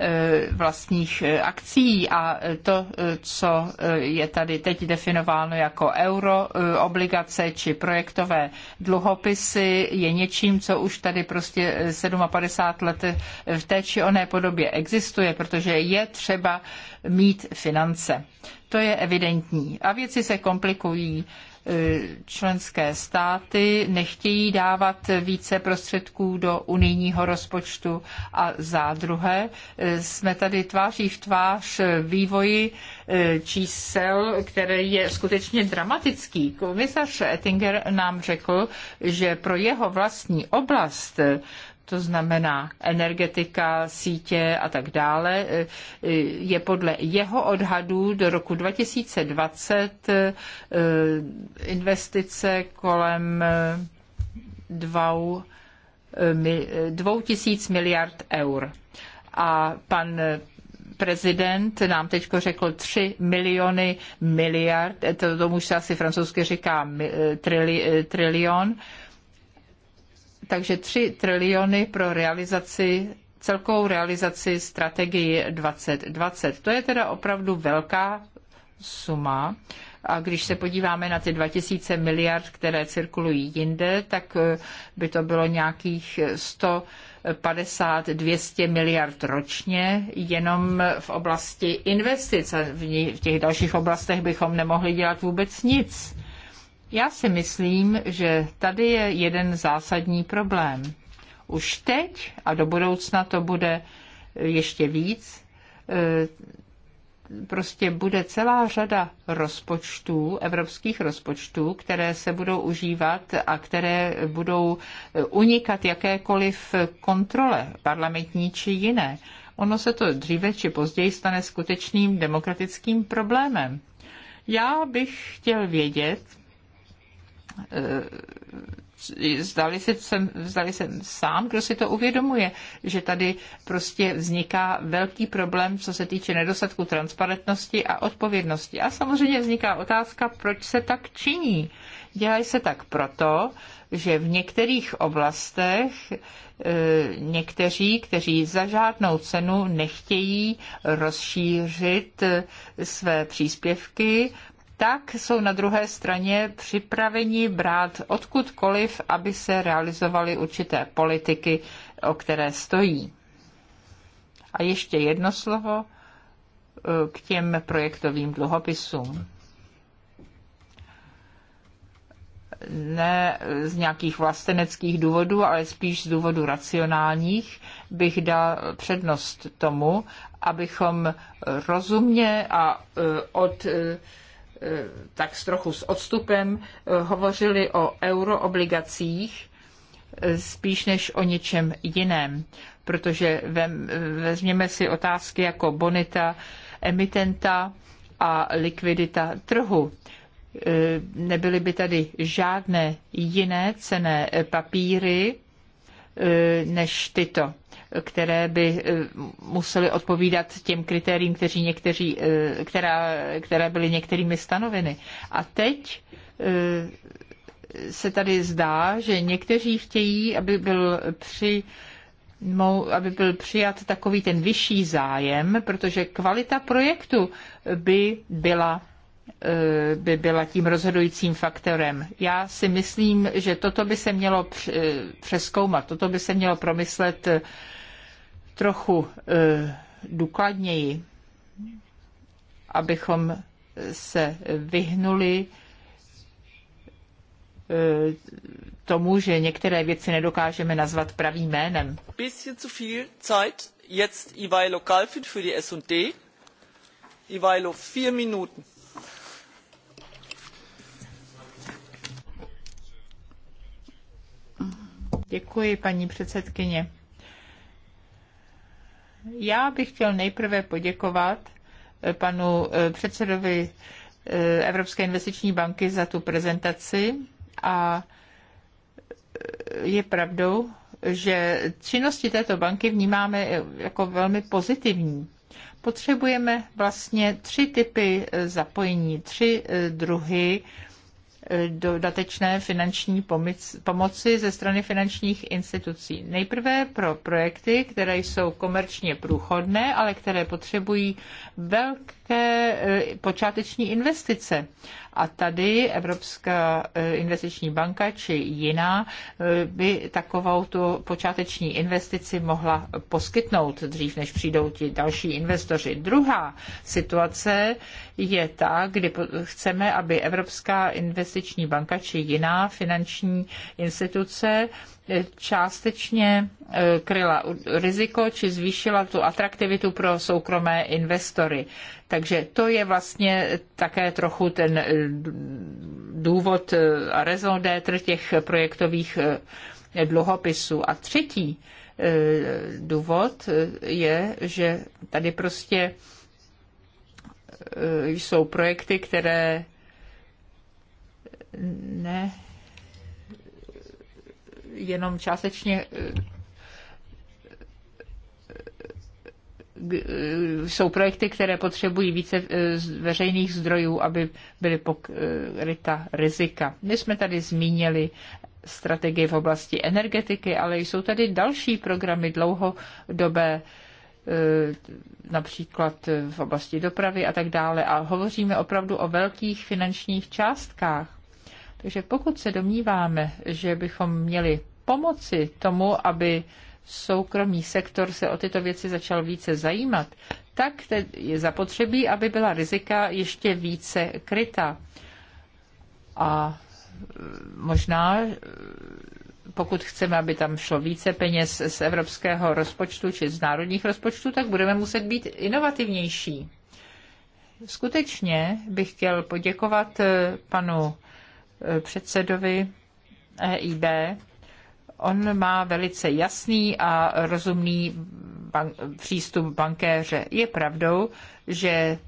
E, vlastních e, akcí a e, to, co je tady teď definováno jako euroobligace či projektové dluhopisy, je něčím, co už tady prostě 57 let v té či oné podobě existuje, protože je třeba mít finance. To je evidentní. A věci se komplikují E, členské státy nechtějí dávat více prostředků do unijního rozpočtu a za druhé e, jsme tady tváří v tvář vývoji e, čísel, který je skutečně dramatický. Komisař Ettinger nám řekl, že pro jeho vlastní oblast to znamená energetika, sítě a tak dále, e, e, je podle jeho odhadů do roku 2020 e, investice kolem 2000 miliard eur. A pan prezident nám teď řekl 3 miliony miliard, to, tomu se asi francouzsky říká trili, trilion, takže 3 triliony pro realizaci celkovou realizaci strategii 2020. To je teda opravdu velká suma. A když se podíváme na ty 2000 miliard, které cirkulují jinde, tak eh, by to bylo nějakých 150, 200 miliard ročně jenom v oblasti investic. A v těch dalších oblastech bychom nemohli dělat vůbec nic. Já si myslím, že tady je jeden zásadní problém. Už teď a do budoucna to bude ještě víc, eh, prostě bude celá řada rozpočtů, evropských rozpočtů, které se budou užívat a které budou eh, unikat jakékoliv kontrole, parlamentní či jiné. Ono se to dříve či později stane skutečným demokratickým problémem. Já bych chtěl vědět, Eh, zdali se, jsem, zdali jsem sám, kdo si to uvědomuje, že tady prostě vzniká velký problém, co se týče nedostatku transparentnosti a odpovědnosti. A samozřejmě vzniká otázka, proč se tak činí. Dělají se tak proto, že v některých oblastech eh, někteří, kteří za žádnou cenu nechtějí rozšířit eh, své příspěvky, tak jsou na druhé straně připraveni brát odkudkoliv, aby se realizovaly určité politiky, o které stojí. A ještě jedno slovo e, k těm projektovým dluhopisům. ne z nějakých vlasteneckých důvodů, ale spíš z důvodů racionálních, bych dal přednost tomu, abychom rozumně a e, od e, Eh, tak s trochu s odstupem eh, hovořili o euroobligacích eh, spíš než o něčem jiném, protože vezměme si otázky jako bonita emitenta a likvidita trhu nebyly by tady žádné jiné cené papíry než tyto které by eh, musely odpovídat těm kritériím, kteří někteří, eh, která, které byly některými stanoveny. A teď eh, se tady zdá, že někteří chtějí, aby byl při aby byl přijat takový ten vyšší zájem, protože kvalita projektu by byla by byla tím rozhodujícím faktorem. Já si myslím, že toto by se mělo přeskoumat, toto by se mělo promyslet trochu eh, důkladněji, abychom se vyhnuli eh, tomu, že některé věci nedokážeme nazvat pravým jménem. Bisschen zu viel Zeit jetzt Ivailo Kalfin für die S&D. Ivailo, vier Minuten. Děkuji, paní předsedkyně. Já bych chtěl nejprve poděkovat eh, panu eh, předsedovi eh, Evropské investiční banky za tu prezentaci a je pravdou, že činnosti této banky vnímáme jako velmi pozitivní. Potřebujeme vlastně tři typy zapojení, tři druhy dodatečné finanční pomoci ze strany finančních institucí. Nejprve pro projekty, které jsou komerčně průchodné, ale které potřebují velké eh, počáteční investice. A tady Evropská e, investiční banka či jiná e, by takovou tu počáteční investici mohla poskytnout dřív, než přijdou ti další investoři. Druhá situace je ta, kdy chceme, aby Evropská investiční banka či jiná finanční instituce E, částečně e, kryla riziko či zvýšila tu atraktivitu pro soukromé investory. Takže to je vlastně také trochu ten e, důvod a raison d'être těch projektových dluhopisů. A třetí důvod je, že tady prostě jsou projekty, které ne jenom částečně eh, eh, jsou projekty, které potřebují více eh, veřejných zdrojů, aby byly pokryta rizika. My jsme tady zmínili strategie v oblasti energetiky, ale jsou tady další programy dlouhodobé, například v oblasti dopravy a tak dále. A hovoříme opravdu o velkých finančních částkách. Takže pokud se domníváme, že bychom měli pomoci tomu, aby soukromý sektor se o tyto věci začal více zajímat, tak je zapotřebí, aby byla rizika ještě více kryta. A e, možná, e, pokud chceme, aby tam šlo více peněz z evropského rozpočtu či z národních rozpočtů, tak budeme muset být inovativnější. Skutečně bych chtěl poděkovat e, panu předsedovi EIB On má velice jasný a rozumný přístup bankéře. Je pravdou, že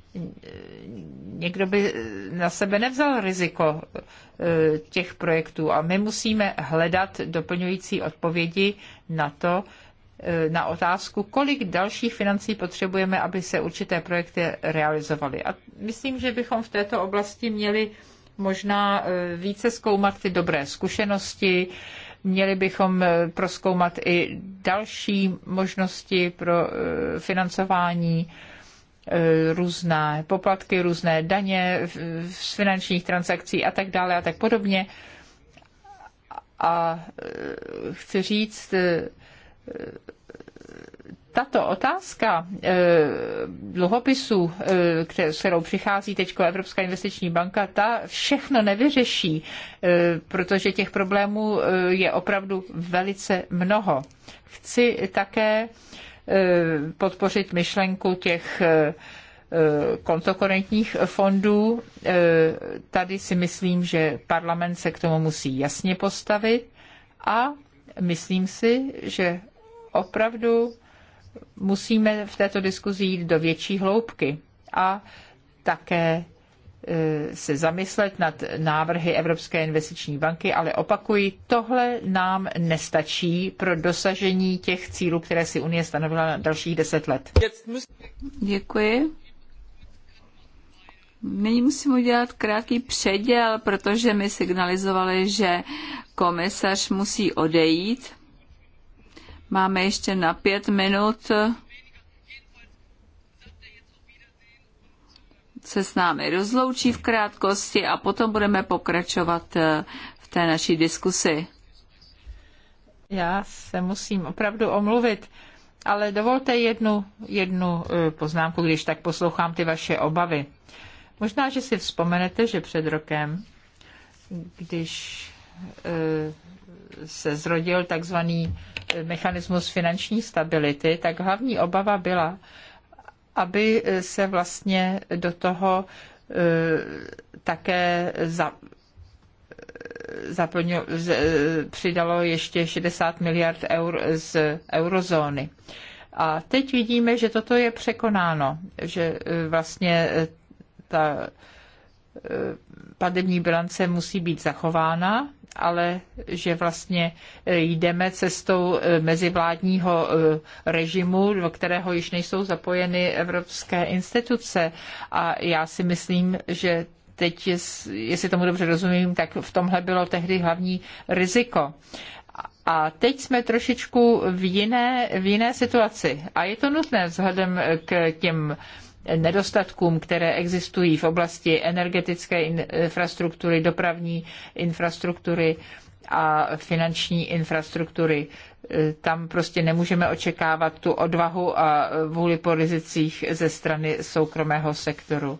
někdo by na sebe nevzal riziko e, těch projektů a my musíme hledat doplňující odpovědi na to, e, na otázku, kolik dalších financí potřebujeme, aby se určité projekty realizovaly. A myslím, že bychom v této oblasti měli možná e, více zkoumat ty dobré zkušenosti, Měli bychom eh, proskoumat i další možnosti pro eh, financování eh, různé poplatky, různé daně z finančních transakcí a tak dále a tak podobně. A chci říct, tato otázka eh, dluhopisů, eh, s kterou přichází teď Evropská investiční banka, ta všechno nevyřeší, eh, protože těch problémů je opravdu velice mnoho. Chci také podpořit myšlenku těch kontokorentních fondů. Tady si myslím, že parlament se k tomu musí jasně postavit a myslím si, že opravdu musíme v této diskuzi jít do větší hloubky a také e, se zamyslet nad návrhy Evropské investiční banky, ale opakuji, tohle nám nestačí pro dosažení těch cílů, které si Unie stanovila na dalších deset let. Děkuji. Nyní musím udělat krátký předěl, protože mi signalizovali, že komisař musí odejít. Máme ještě na pět minut se s námi rozloučí v krátkosti a potom budeme pokračovat eh, v té naší diskusi. Já se musím opravdu omluvit, ale dovolte jednu, jednu eh, poznámku, když tak poslouchám ty vaše obavy. Možná, že si vzpomenete, že před rokem, když eh, se zrodil takzvaný mechanismus finanční stability, tak hlavní obava byla, aby se vlastně do toho eh, také za, z, přidalo ještě 60 miliard eur z eurozóny. A teď vidíme, že toto je překonáno, že eh, vlastně eh, ta Eh, platební bilance musí být zachována, ale že vlastně eh, jdeme cestou eh, mezivládního režimu, do kterého již nejsou zapojeny evropské instituce. A já si myslím, že teď, jestli tomu dobře rozumím, tak v tomhle bylo tehdy hlavní riziko. A teď jsme trošičku v jiné, v jiné situaci. A je to nutné vzhledem k těm nedostatkům, které existují v oblasti energetické infrastruktury, dopravní infrastruktury a finanční infrastruktury. E, tam prostě nemůžeme očekávat tu odvahu a vůli po rizicích ze strany soukromého sektoru.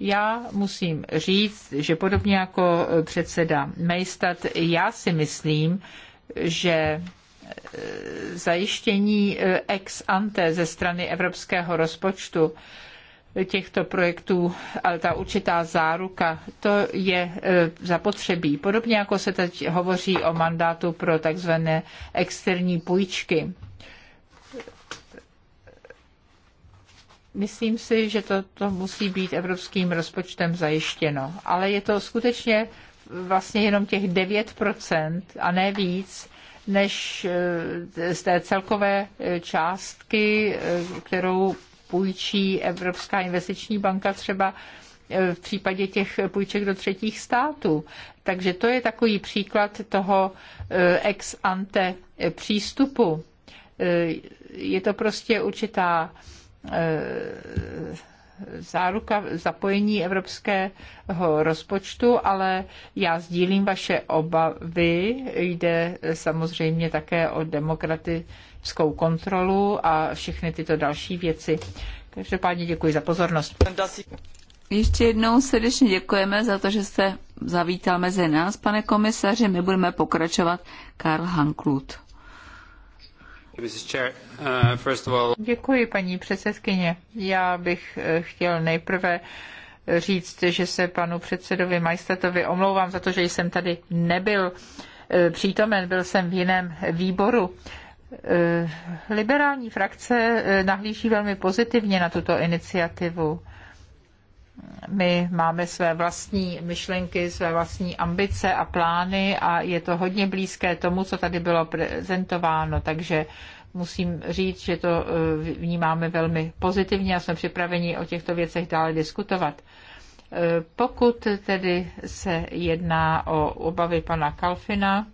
Já musím říct, že podobně jako předseda Mejstat, já si myslím, že e, zajištění e, ex ante ze strany evropského rozpočtu těchto projektů, ale ta určitá záruka, to je e, zapotřebí. Podobně jako se teď hovoří o mandátu pro takzvané externí půjčky. Myslím si, že to, to musí být evropským rozpočtem zajištěno, ale je to skutečně vlastně jenom těch 9% a ne víc, než e, z té celkové e, částky, kterou půjčí Evropská investiční banka třeba e, v případě těch půjček do třetích států. Takže to je takový příklad toho e, ex ante e, přístupu. Je to prostě určitá záruka zapojení evropského rozpočtu, ale já sdílím vaše obavy. Jde samozřejmě také o demokrati evropskou kontrolu a všechny tyto další věci. Každopádně děkuji za pozornost. Ještě jednou srdečně děkujeme za to, že jste zavítal mezi nás, pane komisaři. My budeme pokračovat. Karl Hanklut. Uh, děkuji, paní předsedkyně. Já bych eh, chtěl nejprve říct, že se panu předsedovi Majstatovi omlouvám za to, že jsem tady nebyl eh, přítomen, byl jsem v jiném výboru. Eh, liberální frakce eh, nahlíží velmi pozitivně na tuto iniciativu. My máme své vlastní myšlenky, své vlastní ambice a plány a je to hodně blízké tomu, co tady bylo prezentováno, takže musím říct, že to eh, vnímáme velmi pozitivně a jsme připraveni o těchto věcech dále diskutovat. Pokud tedy se jedná o obavy pana Kalfina,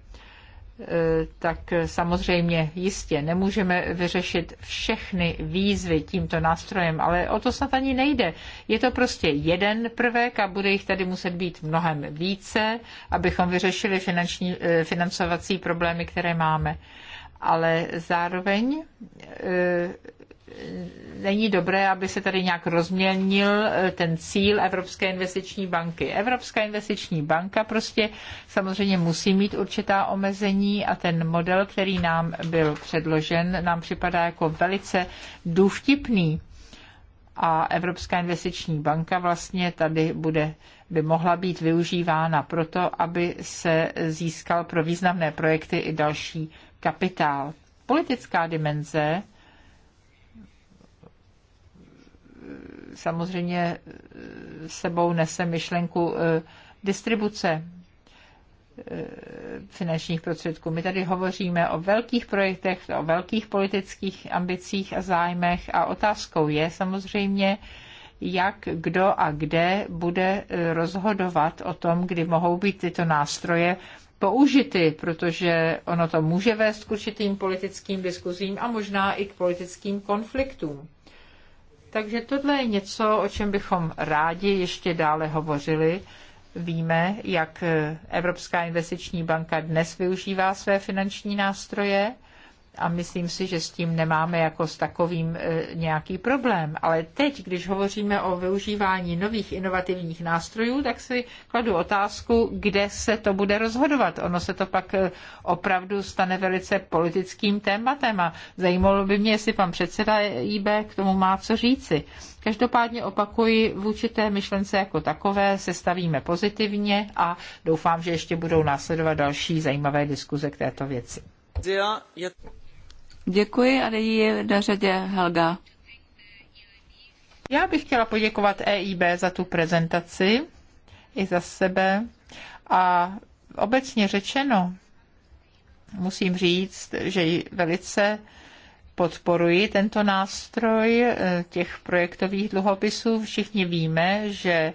E, tak samozřejmě jistě nemůžeme vyřešit všechny výzvy tímto nástrojem, ale o to snad ani nejde. Je to prostě jeden prvek a bude jich tady muset být mnohem více, abychom vyřešili finanční, e, financovací problémy, které máme. Ale zároveň e, není dobré, aby se tady nějak rozměnil eh, ten cíl Evropské investiční banky. Evropská investiční banka prostě samozřejmě musí mít určitá omezení a ten model, který nám byl předložen, nám připadá jako velice důvtipný. A Evropská investiční banka vlastně tady bude, by mohla být využívána proto, aby se získal pro významné projekty i další kapitál. Politická dimenze E, samozřejmě sebou nese myšlenku e, distribuce e, finančních prostředků. My tady hovoříme o velkých projektech, o velkých politických ambicích a zájmech a otázkou je samozřejmě, jak, kdo a kde bude rozhodovat o tom, kdy mohou být tyto nástroje použity, protože ono to může vést k určitým politickým diskuzím a možná i k politickým konfliktům. Takže tohle je něco, o čem bychom rádi ještě dále hovořili. Víme, jak Evropská investiční banka dnes využívá své finanční nástroje a myslím si, že s tím nemáme jako s takovým e, nějaký problém. Ale teď, když hovoříme o využívání nových inovativních nástrojů, tak si kladu otázku, kde se to bude rozhodovat. Ono se to pak e, opravdu stane velice politickým tématem a zajímalo by mě, jestli pan předseda IB k tomu má co říci. Každopádně opakuji, vůči určité myšlence jako takové se stavíme pozitivně a doufám, že ještě budou následovat další zajímavé diskuze k této věci. Děkuji a nyní je na řadě Helga. Já bych chtěla poděkovat EIB za tu prezentaci i za sebe a obecně řečeno musím říct, že ji velice podporuji tento nástroj eh, těch projektových dluhopisů. Všichni víme, že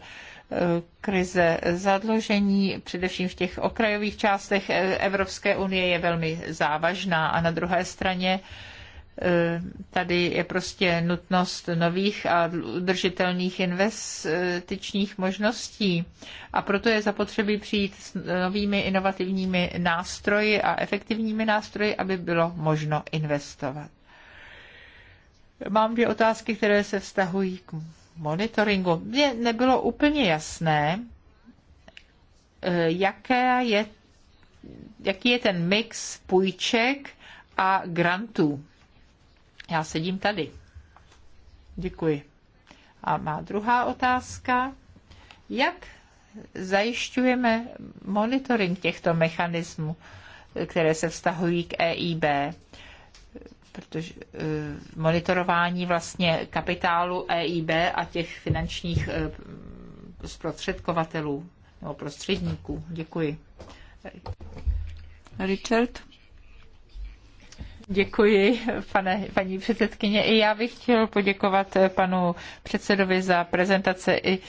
Eh, krize zadlužení, především v těch okrajových částech eh, Evropské unie, je velmi závažná. A na druhé straně eh, tady je prostě nutnost nových a udržitelných investičních možností. A proto je zapotřebí přijít s novými inovativními nástroji a efektivními nástroji, aby bylo možno investovat. Mám dvě otázky, které se vztahují k monitoringu mně nebylo úplně jasné, eh, jaké je, jaký je ten mix půjček a grantů. Já sedím tady. Děkuji. A má druhá otázka. Jak zajišťujeme monitoring těchto mechanismů, eh, které se vztahují k EIB? protože eh, monitorování vlastně kapitálu EIB a těch finančních eh, zprostředkovatelů nebo prostředníků. Děkuji. Richard? Děkuji, pane, paní předsedkyně. I já bych chtěl poděkovat eh, panu předsedovi za prezentace i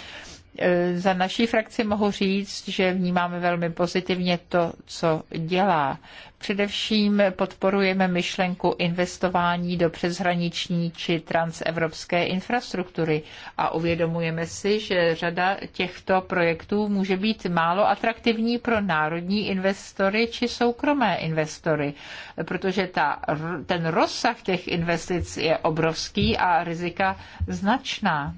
E, za naší frakci mohu říct, že vnímáme velmi pozitivně to, co dělá. Především podporujeme myšlenku investování do přeshraniční či transevropské infrastruktury a uvědomujeme si, že řada těchto projektů může být málo atraktivní pro národní investory či soukromé investory, protože ta, ten rozsah těch investic je obrovský a rizika značná.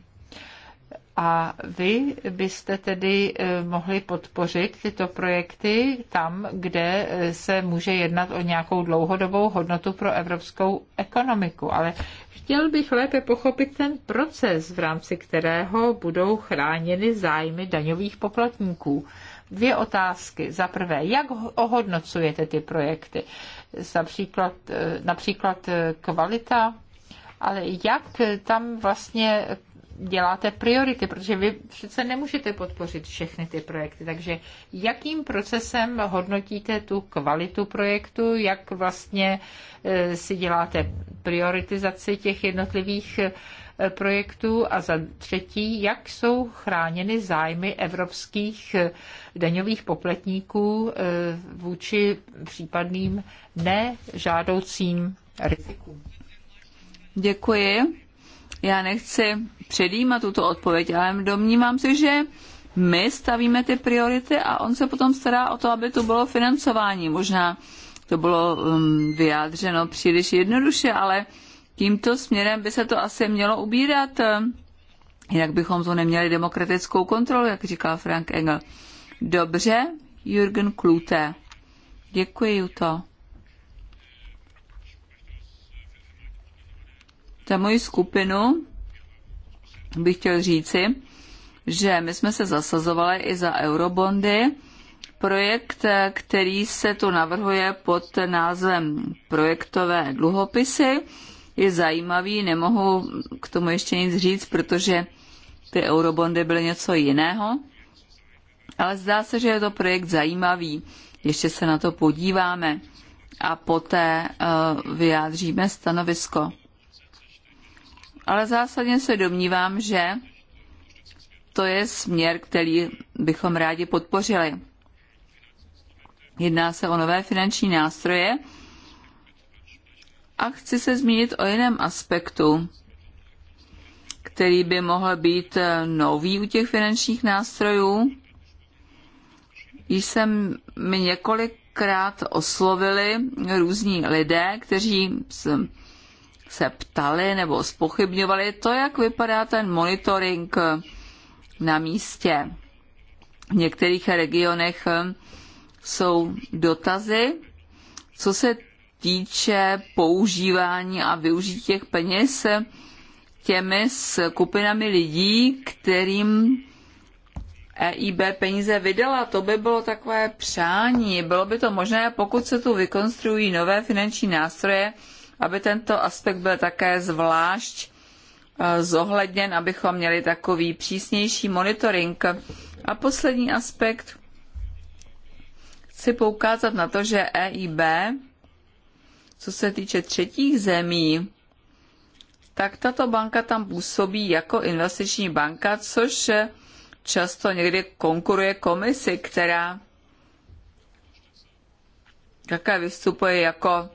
A vy byste tedy eh, mohli podpořit tyto projekty tam, kde eh, se může jednat o nějakou dlouhodobou hodnotu pro evropskou ekonomiku. Ale chtěl bych lépe pochopit ten proces, v rámci kterého budou chráněny zájmy daňových poplatníků. Dvě otázky. Za prvé, jak ohodnocujete ty projekty? Eh, například, například kvalita ale jak tam vlastně děláte priority, protože vy přece nemůžete podpořit všechny ty projekty. Takže jakým procesem hodnotíte tu kvalitu projektu, jak vlastně eh, si děláte prioritizaci těch jednotlivých eh, projektů a za třetí, jak jsou chráněny zájmy evropských eh, daňových popletníků vůči případným nežádoucím rizikům. Děkuji. Já nechci předjímat tuto odpověď, ale domnívám se, že my stavíme ty priority a on se potom stará o to, aby to bylo financování. Možná to bylo um, vyjádřeno příliš jednoduše, ale tímto směrem by se to asi mělo ubírat. Jinak bychom to neměli demokratickou kontrolu, jak říkal Frank Engel. Dobře, Jürgen Klute. Děkuji, to. Za moji skupinu bych chtěl říci, že my jsme se zasazovali i za eurobondy. Projekt, který se tu navrhuje pod názvem projektové dluhopisy, je zajímavý, nemohu k tomu ještě nic říct, protože ty eurobondy byly něco jiného, ale zdá se, že je to projekt zajímavý. Ještě se na to podíváme a poté uh, vyjádříme stanovisko ale zásadně se domnívám, že to je směr, který bychom rádi podpořili. Jedná se o nové finanční nástroje a chci se zmínit o jiném aspektu, který by mohl být nový u těch finančních nástrojů. Již jsem mi několikrát oslovili různí lidé, kteří se ptali nebo spochybňovali to, jak vypadá ten monitoring na místě. V některých regionech hm, jsou dotazy, co se týče používání a využití těch peněz těmi skupinami lidí, kterým EIB peníze vydala. To by bylo takové přání. Bylo by to možné, pokud se tu vykonstruují nové finanční nástroje, aby tento aspekt byl také zvlášť eh, zohledněn, abychom měli takový přísnější monitoring. A poslední aspekt, chci poukázat na to, že EIB, co se týče třetích zemí, tak tato banka tam působí jako investiční banka, což často někdy konkuruje komisi, která také vystupuje jako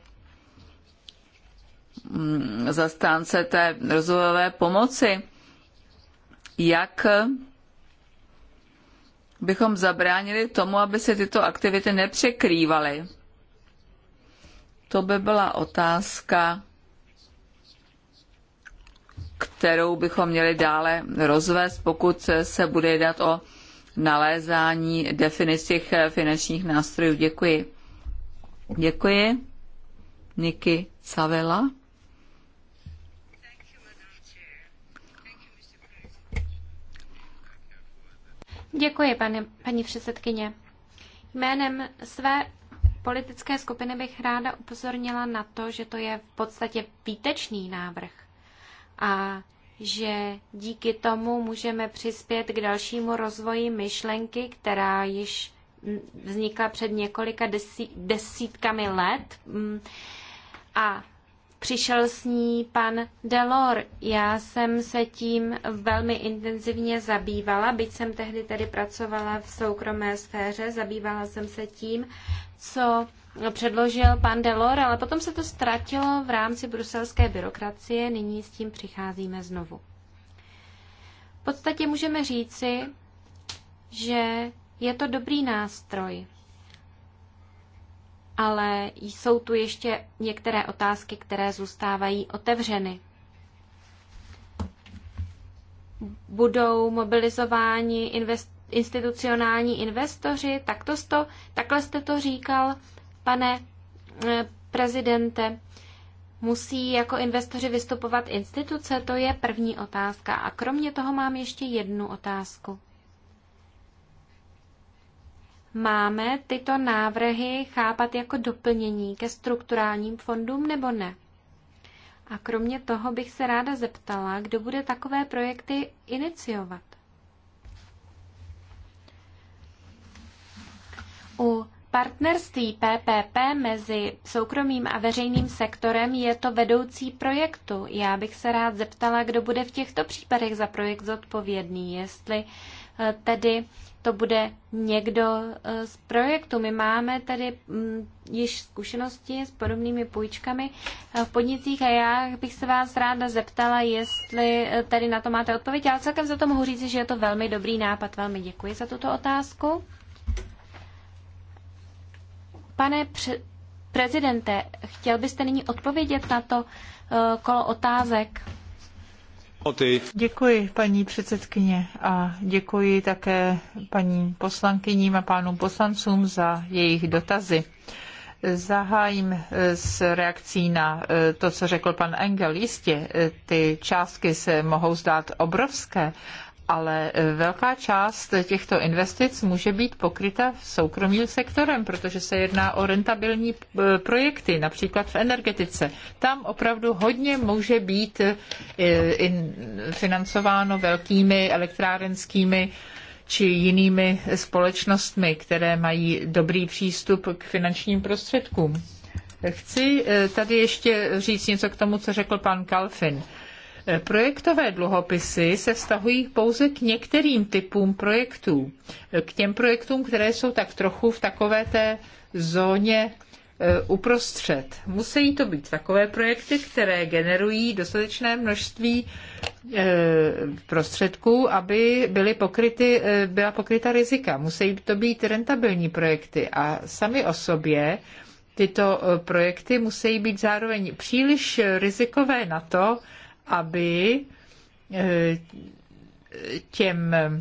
Mm, zastánce té rozvojové pomoci, jak bychom zabránili tomu, aby se tyto aktivity nepřekrývaly. To by byla otázka, kterou bychom měli dále rozvést, pokud se bude jednat o nalézání definic těch finančních nástrojů. Děkuji. Děkuji. Niky Savela. Děkuji, pane, paní předsedkyně. Jménem své politické skupiny bych ráda upozornila na to, že to je v podstatě výtečný návrh a že díky tomu můžeme přispět k dalšímu rozvoji myšlenky, která již vznikla před několika desítkami let mm, a Přišel s ní pan Delor. Já jsem se tím velmi intenzivně zabývala, byť jsem tehdy tedy pracovala v soukromé sféře, zabývala jsem se tím, co předložil pan Delor, ale potom se to ztratilo v rámci bruselské byrokracie, nyní s tím přicházíme znovu. V podstatě můžeme říci, že je to dobrý nástroj ale jsou tu ještě některé otázky, které zůstávají otevřeny. Budou mobilizováni invest, institucionální investoři, tak to sto, takhle jste to říkal, pane eh, prezidente. Musí jako investoři vystupovat instituce? To je první otázka. A kromě toho mám ještě jednu otázku. Máme tyto návrhy chápat jako doplnění ke strukturálním fondům nebo ne? A kromě toho bych se ráda zeptala, kdo bude takové projekty iniciovat. U partnerství PPP mezi soukromým a veřejným sektorem je to vedoucí projektu. Já bych se rád zeptala, kdo bude v těchto případech za projekt zodpovědný, jestli tedy to bude někdo eh, z projektu. My máme tady mm, již zkušenosti s podobnými půjčkami eh, v podnicích a já bych se vás ráda zeptala, jestli eh, tady na to máte odpověď, ale celkem za to mohu říct, že je to velmi dobrý nápad. Velmi děkuji za tuto otázku. Pane pře- prezidente, chtěl byste nyní odpovědět na to kolo otázek? Děkuji, paní předsedkyně, a děkuji také paní poslankyním a pánům poslancům za jejich dotazy. Zahájím eh, s reakcí na eh, to, co řekl pan Engel. Jistě, eh, ty částky se mohou zdát obrovské, ale e, velká část těchto investic může být pokryta soukromým sektorem, protože se jedná o rentabilní e, projekty, například v energetice. Tam opravdu hodně může být e, financováno velkými elektrárenskými či jinými společnostmi, které mají dobrý přístup k finančním prostředkům. Chci tady ještě říct něco k tomu, co řekl pan Kalfin. Projektové dluhopisy se vztahují pouze k některým typům projektů. K těm projektům, které jsou tak trochu v takové té zóně e, uprostřed. Musí to být takové projekty, které generují dostatečné množství e, prostředků, aby byly pokryty, e, byla pokryta rizika. Musí to být rentabilní projekty a sami o sobě tyto projekty musí být zároveň příliš rizikové na to, aby eh, těm eh,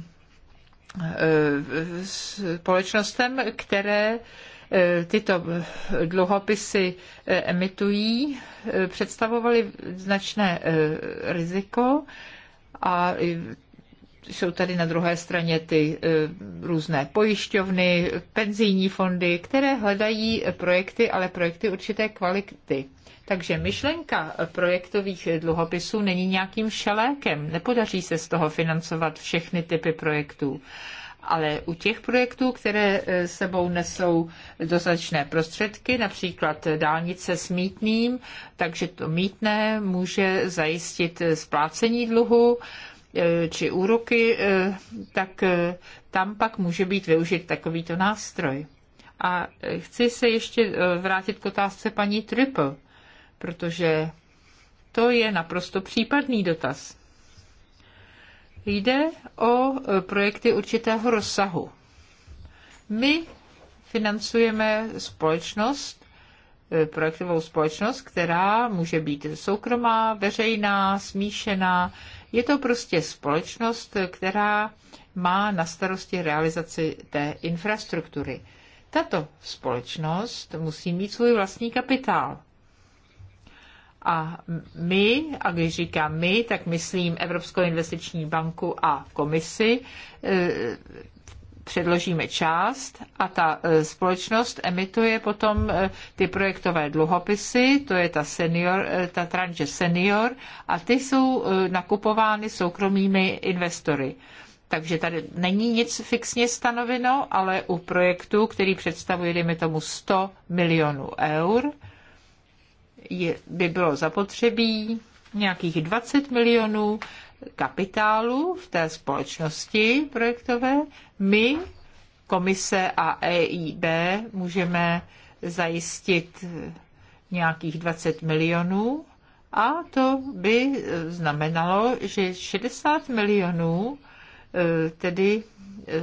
společnostem, které eh, tyto dluhopisy emitují, představovaly značné riziko a jsou tady na druhé straně ty různé pojišťovny, penzijní fondy, které hledají projekty, ale projekty určité kvality. Takže myšlenka projektových dluhopisů není nějakým šalékem. Nepodaří se z toho financovat všechny typy projektů ale u těch projektů, které e, sebou nesou dostatečné prostředky, například dálnice s mítným, takže to mítné může zajistit splácení dluhu e, či úroky, e, tak tam pak může být využit takovýto nástroj. A chci se ještě vrátit k otázce paní Triple protože to je naprosto případný dotaz. Jde o e, projekty určitého rozsahu. My financujeme společnost, e, projektovou společnost, která může být soukromá, veřejná, smíšená. Je to prostě společnost, která má na starosti realizaci té infrastruktury. Tato společnost musí mít svůj vlastní kapitál. A my, a když říkám my, tak myslím Evropskou investiční banku a komisi, e, předložíme část a ta e, společnost emituje potom e, ty projektové dluhopisy, to je ta, senior, ta tranže senior a ty jsou nakupovány soukromými investory. Takže tady není nic fixně stanoveno, ale u projektu, který představuje, dejme tomu, 100 milionů eur, je, by bylo zapotřebí nějakých 20 milionů kapitálu v té společnosti projektové. My, komise a EIB, můžeme zajistit nějakých 20 milionů a to by znamenalo, že 60 milionů eh, tedy Eh,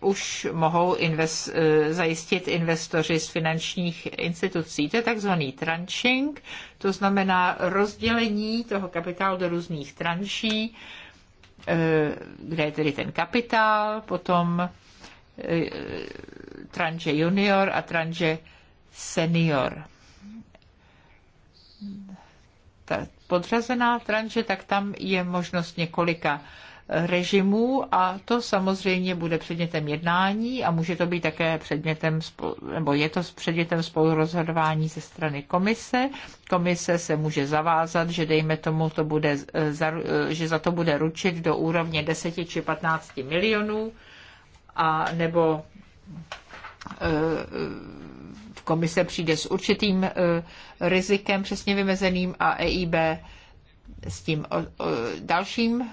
už mohou invest, eh, zajistit investoři z finančních institucí. To je takzvaný tranching, to znamená rozdělení toho kapitálu do různých tranší, eh, kde je tedy ten kapitál, potom tranže junior a tranže senior. Ta podřazená tranže, tak tam je možnost několika režimů a to samozřejmě bude předmětem jednání a může to být také předmětem, nebo je to předmětem spolurozhodování ze strany komise. Komise se může zavázat, že dejme tomu, to bude, e, e, že za to bude ručit do úrovně 10 či 15 milionů a nebo e, komise přijde s určitým rizikem přesně vymezeným a EIB s tím o, o, dalším e,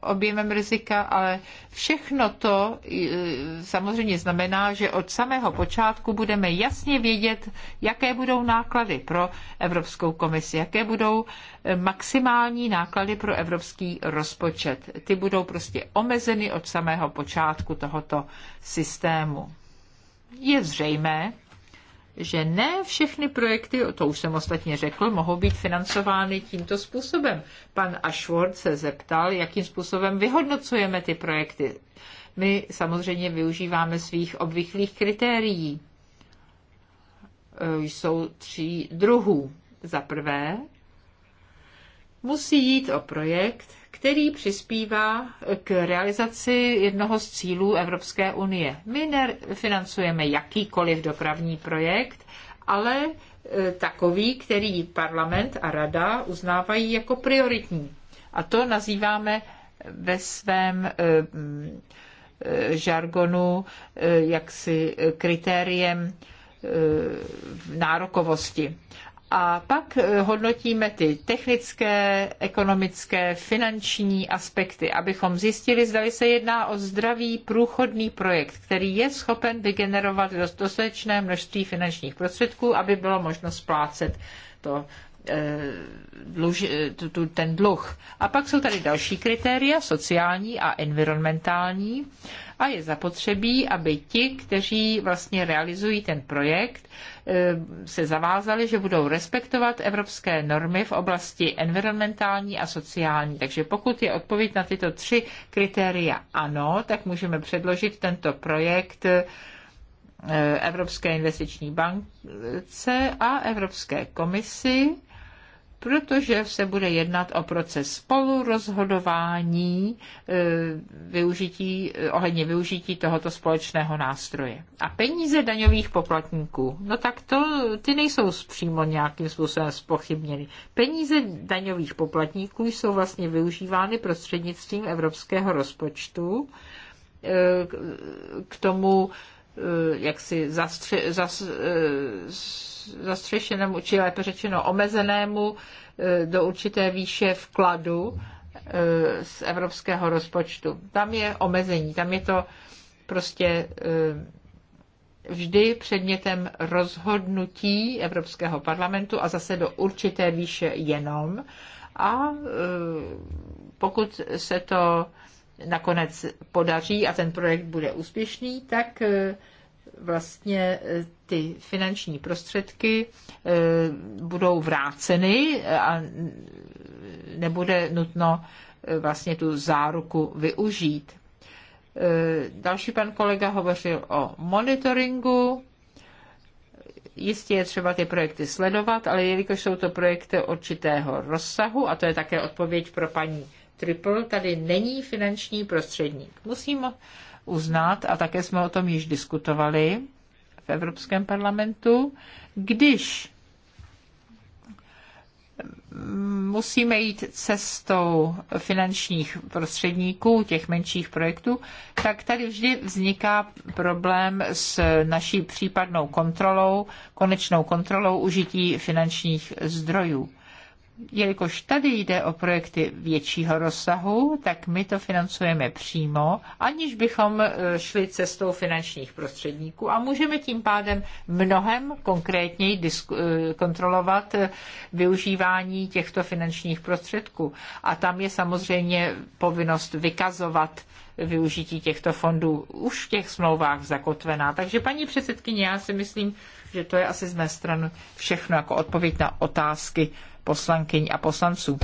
objemem rizika, ale všechno to e, samozřejmě znamená, že od samého počátku budeme jasně vědět, jaké budou náklady pro Evropskou komisi, jaké budou e, maximální náklady pro evropský rozpočet. Ty budou prostě omezeny od samého počátku tohoto systému. Je zřejmé, že ne všechny projekty, to už jsem ostatně řekl, mohou být financovány tímto způsobem. Pan Ashworth se zeptal, jakým způsobem vyhodnocujeme ty projekty. My samozřejmě využíváme svých obvyklých kritérií. E, jsou tří druhů. Za prvé, musí jít o projekt, který přispívá k realizaci jednoho z cílů Evropské unie. My nefinancujeme jakýkoliv dopravní projekt, ale e, takový, který parlament a rada uznávají jako prioritní. A to nazýváme ve svém e, e, žargonu jaksi kritériem nárokovosti a pak eh, hodnotíme ty technické, ekonomické, finanční aspekty, abychom zjistili, zda se jedná o zdravý, průchodný projekt, který je schopen vygenerovat dostatečné množství finančních prostředků, aby bylo možno splácet to Eh, dluž, eh, tu, ten dluh. A pak jsou tady další kritéria, sociální a environmentální. A je zapotřebí, aby ti, kteří vlastně realizují ten projekt, eh, se zavázali, že budou respektovat evropské normy v oblasti environmentální a sociální. Takže pokud je odpověď na tyto tři kritéria ano, tak můžeme předložit tento projekt Evropské investiční bankce a Evropské komisi protože se bude jednat o proces spolurozhodování e, využití, e, ohledně využití tohoto společného nástroje. A peníze daňových poplatníků, no tak to, ty nejsou přímo nějakým způsobem spochybněny. Peníze daňových poplatníků jsou vlastně využívány prostřednictvím evropského rozpočtu e, k tomu, Eh, jaksi zastře, zas, eh, zastřešenému, či lépe řečeno omezenému eh, do určité výše vkladu z evropského rozpočtu. Tam je omezení, tam je to prostě vždy předmětem rozhodnutí Evropského parlamentu a zase do určité výše jenom. A pokud se to nakonec podaří a ten projekt bude úspěšný, tak eh, vlastně eh, ty finanční prostředky eh, budou vráceny a nebude nutno vlastně tu záruku využít. Další pan kolega hovořil o monitoringu. Jistě je třeba ty projekty sledovat, ale jelikož jsou to projekty určitého rozsahu, a to je také odpověď pro paní Triple tady není finanční prostředník. Musím uznat, a také jsme o tom již diskutovali v Evropském parlamentu, když musíme jít cestou finančních prostředníků, těch menších projektů, tak tady vždy vzniká problém s naší případnou kontrolou, konečnou kontrolou užití finančních zdrojů jelikož tady jde o projekty většího rozsahu, tak my to financujeme přímo, aniž bychom e, šli cestou finančních prostředníků a můžeme tím pádem mnohem konkrétněji e, kontrolovat e, využívání těchto finančních prostředků. A tam je samozřejmě povinnost vykazovat využití těchto fondů už v těch smlouvách zakotvená. Takže paní předsedkyně, já si myslím, že to je asi z mé strany všechno jako odpověď na otázky poslankyň a poslanců.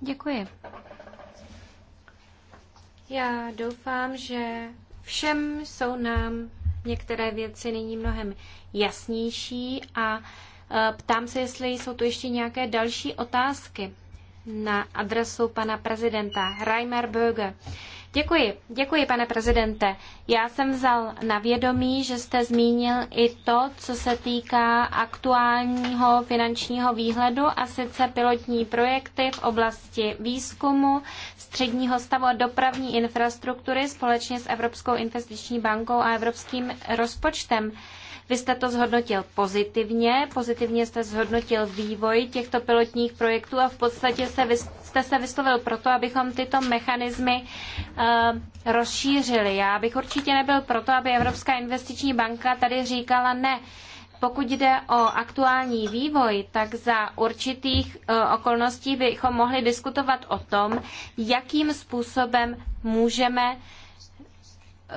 Děkuji. Já doufám, že všem jsou nám některé věci nyní mnohem jasnější a e, ptám se, jestli jsou tu ještě nějaké další otázky na adresu pana prezidenta Reimer Böge. Děkuji, děkuji, pane prezidente. Já jsem vzal na vědomí, že jste zmínil i to, co se týká aktuálního finančního výhledu a sice pilotní projekty v oblasti výzkumu, středního stavu a dopravní infrastruktury společně s Evropskou investiční bankou a Evropským rozpočtem. Vy jste to zhodnotil pozitivně, pozitivně jste zhodnotil vývoj těchto pilotních projektů a v podstatě se jste se vyslovil proto, abychom tyto mechanismy uh, rozšířili. Já bych určitě nebyl proto, aby Evropská investiční banka tady říkala ne. Pokud jde o aktuální vývoj, tak za určitých eh, okolností bychom mohli diskutovat o tom, jakým způsobem můžeme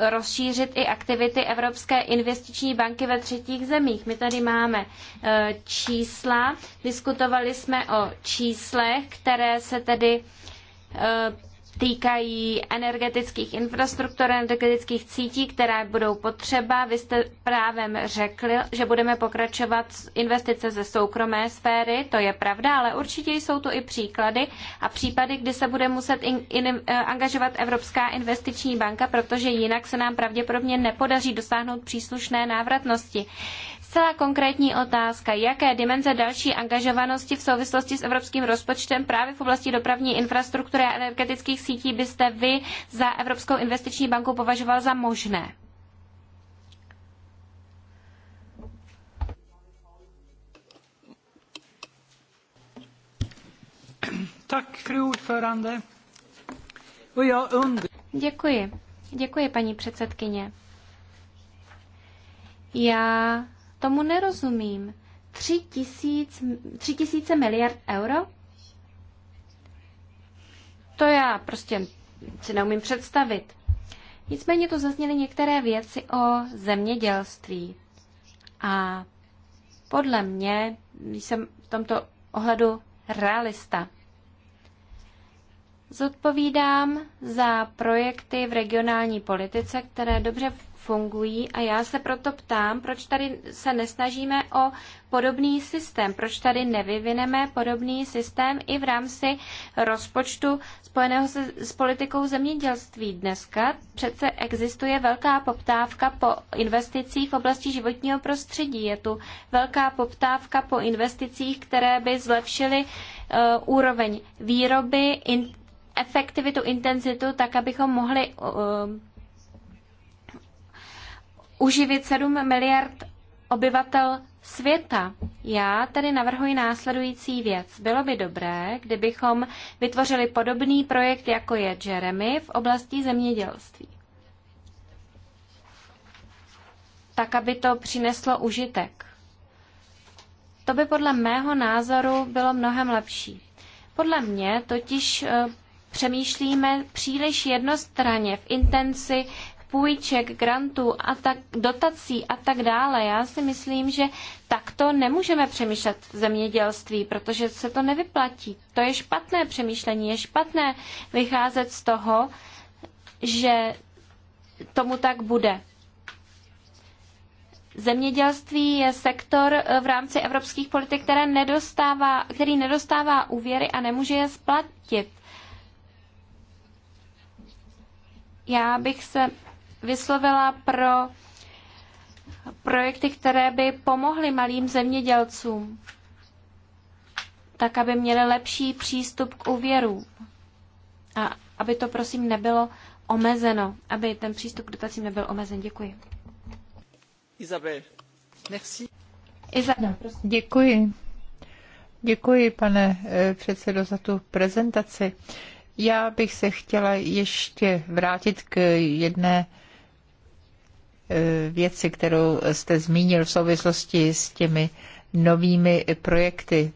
rozšířit i aktivity Evropské investiční banky ve třetích zemích. My tady máme e, čísla, diskutovali jsme o číslech, které se tedy e, týkají energetických infrastruktur, energetických sítí, které budou potřeba. Vy jste právem řekli, že budeme pokračovat investice ze soukromé sféry, to je pravda, ale určitě jsou tu i příklady a případy, kdy se bude muset in, in, eh, angažovat Evropská investiční banka, protože jinak se nám pravděpodobně nepodaří dosáhnout příslušné návratnosti. Zcela konkrétní otázka, jaké dimenze další angažovanosti v souvislosti s evropským rozpočtem právě v oblasti dopravní infrastruktury a energetických sítí byste vy za Evropskou investiční banku považoval za možné? Děkuji. Děkuji, paní předsedkyně. Já Tomu nerozumím. Tři, tisíc, tři tisíce miliard euro? To já prostě si neumím představit. Nicméně tu zazněly některé věci o zemědělství. A podle mě jsem v tomto ohledu realista. Zodpovídám za projekty v regionální politice, které dobře fungují a já se proto ptám, proč tady se nesnažíme o podobný systém, proč tady nevyvineme podobný systém i v rámci rozpočtu spojeného se, s politikou zemědělství. Dneska přece existuje velká poptávka po investicích v oblasti životního prostředí. Je tu velká poptávka po investicích, které by zlepšily uh, úroveň výroby, in, efektivitu, intenzitu, tak abychom mohli uh, uživit 7 miliard obyvatel světa. Já tedy navrhuji následující věc. Bylo by dobré, kdybychom vytvořili podobný projekt, jako je Jeremy v oblasti zemědělství. Tak, aby to přineslo užitek. To by podle mého názoru bylo mnohem lepší. Podle mě totiž eh, přemýšlíme příliš jednostranně v intenci půjček, grantů a tak, dotací a tak dále. Já si myslím, že takto nemůžeme přemýšlet v zemědělství, protože se to nevyplatí. To je špatné přemýšlení, je špatné vycházet z toho, že tomu tak bude. Zemědělství je sektor eh, v rámci evropských politik, které nedostává, který nedostává úvěry a nemůže je splatit. Já bych se vyslovila pro projekty, které by pomohly malým zemědělcům, tak aby měli lepší přístup k úvěru a aby to prosím nebylo omezeno, aby ten přístup k dotacím nebyl omezen. Děkuji. Isabel, merci. Isabel, no, prosím. Děkuji. Děkuji, pane eh, předsedo, za tu prezentaci. Já bych se chtěla ještě vrátit k jedné Eh, věci, kterou jste zmínil v souvislosti s těmi novými projekty.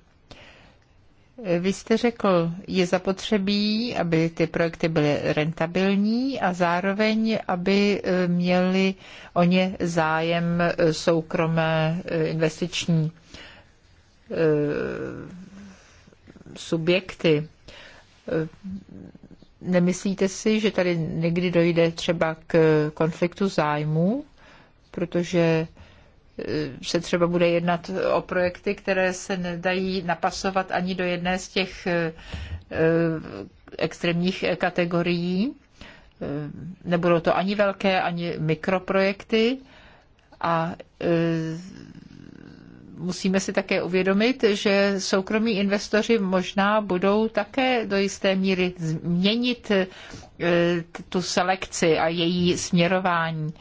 Eh, vy jste řekl, je zapotřebí, aby ty projekty byly rentabilní a zároveň, aby eh, měli o ně zájem soukromé investiční subjekty Nemyslíte si, že tady někdy dojde třeba k konfliktu zájmu, protože e, se třeba bude jednat o projekty, které se nedají napasovat ani do jedné z těch e, e, extrémních kategorií. Nebudou to ani velké, ani mikroprojekty a musíme si také uvědomit, že soukromí investoři možná budou také do jisté míry změnit eh, tu selekci a její směrování.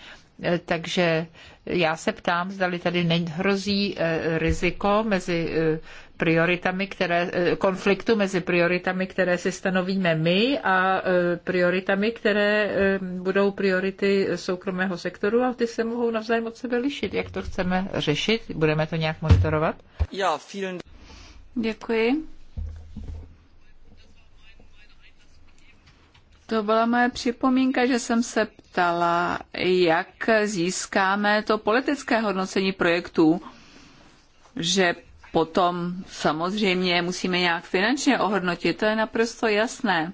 Eh, takže já se ptám, zdali tady nehrozí eh, riziko mezi prioritami, které, eh, konfliktu mezi prioritami, které si stanovíme my a eh, prioritami, které eh, budou priority soukromého sektoru a ty se mohou navzájem od sebe lišit. Jak to chceme řešit? Budeme to nějak monitorovat? Já, vielen Děkuji. To byla moje připomínka, že jsem se ptala, jak získáme to politické hodnocení projektů, že potom samozřejmě musíme nějak finančně ohodnotit, to je naprosto jasné.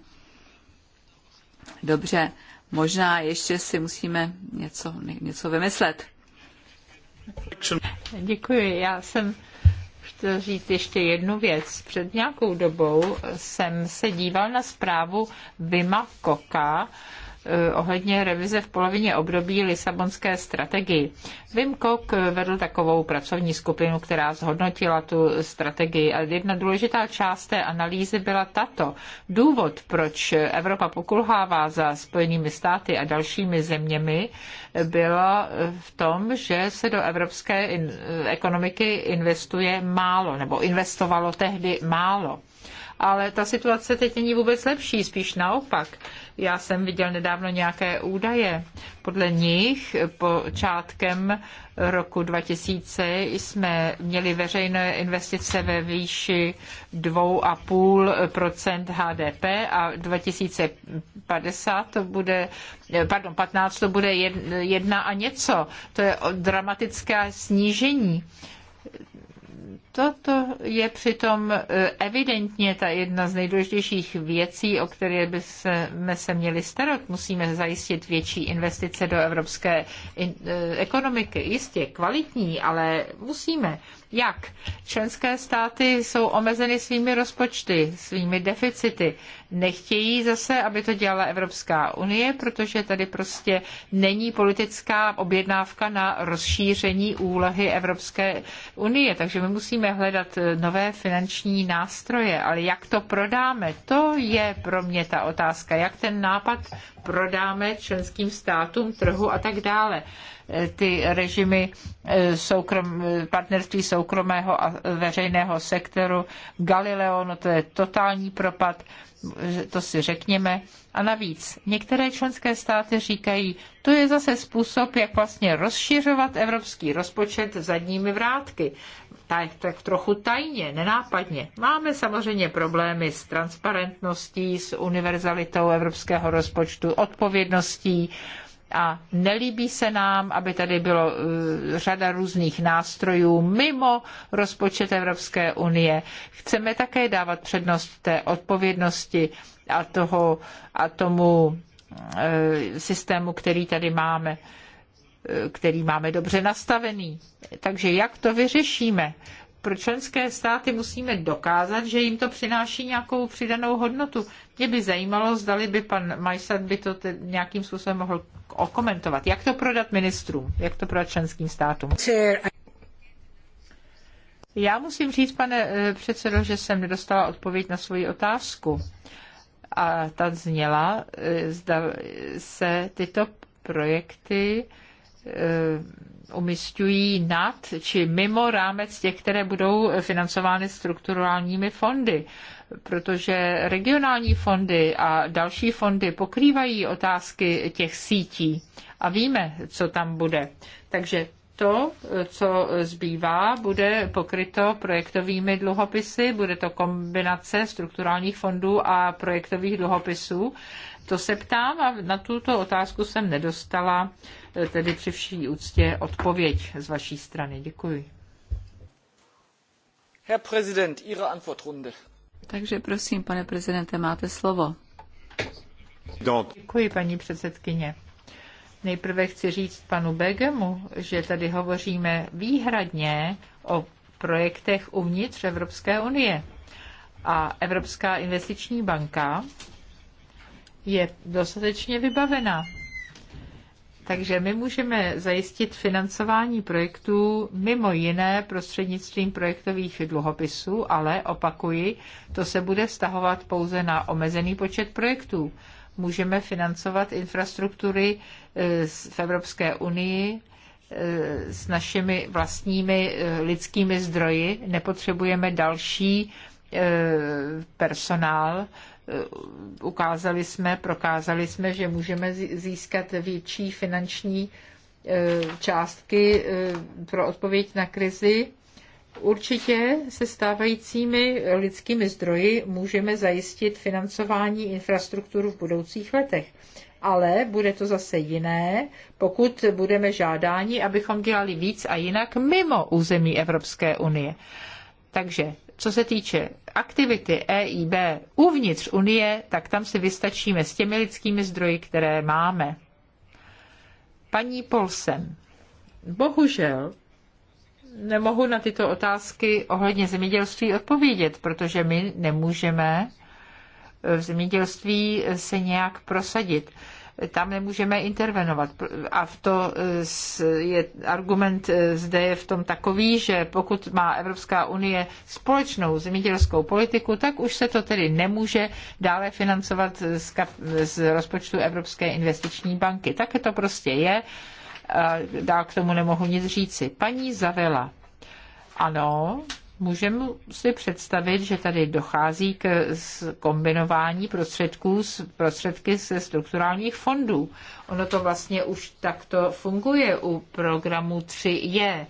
Dobře, možná ještě si musíme něco, něco vymyslet. Děkuji, já jsem chtěl říct ještě jednu věc. Před nějakou dobou jsem se díval na zprávu Vima Koka, Eh, ohledně revize v polovině období Lisabonské strategii. Wim Kok vedl takovou pracovní skupinu, která zhodnotila tu strategii a jedna důležitá část té analýzy byla tato. Důvod, proč Evropa pokulhává za Spojenými státy a dalšími zeměmi, bylo v tom, že se do evropské ekonomiky investuje málo, nebo investovalo tehdy málo ale ta situace teď není vůbec lepší, spíš naopak. Já jsem viděl nedávno nějaké údaje. Podle nich počátkem roku 2000 jsme měli veřejné investice ve výši 2,5 HDP a 2050 to bude, pardon, 15 to bude jedna a něco. To je dramatické snížení. Toto je přitom e, evidentně ta jedna z nejdůležitějších věcí, o které bychom se měli starat. Musíme zajistit větší investice do evropské e, ekonomiky. Jistě kvalitní, ale musíme. Jak? Členské státy jsou omezeny svými rozpočty, svými deficity. Nechtějí zase, aby to dělala Evropská unie, protože tady prostě není politická objednávka na rozšíření úlohy Evropské unie. Takže my musíme musíme hledat eh, nové finanční nástroje, ale jak to prodáme, to je pro mě ta otázka, jak ten nápad prodáme členským státům, trhu a tak dále. Eh, ty režimy eh, soukrom, partnerství soukromého a veřejného sektoru, Galileo, no to je totální propad, to si řekněme. A navíc, některé členské státy říkají, to je zase způsob, jak vlastně rozšiřovat evropský rozpočet zadními vrátky taj, tak trochu tajně, nenápadně. Máme samozřejmě problémy s transparentností, s univerzalitou evropského rozpočtu, odpovědností, a nelíbí se nám, aby tady bylo eh, řada různých nástrojů mimo rozpočet Evropské unie. Chceme také dávat přednost té odpovědnosti a, toho, a tomu eh, systému, který tady máme který máme dobře nastavený. Takže jak to vyřešíme? Pro členské státy musíme dokázat, že jim to přináší nějakou přidanou hodnotu. Mě by zajímalo, zdali by pan Majsat by to nějakým způsobem mohl okomentovat. Jak to prodat ministrům? Jak to prodat členským státům? Já musím říct, pane eh, předsedo, že jsem nedostala odpověď na svoji otázku. A ta zněla, eh, zda se tyto projekty Eh, umistují nad či mimo rámec těch, které budou financovány strukturálními fondy, protože regionální fondy a další fondy pokrývají otázky těch sítí a víme, co tam bude. Takže to, co zbývá, bude pokryto projektovými dluhopisy, bude to kombinace strukturálních fondů a projektových dluhopisů. To se ptám a na tuto otázku jsem nedostala tedy při vší úctě odpověď z vaší strany. Děkuji. Herr Präsident, Ihre Antwortrunde. Takže prosím, pane prezidente, máte slovo. Děkuji, paní předsedkyně. Nejprve chci říct panu Begemu, že tady hovoříme výhradně o projektech uvnitř Evropské unie. A Evropská investiční banka je dostatečně vybavená takže my můžeme zajistit financování projektů mimo jiné prostřednictvím projektových dluhopisů, ale opakuji, to se bude stahovat pouze na omezený počet projektů. Můžeme financovat infrastruktury eh, v Evropské unii eh, s našimi vlastními eh, lidskými zdroji, nepotřebujeme další personál, Eh, ukázali jsme, prokázali jsme, že můžeme získat větší finanční eh, částky eh, pro odpověď na krizi. Určitě se stávajícími lidskými zdroji můžeme zajistit financování infrastrukturu v budoucích letech. Ale bude to zase jiné, pokud budeme žádáni, abychom dělali víc a jinak mimo území Evropské unie. Takže co se týče aktivity EIB uvnitř Unie, tak tam si vystačíme s těmi lidskými zdroji, které máme. Paní Polsen, bohužel nemohu na tyto otázky ohledně zemědělství odpovědět, protože my nemůžeme v zemědělství se nějak prosadit tam nemůžeme intervenovat. A v to e, je argument e, zde je v tom takový, že pokud má Evropská unie společnou zemědělskou politiku, tak už se to tedy nemůže dále financovat z, kap- z rozpočtu Evropské investiční banky. Také to prostě je. dál k tomu nemohu nic říci. Paní Zavela. Ano, Můžeme si představit, že tady dochází k kombinování prostředků s prostředky ze strukturálních fondů. Ono to vlastně už takto funguje u programu 3J. E,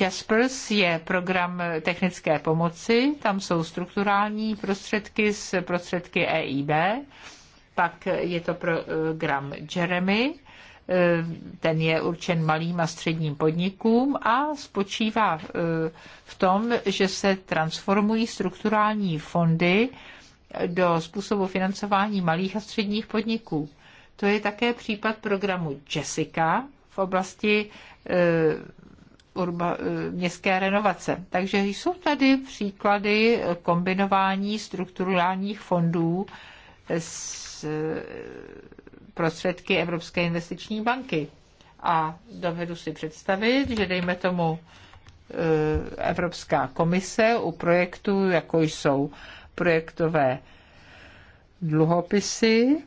Jaspers je program technické pomoci, tam jsou strukturální prostředky s prostředky EIB, pak je to program Jeremy, Eh, ten je určen malým a středním podnikům a spočívá eh, v tom, že se transformují strukturální fondy do způsobu financování malých a středních podniků. To je také případ programu Jessica v oblasti eh, urba, městské renovace. Takže jsou tady příklady kombinování strukturálních fondů s prostředky Evropské investiční banky. A dovedu si představit, že dejme tomu e, Evropská komise u projektů, jako jsou projektové dluhopisy,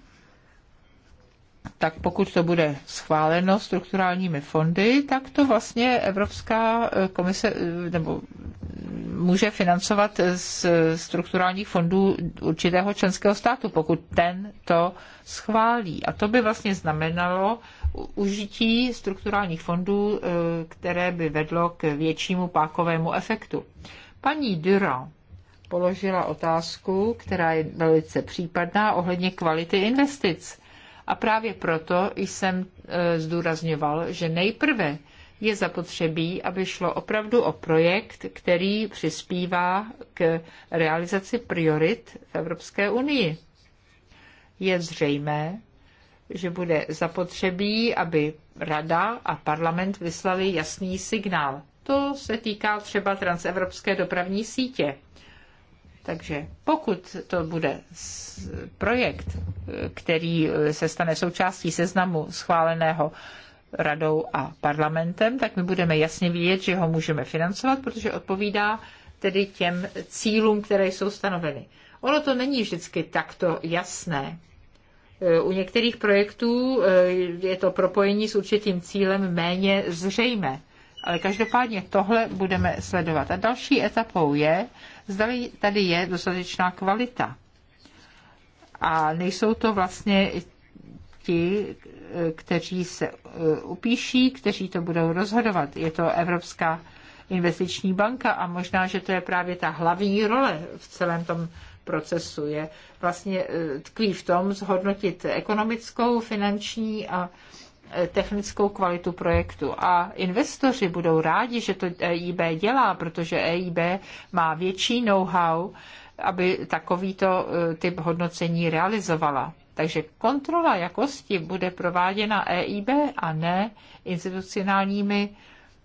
tak pokud to bude schváleno strukturálními fondy, tak to vlastně Evropská eh, komise eh, nebo může financovat z strukturálních fondů určitého členského státu, pokud ten to schválí. A to by vlastně znamenalo užití strukturálních fondů, eh, které by vedlo k většímu pákovému efektu. Paní Dura položila otázku, která je velice případná ohledně kvality investic a právě proto jsem e, zdůrazňoval, že nejprve je zapotřebí, aby šlo opravdu o projekt, který přispívá k realizaci priorit v Evropské unii. Je zřejmé, že bude zapotřebí, aby Rada a parlament vyslali jasný signál. To se týká třeba transevropské dopravní sítě. Takže pokud to bude projekt, který eh, se stane součástí seznamu schváleného radou a parlamentem, tak my budeme jasně vědět, že ho můžeme financovat, protože odpovídá tedy těm cílům, které jsou stanoveny. Ono to není vždycky takto jasné. Eh, u některých projektů eh, je to propojení s určitým cílem méně zřejmé. Ale každopádně tohle budeme sledovat. A další etapou je, zda tady je dostatečná kvalita. A nejsou to vlastně ti, kteří se eh, upíší, kteří to budou rozhodovat. Je to Evropská investiční banka a možná, že to je právě ta hlavní role v celém tom procesu. Je vlastně eh, tkví v tom zhodnotit ekonomickou, finanční a technickou kvalitu projektu. A investoři budou rádi, že to EIB dělá, protože EIB má větší know-how, aby takovýto eh, typ hodnocení realizovala. Takže kontrola jakosti bude prováděna EIB a ne institucionálními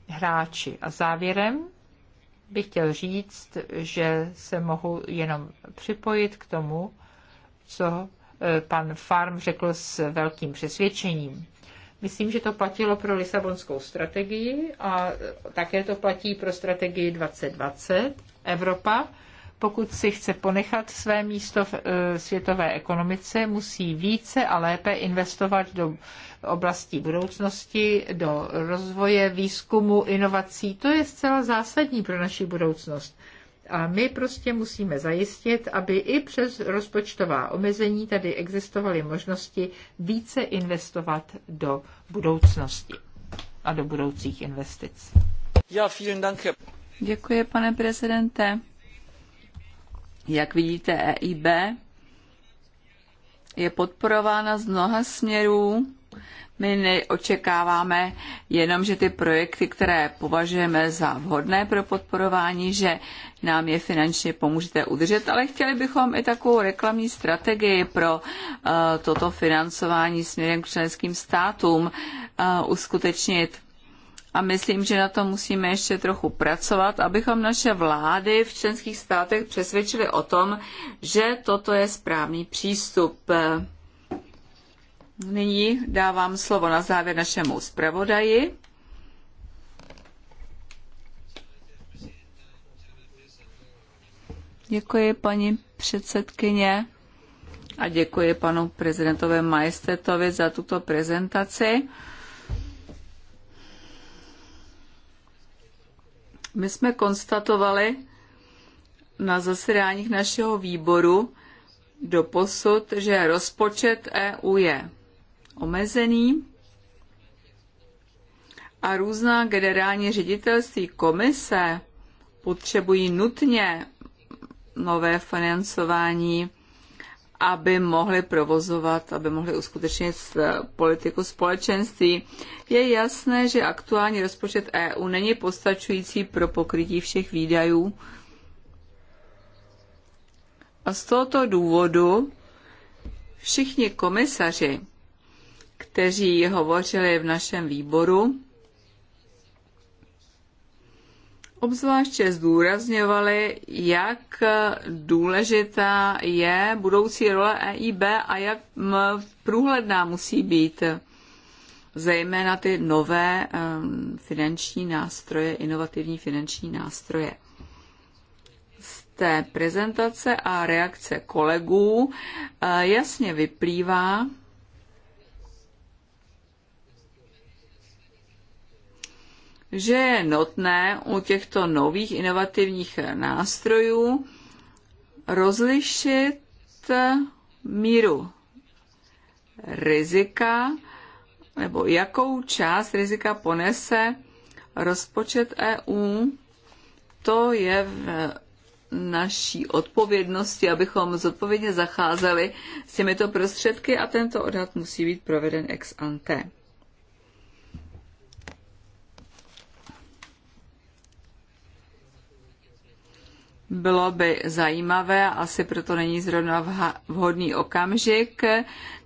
hráči. A závěrem bych chtěl říct, že se mohu jenom připojit k tomu, co eh, pan Farm řekl s velkým přesvědčením. Myslím, že to platilo pro Lisabonskou strategii a také to platí pro strategii 2020 Evropa. Pokud si chce ponechat své místo v e, světové ekonomice, musí více a lépe investovat do oblastí budoucnosti, do rozvoje, výzkumu, inovací. To je zcela zásadní pro naši budoucnost. A my prostě musíme zajistit, aby i přes rozpočtová omezení tady existovaly možnosti více investovat do budoucnosti a do budoucích investic. Já, Děkuji, pane prezidente. Jak vidíte, EIB je podporována z mnoha směrů my neočekáváme jenom, že ty projekty, které považujeme za vhodné pro podporování, že nám je finančně pomůžete udržet, ale chtěli bychom i takovou reklamní strategii pro uh, toto financování směrem k členským státům uh, uskutečnit. A myslím, že na to musíme ještě trochu pracovat, abychom naše vlády v členských státech přesvědčili o tom, že toto je správný přístup. Uh, Nyní dávám slovo na závěr našemu zpravodaji. Děkuji, paní předsedkyně, a děkuji panu prezidentovi Majestetovi za tuto prezentaci. My jsme konstatovali na zasedáních našeho výboru do posud, že rozpočet EU je omezený a různá generální ředitelství komise potřebují nutně nové financování, aby mohli provozovat, aby mohli uskutečnit eh, politiku společenství. Je jasné, že aktuální rozpočet EU není postačující pro pokrytí všech výdajů. A z tohoto důvodu všichni komisaři kteří hovořili v našem výboru, obzvláště zdůrazňovali, jak důležitá je budoucí role EIB a jak průhledná musí být zejména ty nové finanční nástroje, inovativní finanční nástroje. Z té prezentace a reakce kolegů eh, jasně vyplývá, že je nutné u těchto nových inovativních nástrojů rozlišit míru rizika nebo jakou část rizika ponese rozpočet EU. To je v naší odpovědnosti, abychom zodpovědně zacházeli s těmito prostředky a tento odhad musí být proveden ex ante. Bylo by zajímavé, asi proto není zrovna vhodný okamžik,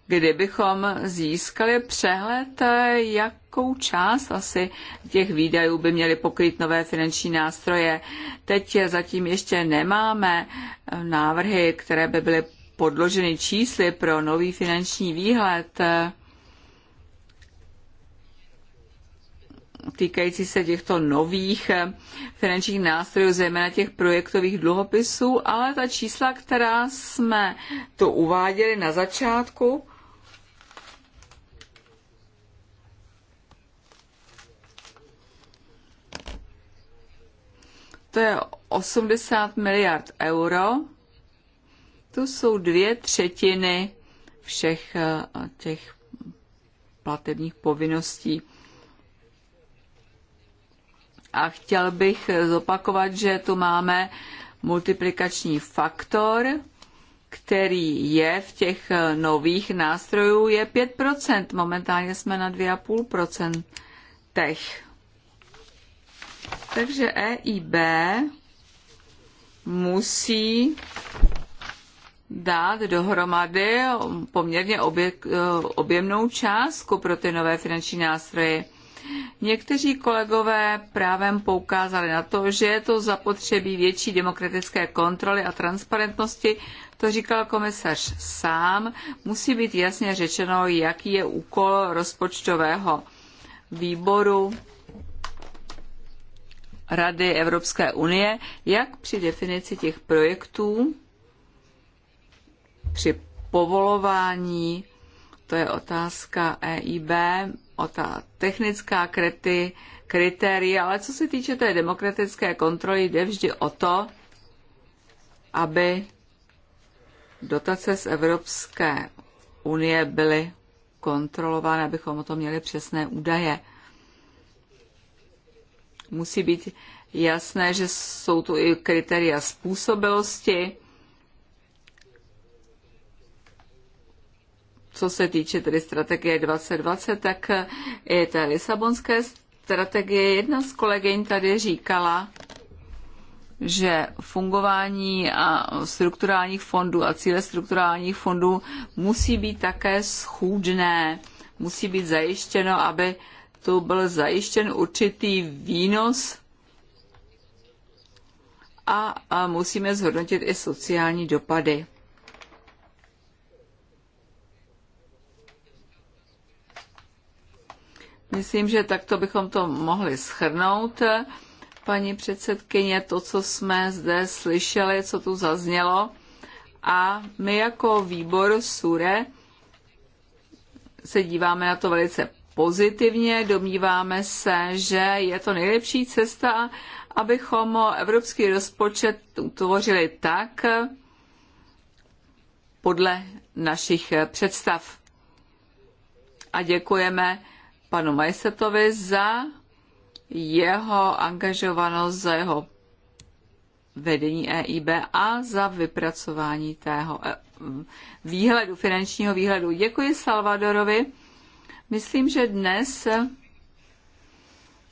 kdybychom získali přehled, jakou část asi těch výdajů by měly pokryt nové finanční nástroje. Teď zatím ještě nemáme návrhy, které by byly podloženy čísly pro nový finanční výhled. týkající se těchto nových eh, finančních nástrojů, zejména těch projektových dluhopisů, ale ta čísla, která jsme tu uváděli na začátku, to je 80 miliard euro. To jsou dvě třetiny všech eh, těch platebních povinností a chtěl bych zopakovat, že tu máme multiplikační faktor, který je v těch nových nástrojů, je 5%. Momentálně jsme na 2,5%. Takže EIB musí dát dohromady poměrně objemnou částku pro ty nové finanční nástroje. Někteří kolegové právem poukázali na to, že je to zapotřebí větší demokratické kontroly a transparentnosti. To říkal komisař sám. Musí být jasně řečeno, jaký je úkol rozpočtového výboru Rady Evropské unie, jak při definici těch projektů, při povolování to je otázka EIB, o ta technická kryty, kritéria, ale co se týče té demokratické kontroly, jde vždy o to, aby dotace z Evropské unie byly kontrolovány, abychom o tom měli přesné údaje. Musí být jasné, že jsou tu i kritéria způsobilosti, Co se týče tedy strategie 2020, tak i té Lisabonské strategie jedna z kolegyň tady říkala, že fungování a strukturálních fondů a cíle strukturálních fondů musí být také schůdné, musí být zajištěno, aby tu byl zajištěn určitý výnos a, a musíme zhodnotit i sociální dopady. Myslím, že takto bychom to mohli schrnout, paní předsedkyně, to, co jsme zde slyšeli, co tu zaznělo. A my jako výbor SURE se díváme na to velice pozitivně, domníváme se, že je to nejlepší cesta, abychom evropský rozpočet utvořili tak podle našich představ. A děkujeme panu Majsetovi za jeho angažovanost, za jeho vedení EIB a za vypracování tého e, výhledu, finančního výhledu. Děkuji Salvadorovi. Myslím, že dnes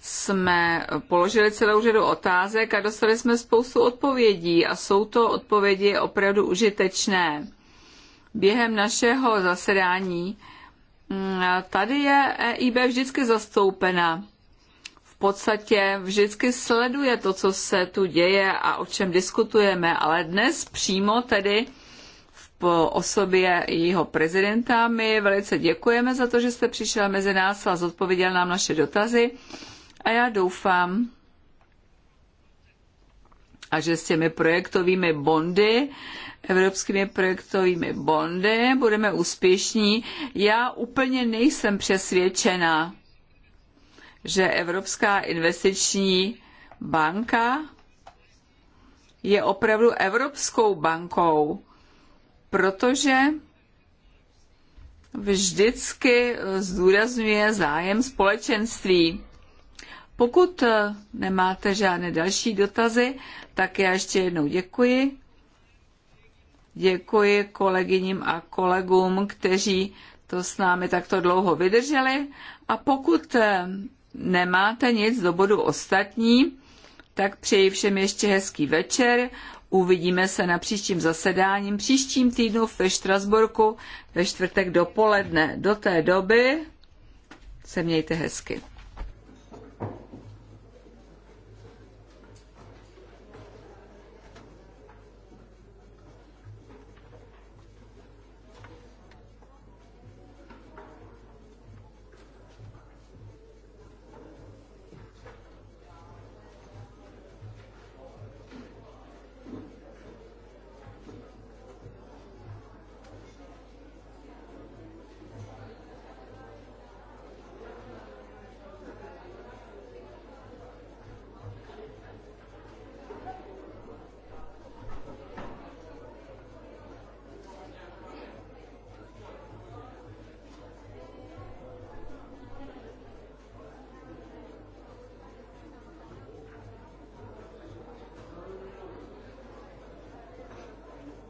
jsme položili celou řadu otázek a dostali jsme spoustu odpovědí a jsou to odpovědi opravdu užitečné. Během našeho zasedání Mm, tady je EIB vždycky zastoupena. V podstatě vždycky sleduje to, co se tu děje a o čem diskutujeme, ale dnes přímo tedy v osobě jeho prezidenta. My velice děkujeme za to, že jste přišel mezi nás a zodpověděl nám naše dotazy a já doufám, a že s těmi projektovými bondy, evropskými projektovými bondy, budeme úspěšní. Já úplně nejsem přesvědčena, že Evropská investiční banka je opravdu Evropskou bankou, protože vždycky zdůrazňuje zájem společenství. Pokud eh, nemáte žádné další dotazy, tak já ještě jednou děkuji. Děkuji kolegyním a kolegům, kteří to s námi takto dlouho vydrželi. A pokud eh, nemáte nic do bodu ostatní, tak přeji všem ještě hezký večer. Uvidíme se na příštím zasedáním příštím týdnu ve Štrasburku ve čtvrtek dopoledne. Do té doby se mějte hezky.